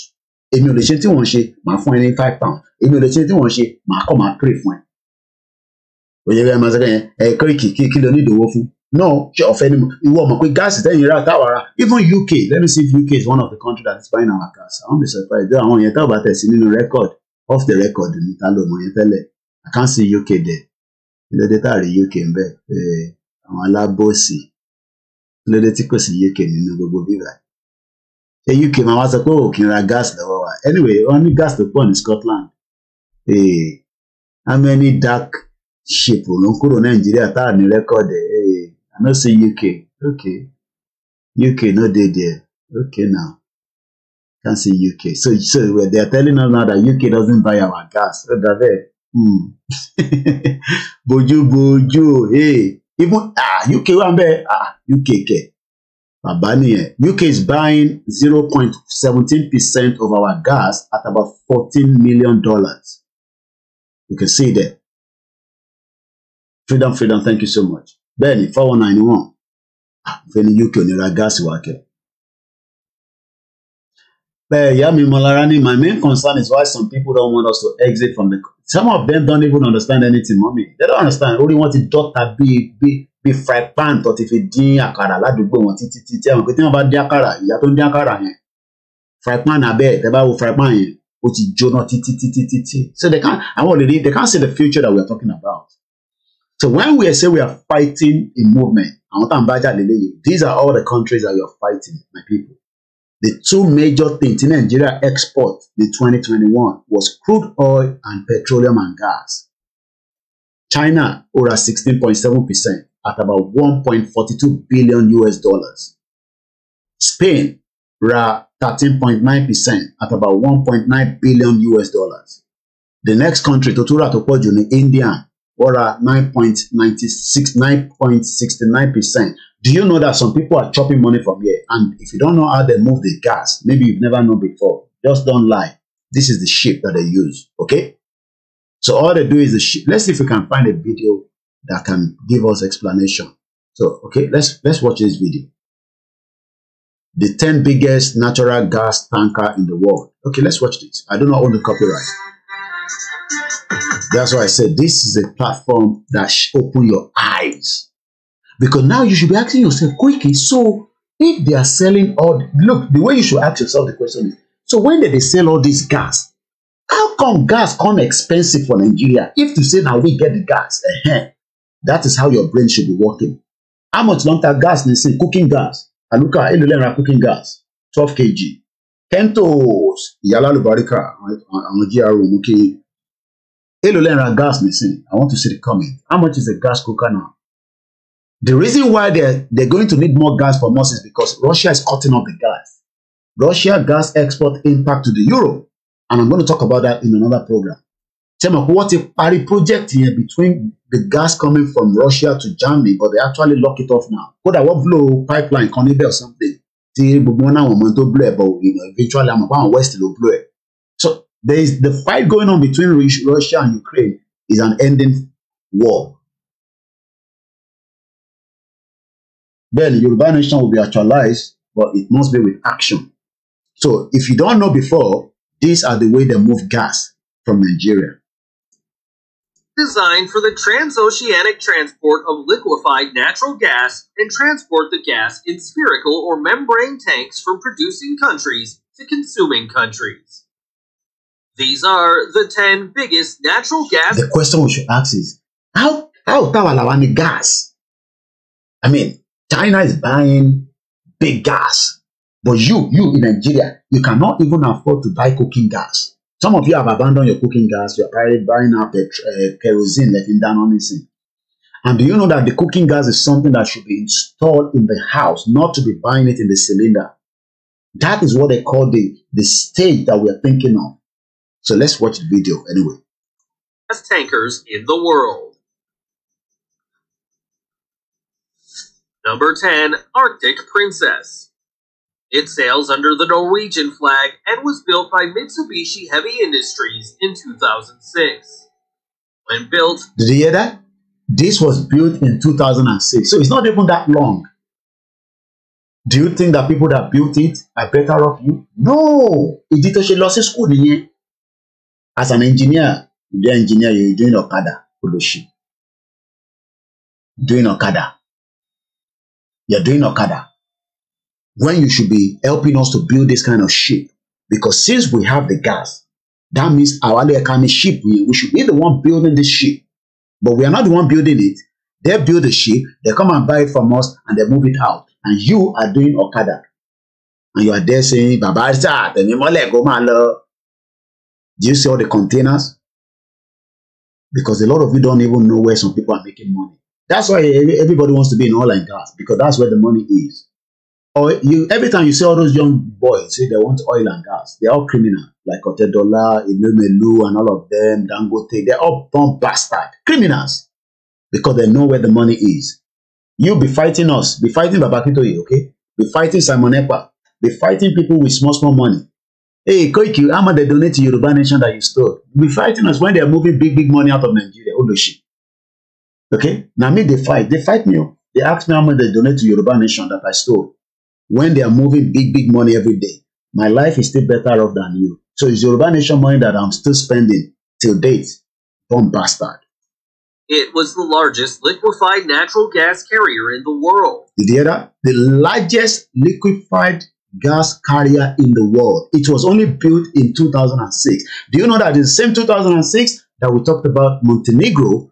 èmi ò lè ṣe tí wọ́n ń ṣe máa fún ẹni five pounds èmi ò lè ṣe tí wọ́n ń ṣe máa kọ́ máa pray fún ẹ òye bẹ́ẹ̀ máa sẹ́kẹ̀ yẹn ẹ quick kí kí ló ní ìdòwò fún náà ṣe ọ̀fẹ́ ni ìwọ mọ̀ pé gáàsì tẹ́yìn rà táwa even UK let me see if UK is one of the country that is buying our gas I won't be surprised though àwọn yẹn táwọn bá tẹ̀ sí nínú record off the record ní ta ló mọ yẹn tẹ́lẹ̀ I can't see UK there kí ló dé tá UK ń bẹ̀ eh, àwọn alábòsí kí ló dé tí kò sí UK nínú gbogbo bíbá ṣé UK máa wá sọ pé òun kì í ra gas lọ́wọ́ wa anyway wọ́n ní gas tó pọ̀ ní Scotland eh, how many dark ship ló ń kúrò Nàìjíríà tá a ní rẹ́kọ̀dì eh, I no see UK okay UK no dey there okay now. Can't say UK. So, so they are telling us now that UK doesn't buy our gas. So that there. Hmm. boju boju. Hey, even ah UK one there. Ah UK ke. UK is buying 0.17% of our gas at about 14 million dollars. You can see there. Freedom, freedom. Thank you so much. Bẹ́ẹ̀ni, 419 ni wọ́n. Fẹ́ni UK ò ní ra gáàsì uh, Yami Malarani, my main concern is why some people don't want us to exit from the. Some of them don't even understand anything, mommy. They don't understand. Only want the doctor be be be fry pan tó ti fi dín àkàrà ládùúgbò wọn títí títí àwọn pé tí wọn bá dín àkàrà ìyá tó ń dín àkàrà yẹn fry pan abẹ tẹ bá wo fry pan yẹn ó ti jóná títí títí títí so they can't àwọn lè rí they can't see the future that we are talking about so when we say we are fighting a movement I want to ń bá jà lélẹ́yìn these are all the countries that we are fighting my people The two major things in Nigeria export in 2021 was crude oil and petroleum and gas. China over 16.7% at about 1.42 billion US dollars. Spain ra 13.9% at about 1.9 billion US dollars. The next country tó tún rà tó pọ̀ jù ní India wọ́n ra 9.96 9.69% Do you know that some people are chopping money from here? And if you don't know how they move the gas, maybe you've never known before. Just don't lie. This is the ship that they use. Okay? So all they do is the ship. Let's see if we can find a video that can give us explanation. So, okay, let's let's watch this video. The 10 biggest natural gas tanker in the world. Okay, let's watch this. I do not own the copyright. That's why I said this is a platform that open your eyes Because now you should be asking yourself quickly. So if they are selling all, look, the way you should ask yourself the question is, so when did they sell all this gas? How come gas come expensive for Nigeria? If to say now we get the gas, uh-huh, that is how your brain should be working. How much long that gas they say cooking gas? And look at Elulera cooking gas, 12 kg. Kentos, Yala on GRO, okay. Elulera gas, they I want to see the comment. How much is the gas cooker now? The reason why they're, they're going to need more gas from us is because Russia is cutting off the gas. Russia gas export impact to the euro. And I'm going to talk about that in another program. Tell me what if Paris project here between the gas coming from Russia to Germany, but they actually lock it off now. Could I what blow pipeline connect or something? See, but one moment blow, but you know, eventually I'm about West to blow it. So there is the fight going on between Russia and Ukraine is an ending war. Then Yoruba nation will be actualized, but it must be with action. So if you don't know before, these are the way they move gas from Nigeria. Designed for the transoceanic transport of liquefied natural gas and transport the gas in spherical or membrane tanks from producing countries to consuming countries. These are the 10 biggest natural gas. The question we should ask is how, how Tawalawa gas? I mean, China is buying big gas. But you, you in Nigeria, you cannot even afford to buy cooking gas. Some of you have abandoned your cooking gas. You are probably buying up eh, the eh, kerosene, letting down on this. And do you know that the cooking gas is something that should be installed in the house, not to be buying it in the cylinder? That is what they call the, the stage that we are thinking of. So let's watch the video anyway. Best tankers in the world. Number 10, Arctic Princess. It sails under the Norwegian flag and was built by Mitsubishi Heavy Industries in 2006. When built, did you hear that? This was built in 2006, so it's not even that long. Do you think that people that built it are better off you? No! Ìdítò she lọ sí school nìyẹn. As an engineer, you're an engineer, you're doing Okada, Oloshi. Doing Okada. You're doing Okada. When you should be helping us to build this kind of ship. Because since we have the gas, that means our Ekami ship, we, should be the one building this ship. But we are not the one building it. They build the ship, they come and buy it from us, and they move it out. And you are doing Okada. And you are there saying, Baba Isa, the Mimole, go malo. Do you see all the containers? Because a lot of you don't even know where some people are making money. That's why everybody wants to be in oil and gas because that's where the money is. Or you every time you see all those young boys say they want oil and gas, they're all criminal, like Otedola, Ilumelu, and all of them, Dangote, they're all bomb bastard, criminals, because they know where the money is. You be fighting us, be fighting Babakitoye, okay? Be fighting Simon Epa, be fighting people with small, small money. Hey, Koiki, how much they donate to Yoruba Nation that you stole? Be fighting us when they're moving big, big money out of Nigeria, Oloshi. Okay? Now me they fight. They fight me. Oh. They ask me how much they donate to Yoruba Nation that I stole. When they are moving big, big money every day, my life is still better off than you. So it's Yoruba Nation money that I'm still spending till date. Bomb bastard. It was the largest liquefied natural gas carrier in the world. Did you hear that? The largest liquefied gas carrier in the world. It was only built in 2006. Do you know that in the same 2006 that we talked about Montenegro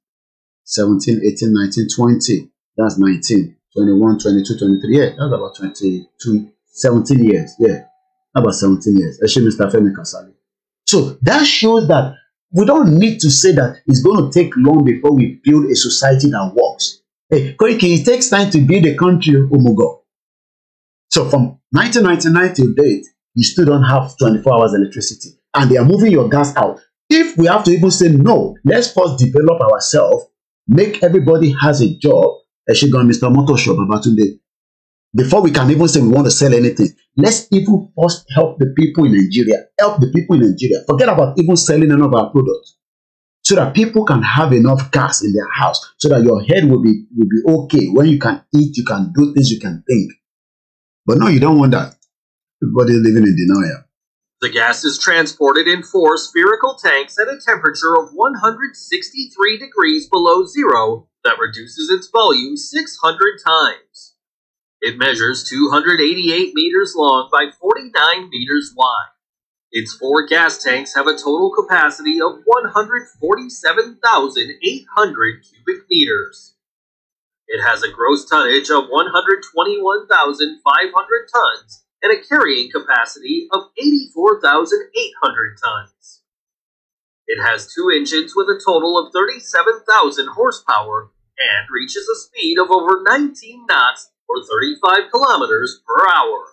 17, 18, 19, 20. That's 19. 21, 22, 23. Yeah, that's about 22, 17 years. Yeah, about 17 years. Actually, Mr. Femi Kasali. So that shows that we don't need to say that it's going to take long before we build a society that works. Hey, Koiki, it takes time to build a country, Umugo. Oh so from 1999 till date, you still don't have 24 hours electricity. And they are moving your gas out. If we have to even say, no, let's first develop ourselves make everybody has a job. Eshigan, Mr. Motor Shop, Before we can even say we want to sell anything, let's even first help the people in Nigeria. Help the people in Nigeria. Forget about even selling any of our products. So that people can have enough gas in their house. So that your head will be will be okay. When you can eat, you can do things, you can think. But no, you don't want that. Everybody living in denial. The gas is transported in four spherical tanks at a temperature of 163 degrees below zero that reduces its volume 600 times. It measures 288 meters long by 49 meters wide. Its four gas tanks have a total capacity of 147,800 cubic meters. It has a gross tonnage of 121,500 tons and a carrying capacity of 84,800 tons. It has two engines with a total of 37,000 horsepower and reaches a speed of over 19 knots or 35 kilometers per hour.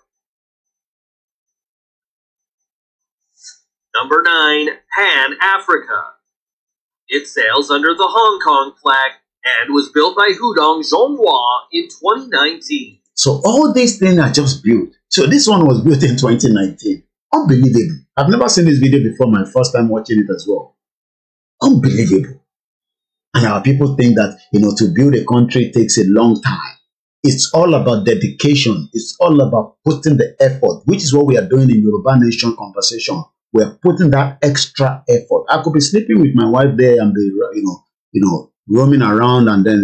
Number 9. Pan Africa. It sails under the Hong Kong flag and was built by Hudong Zhonghua in 2019. So all these things are just built. So this one was built in 2019. Unbelievable. I've never seen this video before, my first time watching it as well. Unbelievable. And our people think that, you know, to build a country takes a long time. It's all about dedication. It's all about putting the effort, which is what we are doing in Yoruba Nation Conversation. We're putting that extra effort. I could be sleeping with my wife there and be, you know, you know, roaming around and then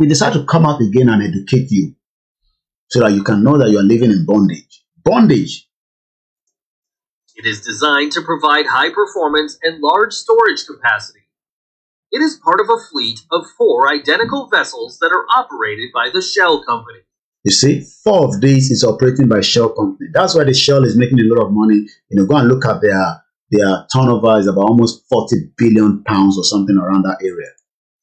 we decide to come out again and educate you so that you can know that you are living in bondage. Bondage. It is designed to provide high performance and large storage capacity. It is part of a fleet of four identical vessels that are operated by the Shell Company. You see, four of these is operating by Shell Company. That's why the Shell is making a lot of money. You know, go and look at their their turnover is about almost 40 billion pounds or something around that area.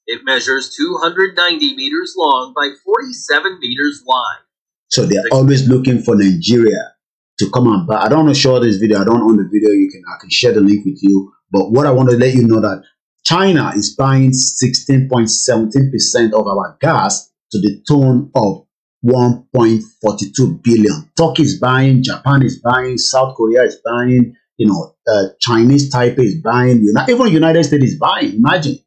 It measures 290 meters long by 47 meters wide. So they're always looking for Nigeria to come and buy. I don't want to show this video. I don't own the video. You can I can share the link with you. But what I want to let you know that China is buying 16.17% of our gas to the tune of 1.42 billion. Turkey is buying, Japan is buying, South Korea is buying, you know, uh, Chinese Taipei is buying, even United States is buying. Imagine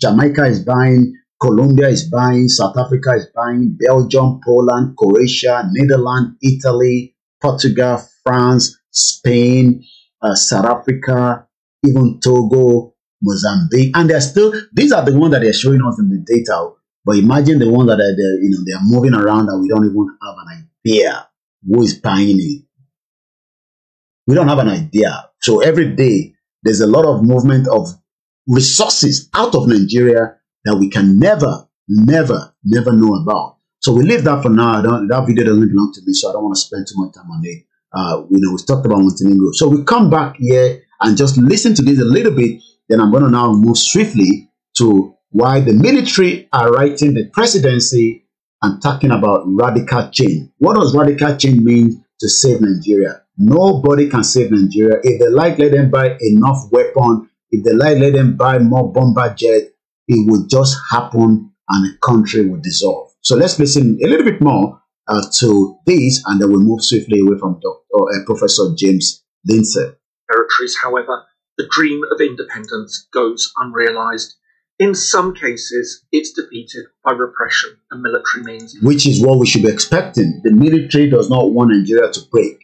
Jamaica is buying, Colombia is buying, South Africa is buying, Belgium, Poland, Croatia, Netherlands, Italy, Portugal, France, Spain, uh, South Africa, even Togo, Mozambique, and they're still. These are the ones that they're showing us in the data. But imagine the ones that are there, you know they are moving around and we don't even have an idea who is buying it. We don't have an idea. So every day there's a lot of movement of resources out of Nigeria that we can never, never, never know about. So we leave that for now. that video doesn't belong to me, so I don't want to spend too much time on it. Uh, you know, we talked about Montenegro. So we come back here and just listen to this a little bit. Then I'm going to now move swiftly to why the military are writing the presidency and talking about radical change. What does radical change mean to save Nigeria? Nobody can save Nigeria. If they like, let them buy enough weapon. If they like, let them buy more bomber jet it would just happen and the country would dissolve. So let's listen a little bit more uh, to this and then we'll move swiftly away from Dr. Uh, uh, Professor James Lindsay. Territories, however, the dream of independence goes unrealized. In some cases, it's defeated by repression and military means. Which is what we should be expecting. The military does not want Nigeria to break,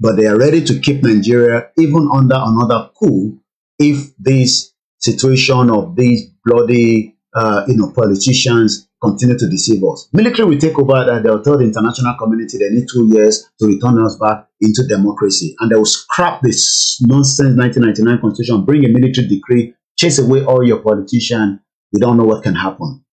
but they are ready to keep Nigeria even under another coup if this situation of these bloody, uh, you know, politicians continue to deceive us. Military will take over that. They'll tell the international community they need two years to return us back into democracy. And they will scrap this nonsense 1999 constitution, bring a military decree, chase away all your politicians. We don't know what can happen.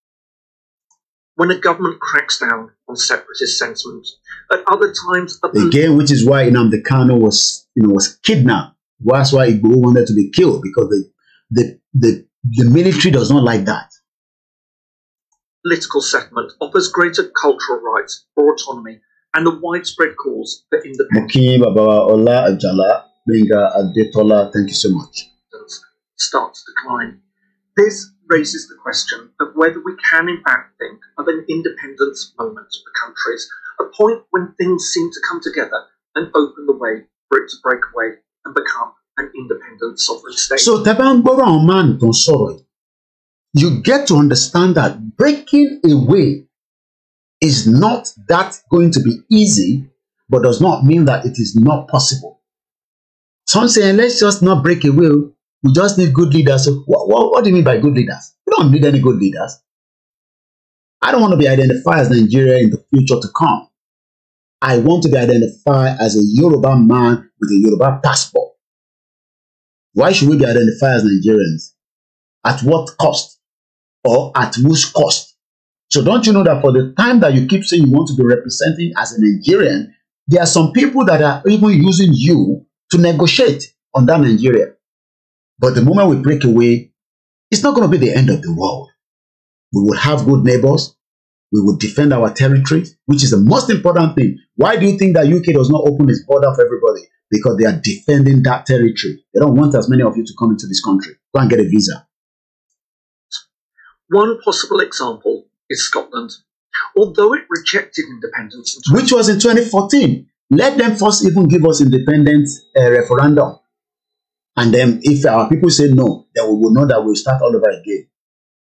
When a government cracks down on separatist sentiments. at other times... Again, which is why Inamde Kano was, you know, was kidnapped. That's why Igbo wanted to be killed, because the, the, the the military does not like that. Political settlement offers greater cultural rights for autonomy and the widespread calls for independence. Ola Ajala Adetola, thank you so much. Starts to decline. This raises the question of whether we can, in fact, think of an independence moment for countries, a point when things seem to come together and open the way for it to break away and become an independent sovereign state. So Tebangboran Oman don't sorrow. You get to understand that breaking away is not that going to be easy, but does not mean that it is not possible. Some say, let's just not break away. Oh. We just need good leaders. What, oh. what, what do you mean by good leaders? We don't need any good leaders. I don't want to be identified as Nigeria in the future to come. I want to be identified as a Yoruba man with a Yoruba passport. Why should we be identified as Nigerians? At what cost? Or at whose cost? So don't you know that for the time that you keep saying you want to be representing as a Nigerian, there are some people that are even using you to negotiate on that Nigeria. But the moment we break away, it's not going to be the end of the world. We will have good neighbors. We will defend our territory, which is the most important thing. Why do you think that UK does not open its border for everybody? because they are defending that territory. They don't want as many of you to come into this country. Go and get a visa. One possible example is Scotland. Although it rejected independence, which was in 2014, let them first even give us independence uh, referendum. And then if our people say no, then we will know that we'll start all over again.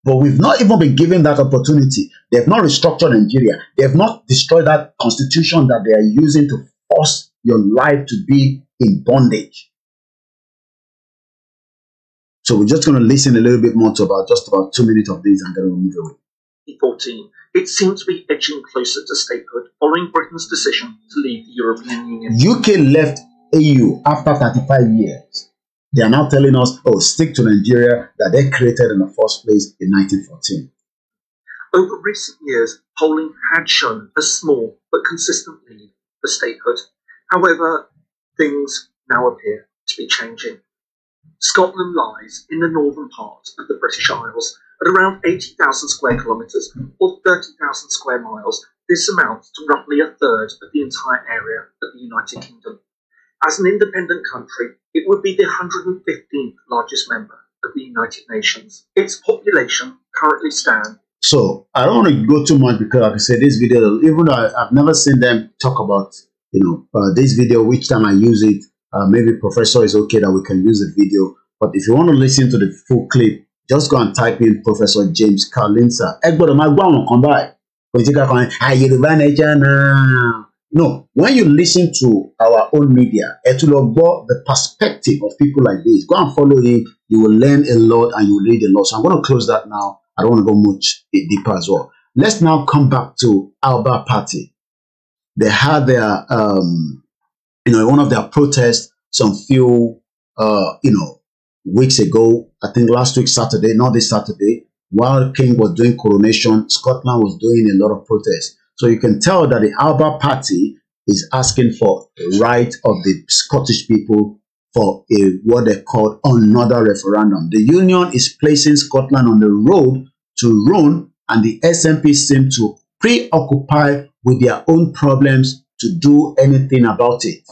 But we've not even been given that opportunity. They've not restructured Nigeria. They've not destroyed that constitution that they are using to force your life to be in bondage. So we're just going to listen a little bit more to about just about two minutes of this and then we'll move away. 14. It seems to be edging closer to statehood following Britain's decision to leave the European Union. UK left EU after 35 years. They are now telling us, oh, stick to Nigeria that they created in the first place in 1914. Over recent years, polling had shown a small but consistent lead for statehood However, things now appear to be changing. Scotland lies in the northern part of the British Isles at around 80,000 square kilometres or 30,000 square miles. This amounts to roughly a third of the entire area of the United Kingdom. As an independent country, it would be the 115th largest member of the United Nations. Its population currently stands. So, I don't want to go too much because, like I said, this video, even though I've never seen them talk about you know, uh, this video, which time I use it, uh, maybe professor is okay that we can use the video. But if you want to listen to the full clip, just go and type in Professor James Carlinsa. No, when you listen to our own media, it will lọ the perspective of people like this. Go and follow him. You will learn a lot and you will read a lot. So I'm going to close that now. I don't want to go much deeper as well. Let's now come back to Alba Party they had their, um, you know, one of their protests some few, uh, you know, weeks ago. I think last week Saturday, not this Saturday, while King was doing coronation, Scotland was doing a lot of protests. So you can tell that the Alba Party is asking for the right of the Scottish people for a what they called another referendum. The union is placing Scotland on the road to ruin, and the SNP seem to preoccupy with their own problems to do anything about it.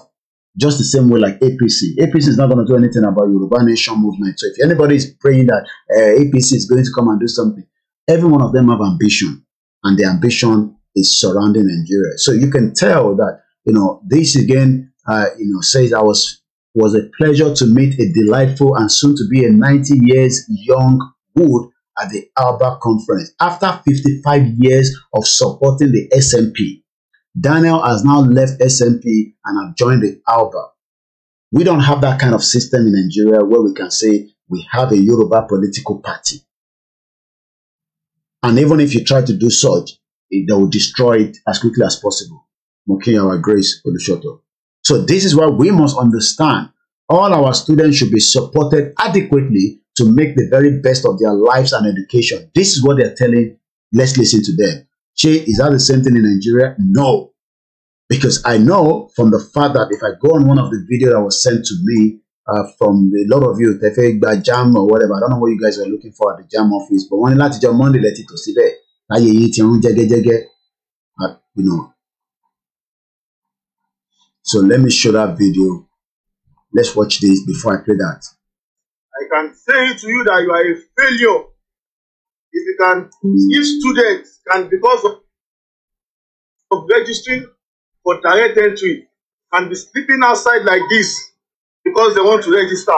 Just the same way like APC. APC is not going to do anything about Yoruba Nation movement. So if anybody is praying that uh, eh, APC is going to come and do something, every one of them have ambition. And the ambition is surrounding Nigeria. So you can tell that, you know, this again, uh, you know, says I was was a pleasure to meet a delightful and soon to be a 90 years young Wood at the ALBA conference. After 55 years of supporting the SNP, Daniel has now left SNP and have joined the ALBA. We don't have that kind of system in Nigeria where we can say we have a Yoruba political party. And even if you try to do such, it, they will destroy it as quickly as possible. our Grace Olushoto. So this is why we must understand all our students should be supported adequately to make the very best of their lives and education. This is what they're telling. Let's listen to them. Che, is that the same thing in Nigeria? No. Because I know from the fact that if I go on one of the videos that was sent to me uh, from a lot of you, Tefe Jam or whatever, I don't know what you guys are looking for at the Jam office, but when to Jam Monday let it to see there. You know. So let me show that video. Let's watch this before I play that. saying to you that you are a failure if you can if students can because of, of registering for direct entry and be sleeping outside like this because they want to register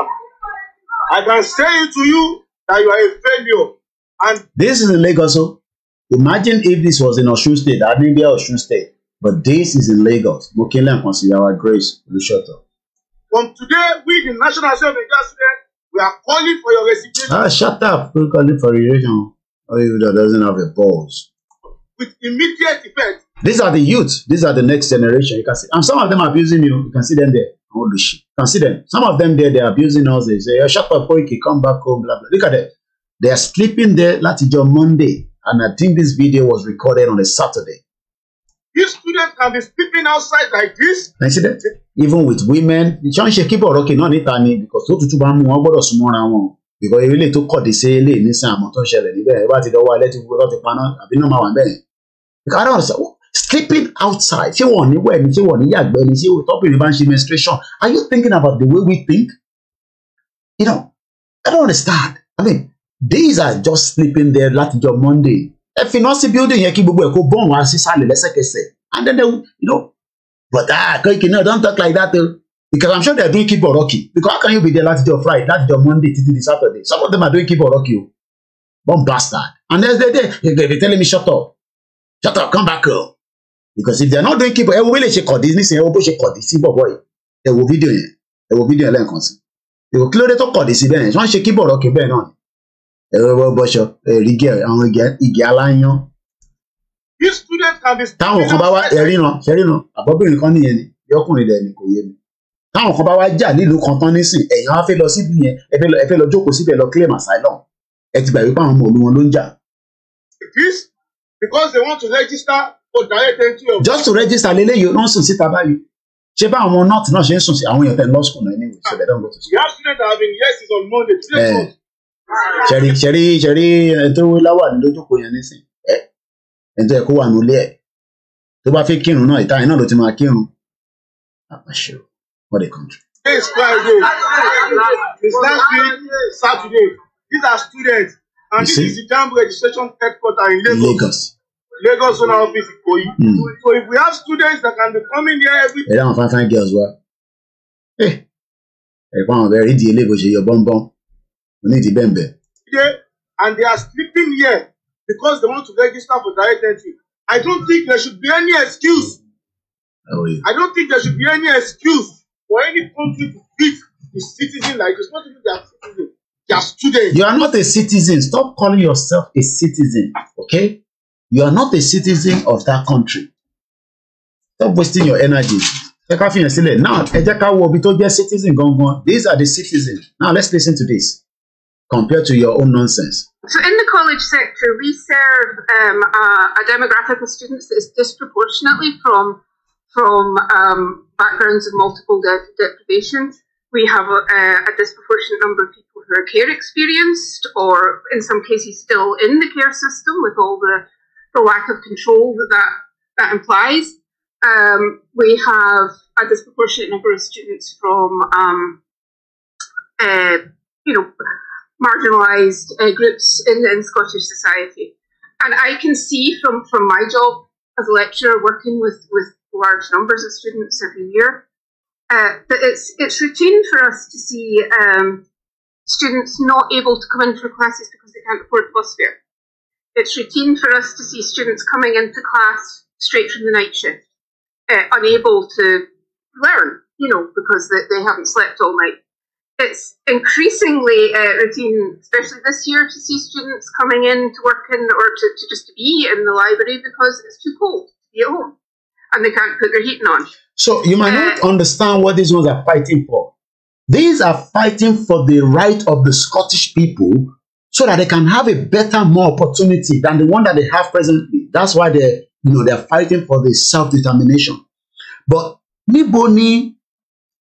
i can say to you that you are a failure and. this is in Lagos so imagine if this was in Osun State abimbiya Osun State but this is in Lagos mokinle and consider our grace olusoto. from today we the national assembly just said We are calling for your resignation. Ah, shut up. We're calling for resignation. Oh, you that doesn't have a balls. With immediate effect. These are the youth. These are the next generation. You can see, and some of them are abusing you. You can see them there. Oh, you can see them. Some of them there, they're abusing us. They say, oh, shut up, Koiki, come back home, blah, blah. Look at them. They are sleeping there, Latijọ Monday. And I think this video was recorded on a Saturday. If students can be sleeping outside like this. President, even with women, ṣán ṣe kí bọ̀rọ̀ kì náà níta ni because tó tutù bá mú wọn gbọ́dọ̀ sún mọ́ra wọn because eléyìí tó kọ̀dé sí eléyìí nísìn àmọ́ tó ń ṣẹlẹ̀ níbẹ̀ ẹ bá ti dọ́wọ́ alẹ́ tí gbogbo tó ti paná àbí náà máa wà bẹ́ẹ̀. because I don't understand sleeping outside ṣé wọn ò ní wẹ̀ ni ṣé wọn ò ní yàgbẹ́ ni ṣé tọ́bìnrin bá ń ṣe menstruation are you thinking about the way we think? you know I don't understand I mean these are just sleeping there láti jọ Monday ẹ fi iná sí building yẹn kí gbogbo ẹ̀ kó bọ́ọ̀n wá sísàlẹ̀ lẹ́sẹ̀kẹsẹ̀ and then they you know but ah Koiki náà don talk like that o because i'm sure they are doing keep oroki because how can you be there last day of friday láti jọ monday títí di saturday some of them are doing keep oroki o one bastard and next day they they they telling me shut up shut up come back o because if they are not doing keep ẹ wo bí lè ṣe kọ̀dí nísìnyí ẹ wo bó ṣe kọ̀dí sí bọ̀bọ̀ yìí ẹ wo fídíò yẹn ẹ wo fídíò yẹn lẹ́ẹ̀kan sí ẹ wo kí ló dé tó kọ̀dí sí bẹ́ẹ̀ yẹn wọ́n ṣe keep oroki bẹ́ẹ̀ náà ni ẹ̀rọ bọ́ṣọ ẹ̀rí gẹ̀ àwọn igi aláyán. these students can be. táwọn kan bá wá ẹ̀ríran ṣẹ́ríran àbọ̀bìnrin kan nìyẹn ni yọkùnrin rẹ̀ ni kò yé mi. táwọn kan bá wá jà nílùú kan tán nísìn ẹ̀yàn á fẹ́ lọ síbi yẹn ẹ fẹ́ lọ ẹ fẹ́ lọ jókòó síbẹ̀ lọ claim asylum ẹ ti gbà wípé àwọn ọmọ òlu ló ń jà. this because they want to register for direct entry of. just to register leléyìí ló ń sùn síta báyìí ṣé bá àwọn north náà ṣe ń sùn sí àwọn èèyàn tẹ̀ law school náà anyway so they don't go to school. the accident that have been on Monday three ṣẹ̀rí ṣẹ̀rí ṣẹ̀rí ẹni láwà ní yẹn nísìn ẹ ẹni wà nílé ẹ tó bá fẹ́ kírun náà ìta yẹn ló ti máa kírun àpàṣẹ friday it's last week saturday these are students and this is the jamb registration headquarter in lagos. lagos. Lagos Zonal Office Ikoyi. Mm. So if we have students that can be coming here every. Ẹ dáhùn fine fine girls well. Hey, ẹ̀ pa àwọn very rí Lagos ilé ìbòsè yọ nídìí bẹ́ẹ̀ and they are sleeping here because they want to register for direct entry I don't think there should be any excuse oh, I don't think there should be any excuse for any country to treat the citizen like it's not even their citizen They are students. You are not a citizen stop calling yourself a citizen okay you are not a citizen of that country stop wasting your energy ẹ ká fi hàn now ẹ jẹ́ ká wo ibi tó jẹ́ citizen these are the citizens now let's listen to this. compared to your own nonsense? So, in the college sector, we serve um, a, a, demographic of students that is disproportionately from from um, backgrounds of multiple de- deprivations. We have a, a, disproportionate number of people who are care experienced, or in some cases still in the care system, with all the, the lack of control that that, that implies. Um, we have a disproportionate number of students from, um, uh, you know marginalised uh, groups in, in Scottish society. And I can see from, from my job as a lecturer working with, with large numbers of students every year uh, that it's, it's routine for us to see um, students not able to come in for classes because they can't afford bus fare. It's routine for us to see students coming into class straight from the night shift, uh, unable to learn, you know, because they, they haven't slept all night it's increasingly uh, routine, especially this year, to see students coming in to work in or to, to just to be in the library because it's too cold to be at home and they can't put their heating on. So you might uh, not understand what these ones are fighting for. These are fighting for the right of the Scottish people so that they can have a better, more opportunity than the one that they have presently. That's why they, you know, they're fighting for the self-determination. But Niboni.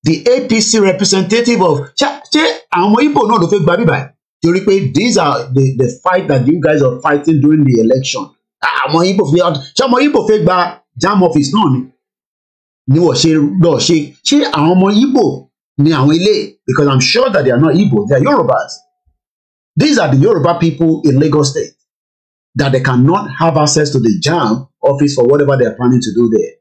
the APC representative of ṣé àwọn ọmọ Igbo náà ló fẹ́ gba bíbá torí pé these are the the fight that you guys are fighting during the election àwọn Ibo? fẹ́ ṣé ọmọ Ibo? fẹ́ gba jam office náà ni ni wọ́n ṣe lọ ṣe ṣé àwọn ọmọ Igbo ni àwọn ilé because I'm sure that they are not Ibo. they are Yorubas these are the Yoruba people in Lagos state that they cannot have access to the jam office for whatever they are planning to do there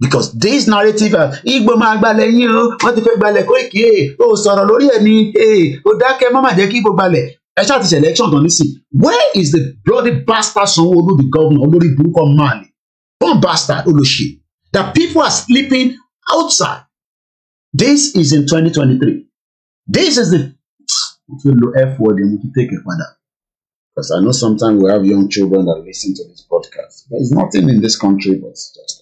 because this narrative uh, igbó máa gbalẹ̀ yín o wọ́n ti fẹ́ gbalẹ̀ Koiki eh. o sọ̀rọ̀ lórí ẹ̀ ní eh. o dákẹ́ má má jẹ́ kí igbó gbalẹ̀ ẹ ṣáà ti ṣe election nísìn where is the bloody bastard son olu the governor olórí burúkọ man born bastard olóṣè that people are sleeping outside this is in twenty twenty three this is the mo fi lo f word mo fi take it padà because I know sometimes we have young children that listen to this podcast there is nothing in this country but just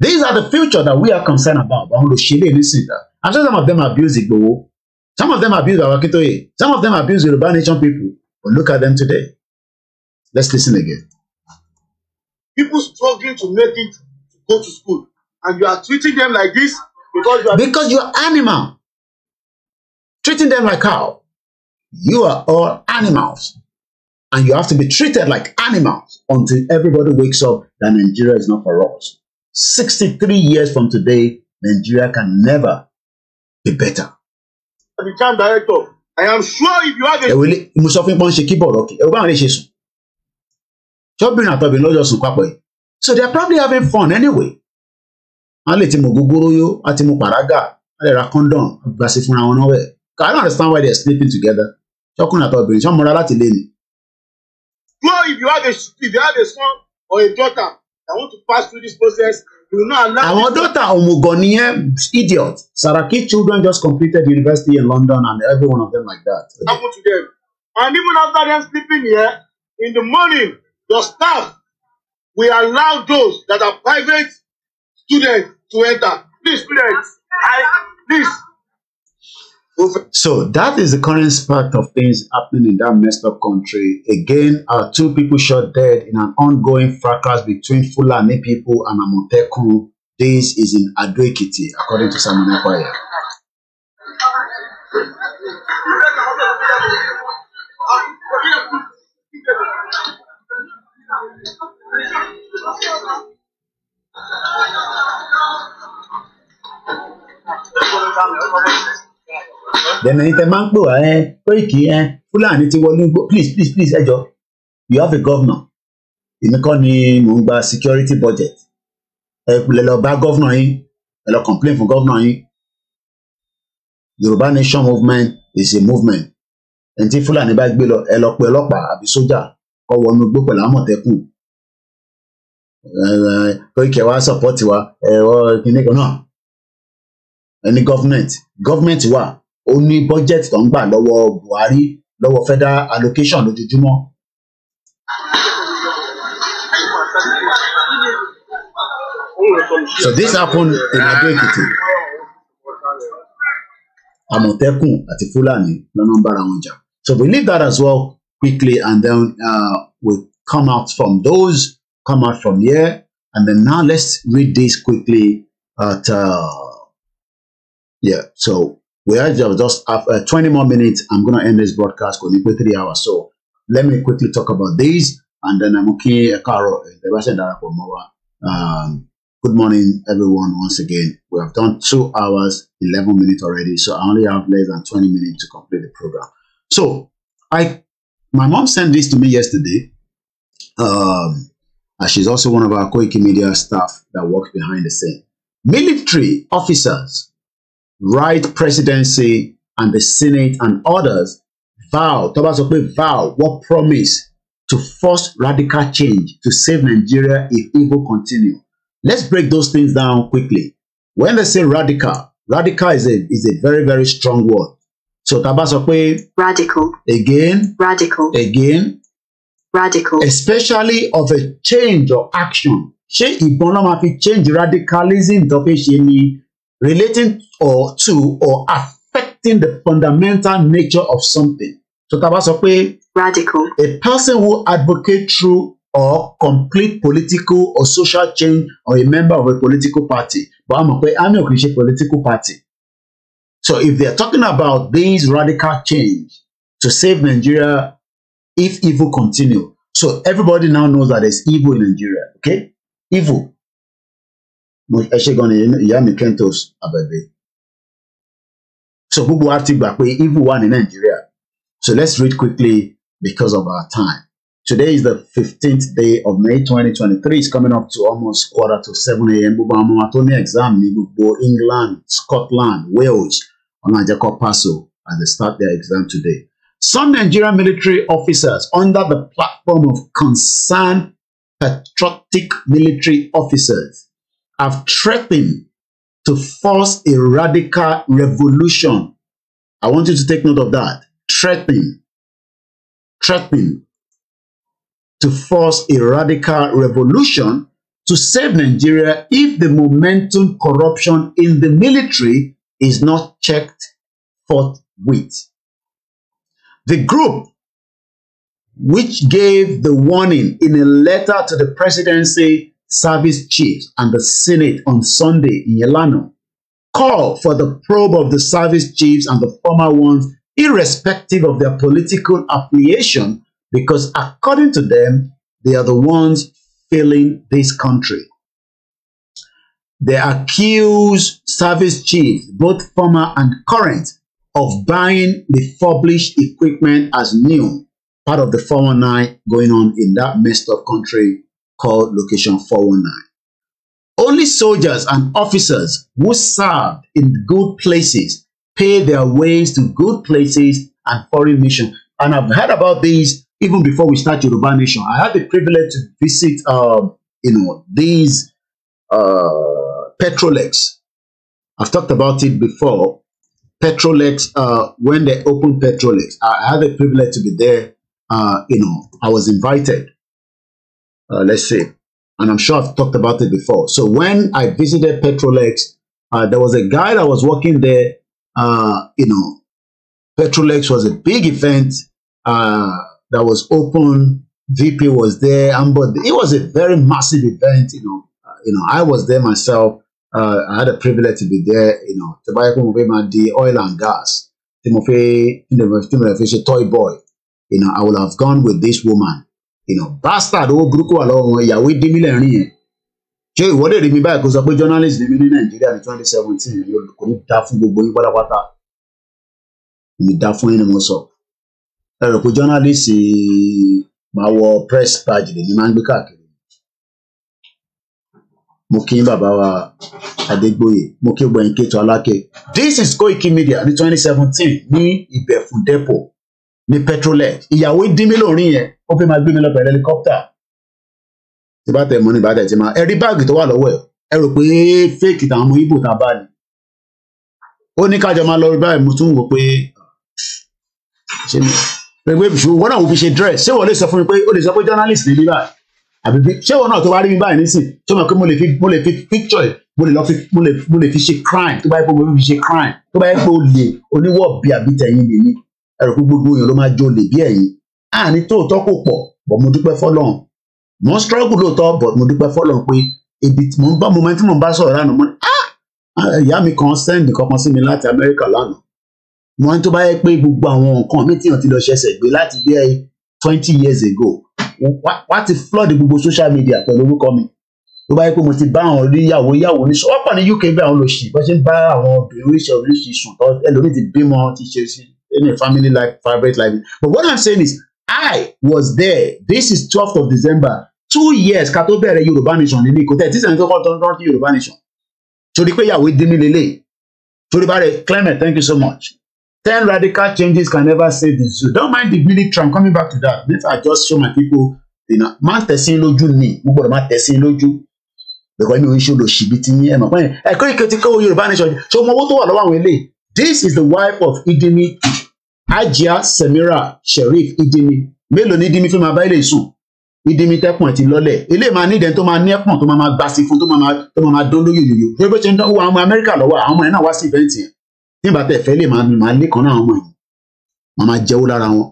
These are the future that we are concerned about. Àwọn olùṣèlè nísìnyí. I'm sure some of them abuse Igboho. Some of them abuse our Akintoye. Some of them abuse Yoruba nation people. But look at them today. Let's listen again. People struggling to make it to go to school. And you are treating them like this because you are... Because you are animal. Treating them like cow. You are all animals. And you have to be treated like animals until everybody wakes up that Nigeria is not for us. 63 years from today, Nigeria can never be better. The time director, I am sure if you have a. Ewele mo sọ fún pọ́n ṣe kíbọ̀ ọ̀rọ̀ kí ẹ báwọn lè ṣe sùn. So they are probably having fun anyway. I let him mọ̀ gógóró yó, wọ́n him paraga, I let lè ra condom, gbàsí fúnra wọn náà wẹ̀. I don't understand why they are sleeping together. Ṣọ́kùnrin àtọ́bìnrin ṣọ́ mọ́ra láti lé Though if you have a if you have a son or a daughter that want to pass through this process, you will not allow. Àwọn daughter, òmùgọ̀nìyẹn idiot. Saraki children just completed university in London and every one of them like that. Happen to them. And even after them sleeping here, in the morning, your staff we allow those that are private students to enter. Please, students, I, please, So that is the current spark of things happening in that messed up country. Again, uh, two people shot dead in an ongoing fracas between Fulani people and Amotekun. This is in Adoekiti, according to Simon Akwaya. then ẹni tẹ máa ń pè wá ẹ Koiki ẹ Fúlàní ti wọlé gbó please please please ẹ jọ you have a governor èmi kọ́ ni mò ń gba security budget ẹ lè lọ bá governor yín ẹ lọ complain fún governor yín Yorùbá Nation movement is a movement ẹni tí Fúlàní bá gbé lọ ẹ lọ pe ọlọ́pàá àbí sójà kọ́ wọnú gbó pẹ̀lú àmọ̀tẹ́kùn Koiki wa support wa ẹ wọ kíní kan náà ẹni government government wà ó ní budget tó ń gbà lọ́wọ́ Buhari lọ́wọ́ federal allocation lójoojúmọ́. So this happened in Adó-Èkìtì Àmọ̀tẹ́kùn àti Fúlàní lọ́nà ń bára wọn jà. So we leave that as well quickly and then uh, we come out from those come out from here and then now let's read this quickly at uh, yeah so we have just have, uh, 20 more minutes. I'm going to end this broadcast with three hours. So let me quickly talk about these. And then I'm okay. Uh, Caro, uh, um, good morning, everyone. Once again, we have done two hours, 11 minutes already. So I only have less than 20 minutes to complete the program. So I, my mom sent this to me yesterday. Um, she's also one of our Koiki Media staff that works behind the scene. Military officers right presidency and the senate and others vow tó sọ pé vow what promise to force radical change to save Nigeria if evil continue. Let's break those things down quickly. When they say radical, radical is a is a very very strong word. So tá sọ pé radical again radical again radical especially of a change or action ṣé ìbọn náà máa fi change radicalism tó fi ṣe ni relating or to or affecting the fundamental nature of something. So tá sọ pé. Radical. A person who advocate true or complete political or social change or a member of a political party. But a mọ̀ pé army ò ṣe political party. So if they are talking about these radical change to save Nigeria if evil continue. So everybody now knows that there's evil in Nigeria, okay? Evil. Ẹ ṣe gan ni ìyá mi Kentos Abebe. So gbogbo wa ti gbà pé evil wà ní Nàìjíríà. So let's read quickly because of our time. Today is the fifteenth day of May twenty twenty-three. It's coming up to almost quarter to seven a.m. Gbogbo àwọn ọmọ tó ní exam ní gbogbo England, Scotland, Wales, ọ̀nà àjẹkọ̀ Paso as they start their exam today. Some Nigerian military officers under the platform of concerned patriotic military officers have threatened to force a radical revolution. I want you to take note of that. Threatening, threatening to force a radical revolution to save Nigeria if the momentum corruption in the military is not checked forthwith. The group which gave the warning in a letter to the presidency service chiefs and the Senate on Sunday in Yelano called for the probe of the service chiefs and the former ones, irrespective of their political affiliation, because according to them, they are the ones failing this country. They accuse service chiefs, both former and current, of buying the published equipment as new, part of the night going on in that messed up country called Location 419. Only soldiers and officers who served in good places pay their ways to good places and foreign mission. And I've heard about these even before we start Yoruba Nation. I had the privilege to visit, um, you know, these uh, Petrolex. I've talked about it before. Petrolex, uh, when they opened Petrolex, I had the privilege to be there. Uh, you know, I was invited uh, let's say. And I'm sure I've talked about it before. So when I visited Petrolex, uh, there was a guy that was working there. Uh, you know, Petrolex was a big event uh, that was open. VP was there, and but it was a very massive event. You know, uh, you know, I was there myself. Uh, I had a privilege to be there. You know, Tobacco Movement, the oil and gas. Timofey Timothy, Timothy, Toy Boy. You know, I would have gone with this woman èèyàn bastard owó burúkú wà lọ́wọ́ wọn ìyàwó démílẹ̀ rìn yẹn ṣé ìwọ́dé rí mi báyìí kó sọ pé journalist ni mí ní nàìjíríà ní twenty seventeen yóò kò ní dá fún gbogbo yín pátápátá mi dá fún yín ni mo sọ ẹ rò pé journalist máa wọ press badge lèmi máa ń gbé káàkiri mo kí bàbá wa adégbòye mo kí gbọ̀yìn kéto aláké this is Koiki Media ní twenty seventeen ní ìbẹ̀fùn dẹ́pọ̀ ní petrolet ìyàwó dínmí lórin yẹn ó fẹ́ máa gbé mi lọ pẹ̀lú helicopter tí bá tẹ̀ mọ́ ní ìbàdàn tí máa ẹ rí báàgì tó wà lọ́wọ́ ẹ̀ ẹ rò pé fake tàwọn ọmọ ibo tá a bá ní. ó ní kájọ máa lọ rí báyìí mo tún wò pé ṣé mi pé wọn náà wò fi ṣe dress ṣé wọn lè sọ fún mi pé ó lè sọ pé journalist ní bíbá àbí ṣé wọn náà tó wá rí mi báyìí nísìn tó mọ̀ pé mo lè fi mo lè fi picture mo lè lọ fi mo lè fi ṣe crime tó bá yẹ pé mo fi ṣe crime tó bá yẹ pé o lè oníwọ̀ bí àbí tẹ̀yìn lè ní ẹ̀rọ pé gbogbo èèyàn ló máa jolè bí ẹ̀yin àní tóòtọ́ kò pọ̀ but mo dúpẹ́ fọlọ́run mo ń struggle lóòótọ́ but mo dúpẹ́ fọlọ́run pé ibi mo ń bá moment tí mo ń bá sọ̀rọ̀ lánàá mo ní ah! Ah, ìyá mi kan send kankan sí mi láti Amẹ́ríkà lánàá mo ní tó bá yẹ pé gbogbo àwọn nǹkan mi tíyàn ti lọ ṣẹ̀ṣẹ̀ gbé láti bí ẹ twenty years ago wá ti flood gbogbo social media pẹ̀lú orúkọ mi tó bá yẹ pé mo ti bá àwọn oníyàwó yàwó ní sọ́wọ́pọ̀ ní UK bí àwọn lòṣì bó ṣe ń bá àwọn obìnrin oríṣiríṣi sùn ẹlòmíì ti bímọ ti ṣe sí i In a family life, private life. But what I'm saying is, I was there. This is 12th of December. Two years ká tó bẹ̀rẹ̀ Yorùbá Nation nílé kò tẹ̀ tí sẹ́ni tó kọ́ tó ń rántí Yorùbá Nation. Torí pé ìyàwó dín mí lélẹ̀. the bá rẹ̀ thank you so much. Ten radical changes can never save the zoo. Don't mind the Billy Trump coming back to that. Let's I just show my people, you know, man, testing lójú ni, mo gbọ́dọ̀ má tẹ̀sí lójú. Bẹ̀kọ́ mi ò ń ṣe olóṣìbí ti yín ẹ̀ mọ̀ pé ẹ̀kọ́ ìkẹ́tíkọ́ Yorùbá Nation ṣe mo owó tó wà lọ́wọ́ àwọn eléyìí This is the wife of Idimi Ajia Semira Sheriff Idimi. Mélòó ni Idimi fẹ́ máa bá ilé sùn? Idimi tẹ́kùn ẹ̀ ti lọ́lẹ̀. Ilé máa ní ìdẹ́n tó máa ní ẹ̀pọ̀n tó máa máa gbasi fún tó máa máa dán lóyè yòyò. Bí ó bá ṣe ń dán owó àwọn ọmọ Amẹ́ríkà lọ́wọ́ àwọn ọmọ yẹn náà wá sí ìfẹ́ǹtì yẹn. Nígbà tẹ̀ fẹ́ lè máa lé kan náà àwọn ọmọ yẹn. Màá máa jẹ́wó lára wọn.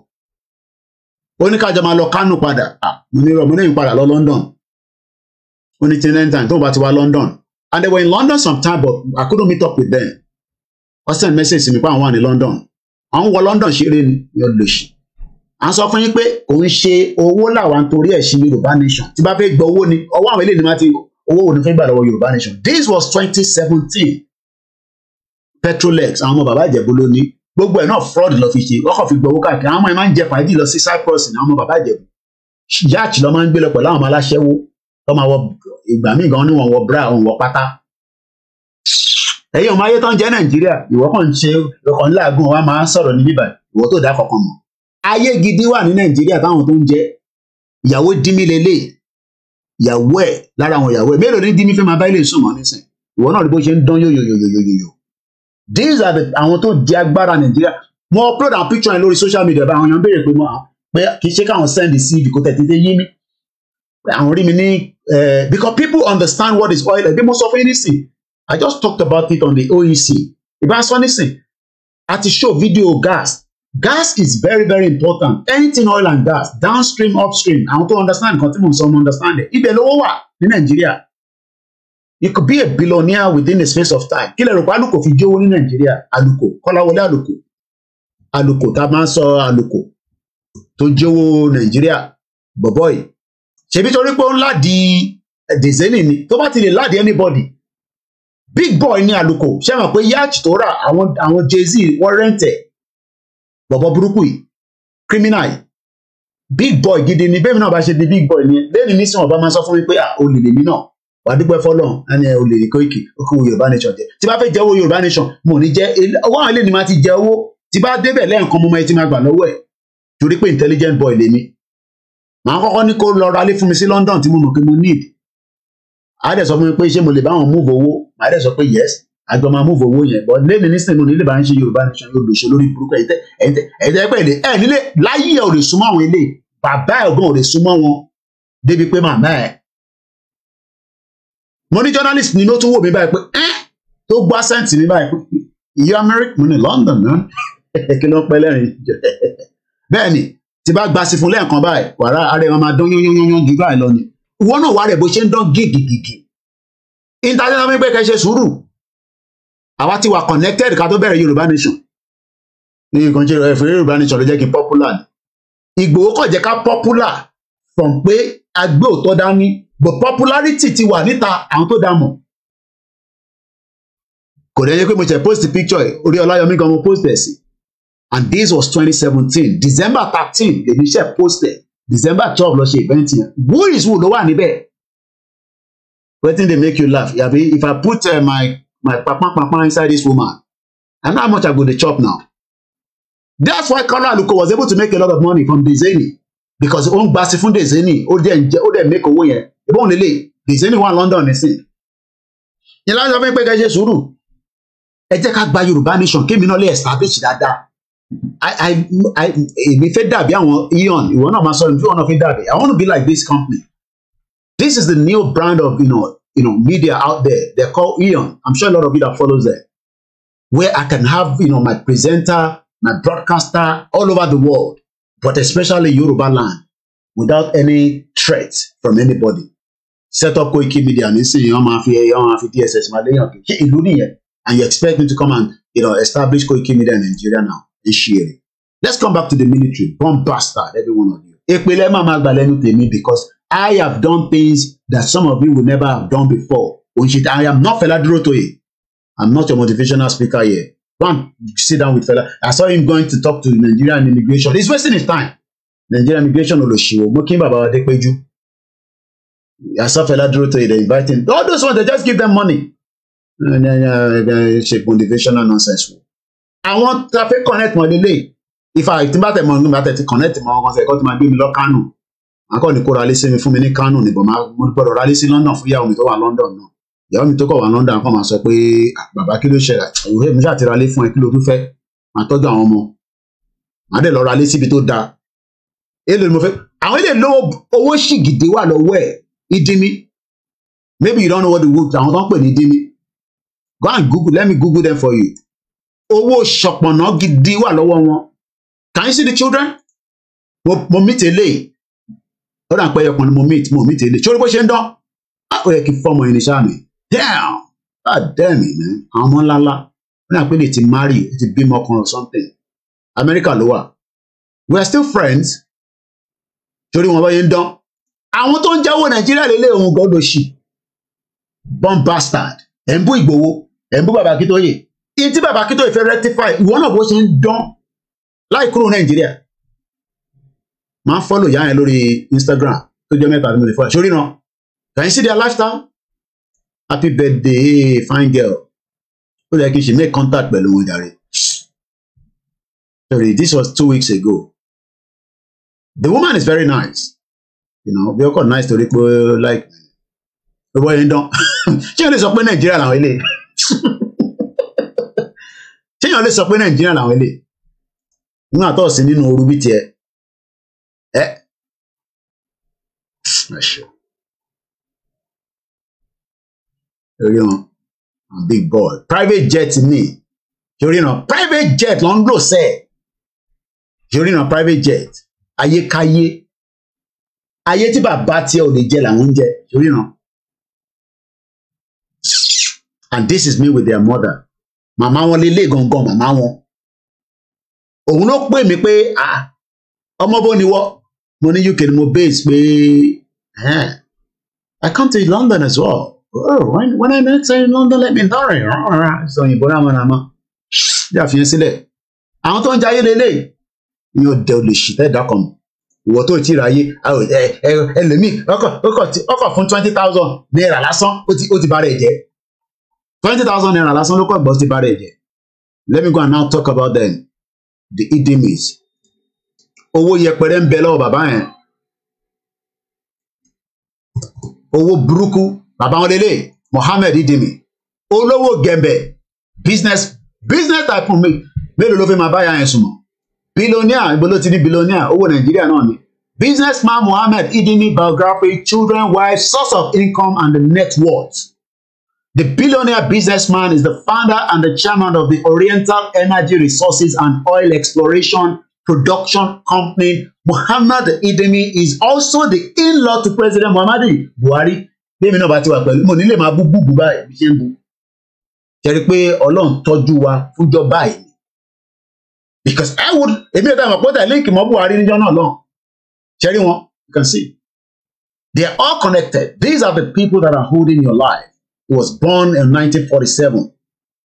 Ó ní kájọ máa lọ Kánò padà. Mo ní rọ̀ mo lẹ́yìn padà lọ London. Ó ní ten nine times tó bá ti wá London. And they were in London sometime but I couldn't meet up with them wọ́n send message sí mi pé àwọn wà ní London àwọn wọ London ṣeré ni yóò lò sí à ń sọ fún yín pé kò ń ṣe owó làwọn torí ẹ̀ sí Yorùbá nation tí bá fẹ́ gbọ́ owó ni ọwọ́ àwọn eléyìí ni wọ́n ti owó wo ni fẹ́ gbà Yorùbá nation this was twenty seventeen Petrolex àwọn ọmọ bàbá Ìjẹ̀bú ló ní gbogbo ẹ̀ náà fraud lọ fi ṣe wọ́n kàn fi gbowó káàkiri àwọn ọmọ ẹ̀ máa ń jẹ fàájì lọ sí Cyprus ní àwọn ọmọ bàbá Ìjẹ̀bú yacht lọ máa ń gbé lọ pẹ̀lú àwọn ọmọ aláṣẹ́wó lọ́ máa wọ ìgbà míì gan ni wọ́n wọ bra òun wọ pátá ẹ̀yin ọmọ ayé tó ń jẹ́ nàìjíríà ìwọ kàn ń ṣe ọkàn láàgùn wa máa ń sọ̀rọ̀ ní bíbà ìwọ tó dá kọ̀ọ̀kan mọ̀ ayé gidi wà ní nàìjíríà táwọn tó ń jẹ ìyàwó dimi lélẹ̀ ìyàwó ẹ̀ lára àwọn ìyàwó ẹ̀ mélòó ní dimi fẹ́ máa bá ilé sùn mọ́ nísìn ìwọ náà rí bó ṣe ń dán yòyòyòyòyòyò these are àwọn tó di agbára nàìjíríà mo upload àwọn picture yẹn lórí social media báwọn èèyàn béèrè pé mo ah, pé kì í ṣe káwọn send the cv kó tẹ̀tí dé yí mi àwọn rí mi ní eh, because people understand what is oil ẹ̀ bí mo sọ fún yín nísìn I just talked about it on the OEC. Ìbá sọ nísìn, a ti show video gas. Gas is very very important. Anything oil and gas, downstream, upstream, I want to understand Continue, tí mò understanding. sọ ọmọ understand it. Ibẹ̀ lówó You could be a billionaire within a space of time. Kí aluko, rò pé Àlùkò fi jówó ní Nàìjíríà? Àlùkò, Kọ́láwọlé Àlùkò. Àlùkò aluko. a máa ń sọ Àlùkò tó jówó Nàìjíríà bọ̀bọ̀ yìí. Ṣèbí torí pé eh, ni tó bá ti lè ládi anybody big boy ní aluko. ṣé mọ̀ pé yacht tó rà àwọn àwọn jay-z wọ́n rẹ́ǹtẹ̀ bọ̀bọ̀ burúkú yìí criminal yìí big boy gidi ni bẹ́ẹ̀ náà bá ṣe di big boy ni lẹ́nu nísìnyí wọn bá máa sọ fún mi pé ah olè lèmi náà wà á dúpẹ́ fọlọ́n ẹni olè ní Koiki okòwò Yorùbá nation jẹ tí bá fẹ́ jẹ owó Yorùbá nation mo ní jẹ owó àwọn ilé ni máa ti jẹ owó tí bá débẹ̀ lẹ́ẹ̀kan mo máa ti máa gbà lọ́wọ́ ẹ̀ torí pé intelligent boy lèmi màá kọ́kọ́ ní kó lọ ra ilé fún mi sí London tí mo mọ̀ pé mo need àádẹ́ sọ fún mi pé ṣé mo lè bá wọn move owó màá dẹ̀ sọ pé yes àjọ máa múfò owó yẹn bọ lẹ́nu nísìnyí nílé bá ń ṣe yorùbá nation yóò lòṣe lórí burúkú ẹ̀yìn tẹ́ ẹ̀yìn tẹ́ pẹ̀lẹ́ ẹ̀ nílé láyé ẹ̀ ò lè súnmọ́ àwọn ilé bàbá ẹ̀ gan ò lè súnmọ́ wọn débi pé màmá ẹ̀. mo ní journalist ni ló tún wò mí báyìí pé ẹ́ tó gbọ́ sẹ́ǹtì mi báyìí pé ìyá America mo ní London náà kí ló ń pẹ́ lẹ́rìn bẹ́ẹ̀ ni tí bá gba sí fún lẹ́ẹ̀kan báyìí wàrà ara ẹ̀ máa dán yán yán yán ju báyìí lọ ni ìwọ náà wà rẹ̀ bó ṣe ń dán gègègègè international wípé kẹ́ ṣe sùúrù àwa ti wà connected ká tó bẹ̀rẹ̀ yorùbá nation ní nǹkan ṣe ẹ̀fọ́ yorùbá nation ló jẹ́ kí popular ni ìgbòho kọ̀ jẹ́ ká popular from pé agbé òótọ́ dání but popularity ti wà níta àwọn tó dá mọ̀ kò dẹ́yẹ pé mo ṣe post picture ẹ̀ orí ọláyọmí gan mo post ẹ̀ sí and this was twenty seventeen december thirteen èmi ṣe post ẹ̀ december twelve lọ ṣe event yẹn who is who ló wà níbẹ̀ wetin dey make you laugh yabi if i put uh, my my papa papa inside this woman i know how much i go dey chop now that's why Kalu Aluko was able to make a lot of money from Dezeni because ó ń gbasi fún Dezeni ó dẹ̀ ó dẹ̀ make owó yẹn ìbọn òun lélẹ̀ Dezeni wà London nísìn ìlànà ìjọba pé kẹ́ ṣe sùúrù ẹ jẹ́ ká gba Yorùbá nation kémi náà lè establish dáadáa I I I èmi fẹ́ dàbí àwọn eon ìwọ náà máa sọ ìwọ náà fẹ́ dàbí I wanna be like this company This is the new brand of you know you know media out there. They're called Eon. I'm sure a lot of you that follows there, where I can have you know my presenter, my broadcaster all over the world, but especially Yoruba land, without any threat from anybody. Set up Koiki Media nísìnyí wọ́n máa fi wọ́n máa fi DSS máa léyàn kí ìlú nìyẹn and you expect me to come and you know establish Koiki Media in Nigeria now this year? Let's come back to the military bomb bastard every one of you. Èpè lẹ́ẹ̀ máa máa gbà lẹ́nu tèmi because I have done things that some of you will never have done before. I am not Fela Duro Toye. I'm not your motivational speaker here. Go and sit down with Fela. I saw him going to talk to Nigerian immigration. He's wasting his time. Nigerian immigration Oloshiwo, Mokin Baba Adepeju. I saw Fela Duro Toye, they invite him. All those ones, they just give them money. Ṣe uh, motivational nonsense I want tá connect mọ́ lélẹ̀. If I tí bá tẹ̀ mọ́ ní to connect my ọkọ̀ ṣe kọ́ tí máa gbé mi lọ Kánò akọ́ ni kó ra lé mi fún mi ní Kánò nìbọn máa mo gbọ́dọ̀ ra lé London fún ìyàwó mi tó wà London náà ìyàwó mi tó kọ̀ wà London akọ́ máa sọ pé bàbá kí ló ṣẹlẹ̀ òwúrẹ́ mi ṣàtìra lé fún ẹ kí ló tún fẹ́ máa tọ́jú àwọn ọmọ màá dẹ̀ lọ ra lé síbi tó dáa èlò ni mo fẹ́ àwọn èlè lówó owó ṣìgìdì wà lọ́wọ́ ẹ̀ ìdímí maybe you don't know what the word àwọn tó ń pè ní ìdímí go and google let me google them for you owó ṣọ̀pọ̀nà gidi wà lọ́wọ́ wọn can you see the children mo mo meet eléyìí ó dà ń pẹ́ ẹyọkan ni mo meet mo meet èlé sórí bó ṣe ń dán ah, ó yẹ kí fọmọ ẹni sáà mi damn god damn it man àwọn ọmọ ńláńlá ó dà ń pẹ́ lè ti marry ó ti bímọ kan or something America, ló wà we are still friends torí wọn bá yẹn ń dán àwọn tó ń jáwọ́ Nàìjíríà lélẹ̀ òun gbọ́dọ̀ ṣì born bastard ẹ̀ ń bú Ìgbòho ẹ̀ ń bú Bàbá Akíntóyè ìyẹn tí Bàbá Akíntóyè fẹ́ rectify ìwọ náà bó ṣe ń dán láì kúrò Nàìjíríà máa follow ìyá yẹn lórí Instagram tó jẹ́ mẹ́ta tó mo lè fọ́lò sórí náà can you see their lifestyle happy birthday fine girl ó yẹ kí n ṣe make contact pẹ̀lú wọn jàre sorry this was two weeks ago the woman is very nice you know bí ọkọ nice torí pé like ọwọ́ yẹn dán ṣé o lè sọ pé Nàìjíríà làwọn eléyìí ṣé o lè sọ pé Nàìjíríà làwọn eléyìí nígbà tó o sí nínú orú tiẹ̀. pressure. torí wọn i'm big boy private jet ni torí náà private jet ló ń lò sẹ torí náà private jet ayékáyé ayé tí bàbá tiẹ̀ ò lè jẹ làwọn ń jẹ torí náà and this is me with their mother màmá wọn lè lé gangan màmá wọn òun ló pè mí pé ah ọmọ bó ni wọ mo ní UK ni mo base pé. Yeah. I come to London as well. Oh, when, when I'm outside in London, let me know. Sọ òyìnbó rámọ̀rámọ̀. Bí àfihàn sílẹ̀. Àwọn tó ń jayé lélẹ̀ yóò dẹ olè ṣì fẹ́ dákọ̀ mọ̀. Ìwọ tó ti ráyé ẹlòmíì ọkọ̀ fún twenty thousand naira lásán ó ti bára ẹ̀ jẹ́. Twenty thousand naira lásán ló kọ̀ gbọ́ ti bára ẹ̀ jẹ́. Let me go and now talk about them. The idimis. Owó yẹpẹrẹ ń bẹ lọ́wọ́ bàbá yẹn. owó burúkú bàbá wọn lélẹ̀ Mohammed Idemi olówó gẹ̀mbẹ̀ business business tycoon mélòó ló fi máa báyà yẹn sùnmọ́ billionaire ibo ló ti di billionaire owó Nàìjíríà náà ni businessman Mohammed Idimi biography children wife source of income and the net worth. The billionaire businessman is the founder and the chairman of the Oriental Energy Resources and Oil Exploration production company Muhammad Idemi is also the in-law to President Muhammadu Buhari bẹ́ẹ̀mi náà bá ti wà pẹ̀lú mo nílé máa bú búbu báyìí bí ṣe ń bu jẹ́rìí pé Ọlọ́run tọ́jú wa fúnjọ́ báyìí because I would èmi ò dáhùn àpótá link, mọ́ Buhari níjọ́ náà lọ́hùn jẹ́rìí wọn you can see they are all connected these are the people that are holding your life he was born in 1947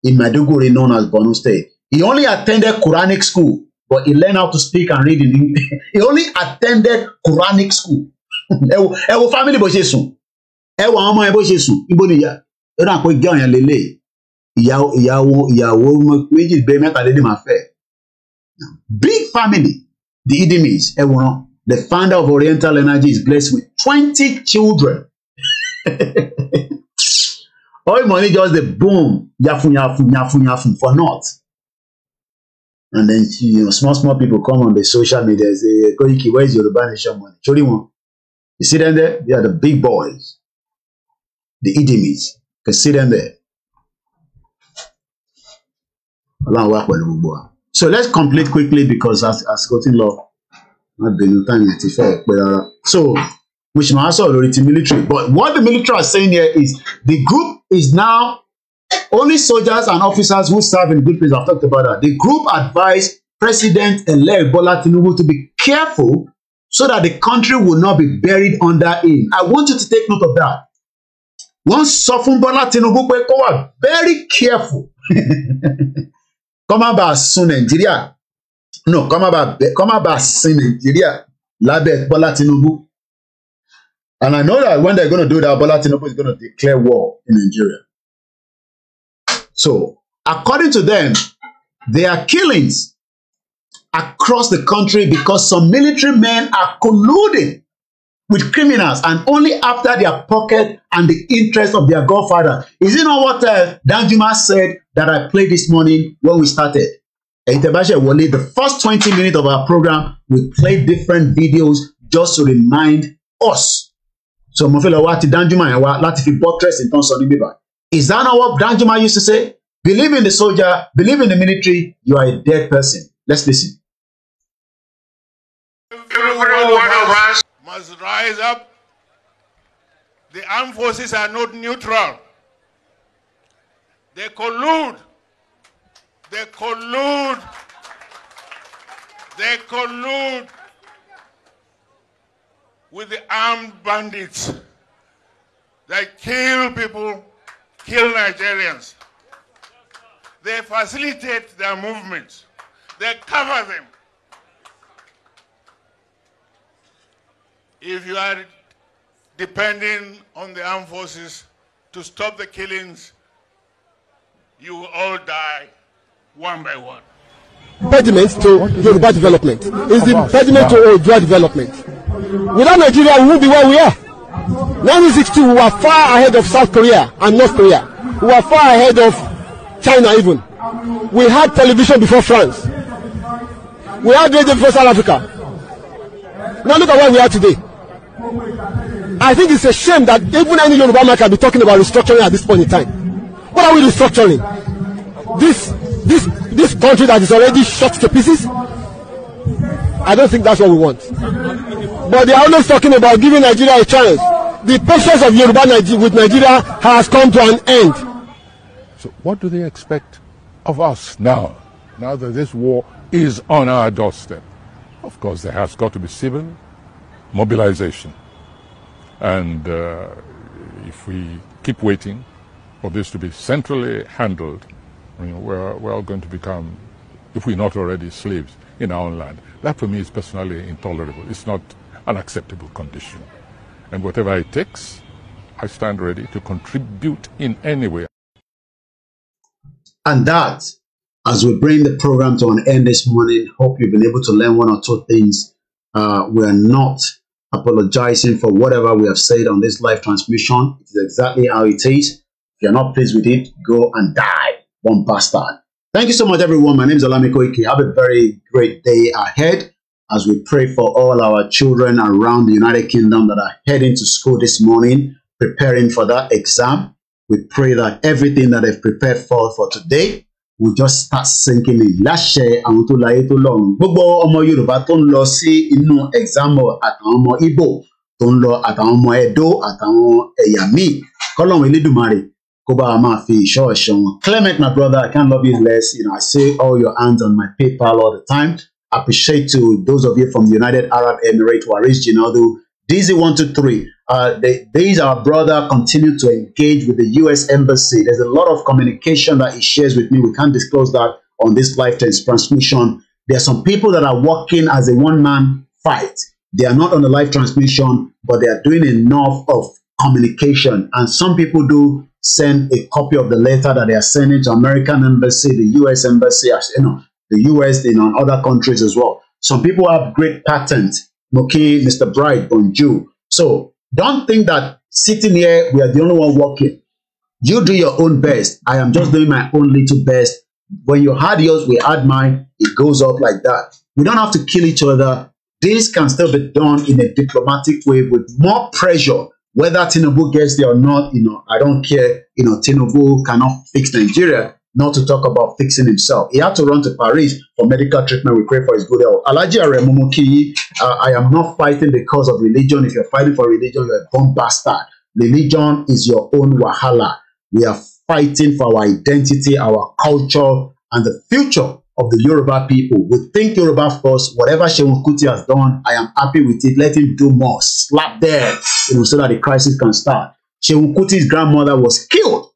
in Maiduguri known as Borno State he only attended Quranic school but he learned how to speak and read in English he only attended Quranic school ẹ wo ẹ wo family bó ṣe sùn ẹ wo àwọn ọmọ yẹn bó ṣe sùn níbo ni ìyá ó dà pé gẹ́ ọ̀yàn lélẹ̀ ìyàwó ìyàwó méjì bẹ́ẹ̀ mẹ́tàlélẹ́ máa fẹ́ big family the Idimis ẹ wòran the founder of Oriental Energy is blessed with twenty children oil money just dey boom yafun yafun yafun yafun for north and then you know, small small people come on the social media and say, Koiki, where's your money? Show money? one. You see them there? They are the big boys, the idimis. You can see them there. So let's complete quickly because as as gotten law, I've been time at it So which my answer already military. But what the military are saying here is the group is now Only soldiers and officers who serve in good place. I've talked about that. The group advised President-elect Bola Tinubu to be careful so that the country will not be buried under him. I want you to take note of that. Once sọ fún Bọ́lá Tinubu very careful. Come about soon sun Nàìjíríà. No, come about come about soon bàa sin Nàìjíríà lábẹ́ Bọ́lá Tinubu. And I know that when they're going to do that, Bola Tinubu is to declare war in Nigeria. So, according to them, there are killings across the country because some military men are colluding with criminals and only after their pocket and the interest of their godfather. Is it not what uh, Danjuma said that I played this morning when we started? Eitebashi Wole, the first 20 minutes of our program, we play different videos just to remind us. So, mo fẹ́ lọ wá Danjuma and what láti fi buttress ìtàn sọ ní bíbá. Is that not what Danjuma used to say? Believe in the soldier, believe in the military, you are a dead person. Let's listen. us must rise up. The armed forces are not neutral. They collude. They collude. They collude with the armed bandits. They kill people kill Nigerians. They facilitate their movements. They cover them. If you are depending on the armed forces to stop the killings, you will all die one by one. Impediment to Yoruba development is the impediment to Odua development. Without Nigeria, we will be where we are. 1962, we were far ahead of South Korea and North Korea. We were far ahead of China even. We had television before France. We had radio before South Africa. Now look at where we are today. I think it's a shame that even any Yoruba man can be talking about restructuring at this point in time. What are we restructuring? This this this country that is already shot to pieces? I don't think that's what we want. But they are always talking about giving Nigeria a chance. the patience of Yoruba Niger- with Nigeria has come to an end. So, what do they expect of us now, now that this war is on our doorstep? Of course, there has got to be civil mobilization. And uh, if we keep waiting for this to be centrally handled, I mean, we're, we're all going to become, if we're not already, slaves in our own land. That for me is personally intolerable. It's not an acceptable condition. And whatever it takes, I stand ready to contribute in any way. And that, as we bring the program to an end this morning, hope you've been able to learn one or two things. Uh, we are not apologizing for whatever we have said on this live transmission. It is exactly how it is. If you're not pleased with it, go and die, one bastard. Thank you so much, everyone. My name is Alamiko Ike. Have a very great day ahead. as we pray for all our children around the United Kingdom that are heading to school this morning, preparing for that exam. We pray that everything that they've prepared for for today will just start sinking in. Láṣẹ àwọn tó láyé tó lọ́run. Gbogbo ọmọ Yorùbá tó ń lọ sí inú exam àtàwọn ọmọ Igbo tó ń lọ àtàwọn ọmọ Ẹdó àtàwọn ẹ̀yà míì. Kọ́lọ́run Elédùmarè kó bá a máa fi ìṣọ́ ẹ̀ṣọ́ wọn. Clement my brother I can't love you less. You know, I say all your hands on my PayPal all the time. appreciate to those of you from the United Arab Emirates who are Waris Jinadu, DZ123. Uh, they, these our brother continue to engage with the U.S. Embassy. There's a lot of communication that he shares with me. We can't disclose that on this live transmission. There are some people that are working as a one-man fight. They are not on the live transmission, but they are doing enough of communication. And some people do send a copy of the letter that they are sending to American embassy, the U.S. embassy, you know, the US and on uh, other countries as well. Some people have great patents. Moki, Mr. Bright, Bonjour. So don't think that sitting here, we are the only one working. You do your own best. I am just doing my own little best. When you had yours, we had mine. It goes up like that. We don't have to kill each other. This can still be done in a diplomatic way with more pressure. Whether Tinubu gets there or not, you know, I don't care. You know, Tinubu cannot fix Nigeria not to talk about fixing himself. He had to run to Paris for medical treatment. We pray for his good health. Alaji Aremumukiyi, uh, I am not fighting because of religion. If you're fighting for religion, you're a bomb bastard. Religion is your own wahala. We are fighting for our identity, our culture, and the future of the Yoruba people. We think Yoruba first. Whatever Shemun Kuti has done, I am happy with it. Let him do more. Slap there, you know, so that the crisis can start. Shemun Kuti's grandmother was killed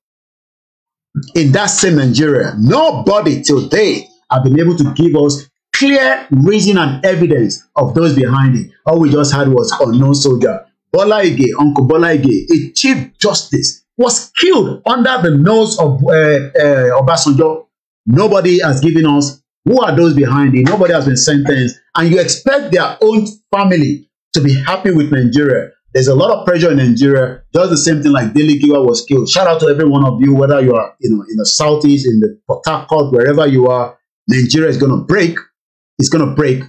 in that same Nigeria. Nobody till date have been able to give us clear reason and evidence of those behind it. All we just had was unknown soldier. Bola Ige, Uncle Bola Ige, a chief justice, was killed under the nose of uh, uh, Obasanjo. Nobody has given us who are those behind it. Nobody has been sentenced. And you expect their own family to be happy with Nigeria There's a lot of pressure in Nigeria. Does the same thing like Daily Giwa was killed. Shout out to every one of you, whether you are you know in the southeast, in the Port Harcourt, wherever you are. Nigeria is gonna break. It's gonna break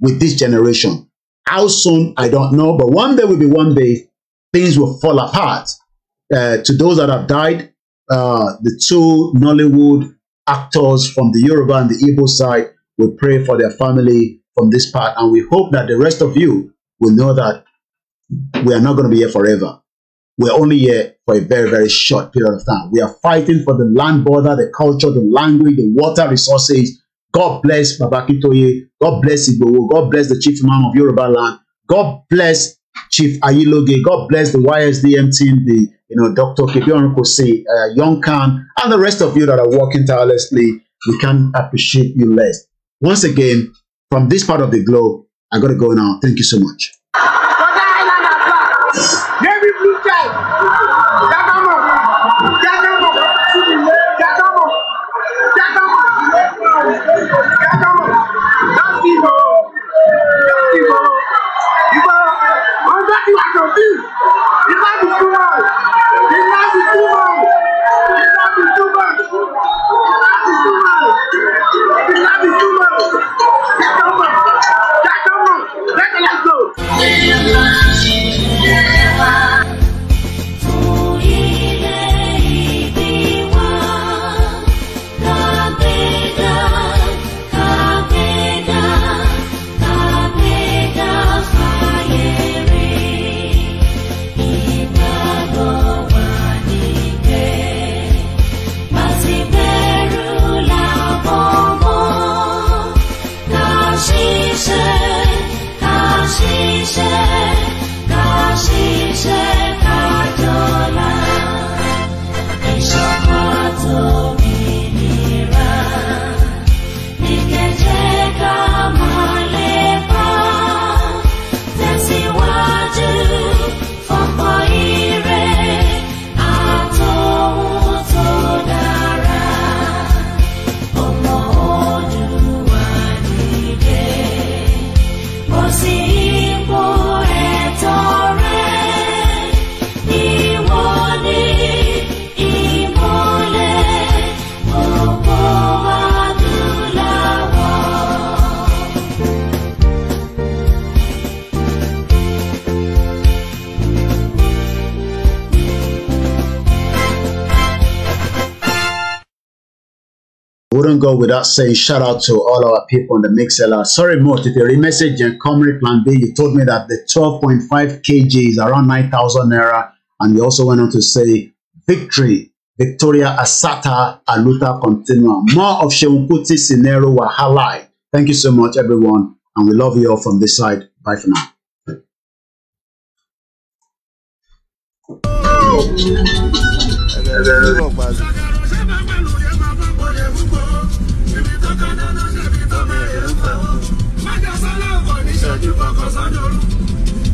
with this generation. How soon I don't know, but one day will be one day. Things will fall apart. Uh, to those that have died, uh, the two Nollywood actors from the Yoruba and the Igbo side, we pray for their family from this part, and we hope that the rest of you will know that we are not going to be here forever. We're only here for a very, very short period of time. We are fighting for the land border, the culture, the language, the water resources. God bless Babakitoye. God bless Igbo. God bless the chief imam of Yoruba land. God bless Chief Ayiloge. God bless the YSDM team, the you know Dr. Kibion Kose, uh, Young Khan, and the rest of you that are working tirelessly. We can't appreciate you less. Once again, from this part of the globe, I gotta go now. Thank you so much. Yeah. doesn't go without saying shout out to all our people on the MixLR. Sorry, Mo, if you remessage and Comrade Plan B, you told me that the 12.5 kg is around 9,000 naira. And you also went on to say victory, Victoria Asata Aluta Continua. More of Sheunkuti Sinero Wahalai. Thank you so much, everyone. And we love you all from this side. Bye for now. ojú kọ̀ọ̀kan sọ́dọ̀rú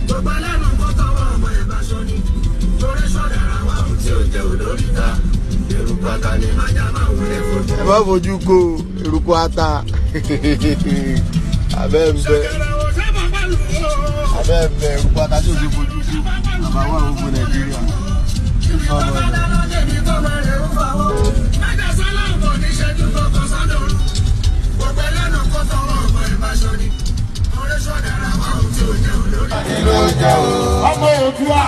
gbogbo ẹlẹ́nu kọ́kọ́ wọn ọmọ ẹ̀bá sọ́ni ẹ má fojú ko eruku ata abẹ́ ń bẹ abẹ́ ń bẹ eruku ata tí ò ti fojú ko àbáwọ̀ ògùn nàìjíríà. Fúlàní ló jẹ́ o. Ọmọ Oòduà.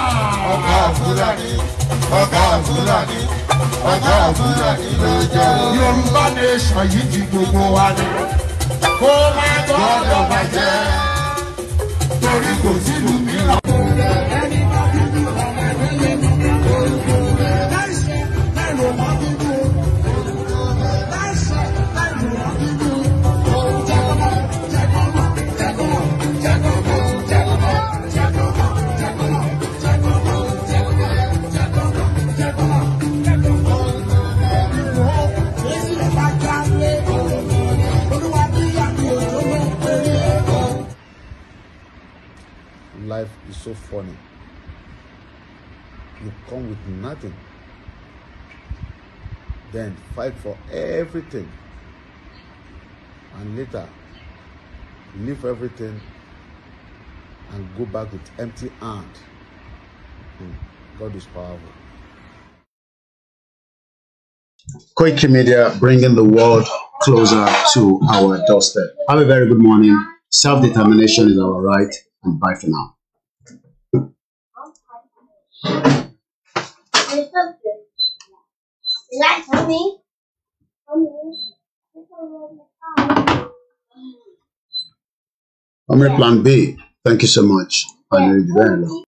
Ọ̀gá Fúlàní, ọ̀gá Fúlàní, ọ̀gá Fúlàní ló jẹ́ o. Yorùbá nation yìí ti gbogbo wa ni. Kó má gbọ́dọ̀ bàjẹ́, torí kò sílùú mìíràn. so funny. You come with nothing. Then fight for everything. And later, leave everything and go back with empty hand. Hmm. God is powerful. Quick Media bringing the world closer to our doorstep. Have a very good morning. Self determination is our right, and bye for now. I'm at plan B. Thank you so much. I know you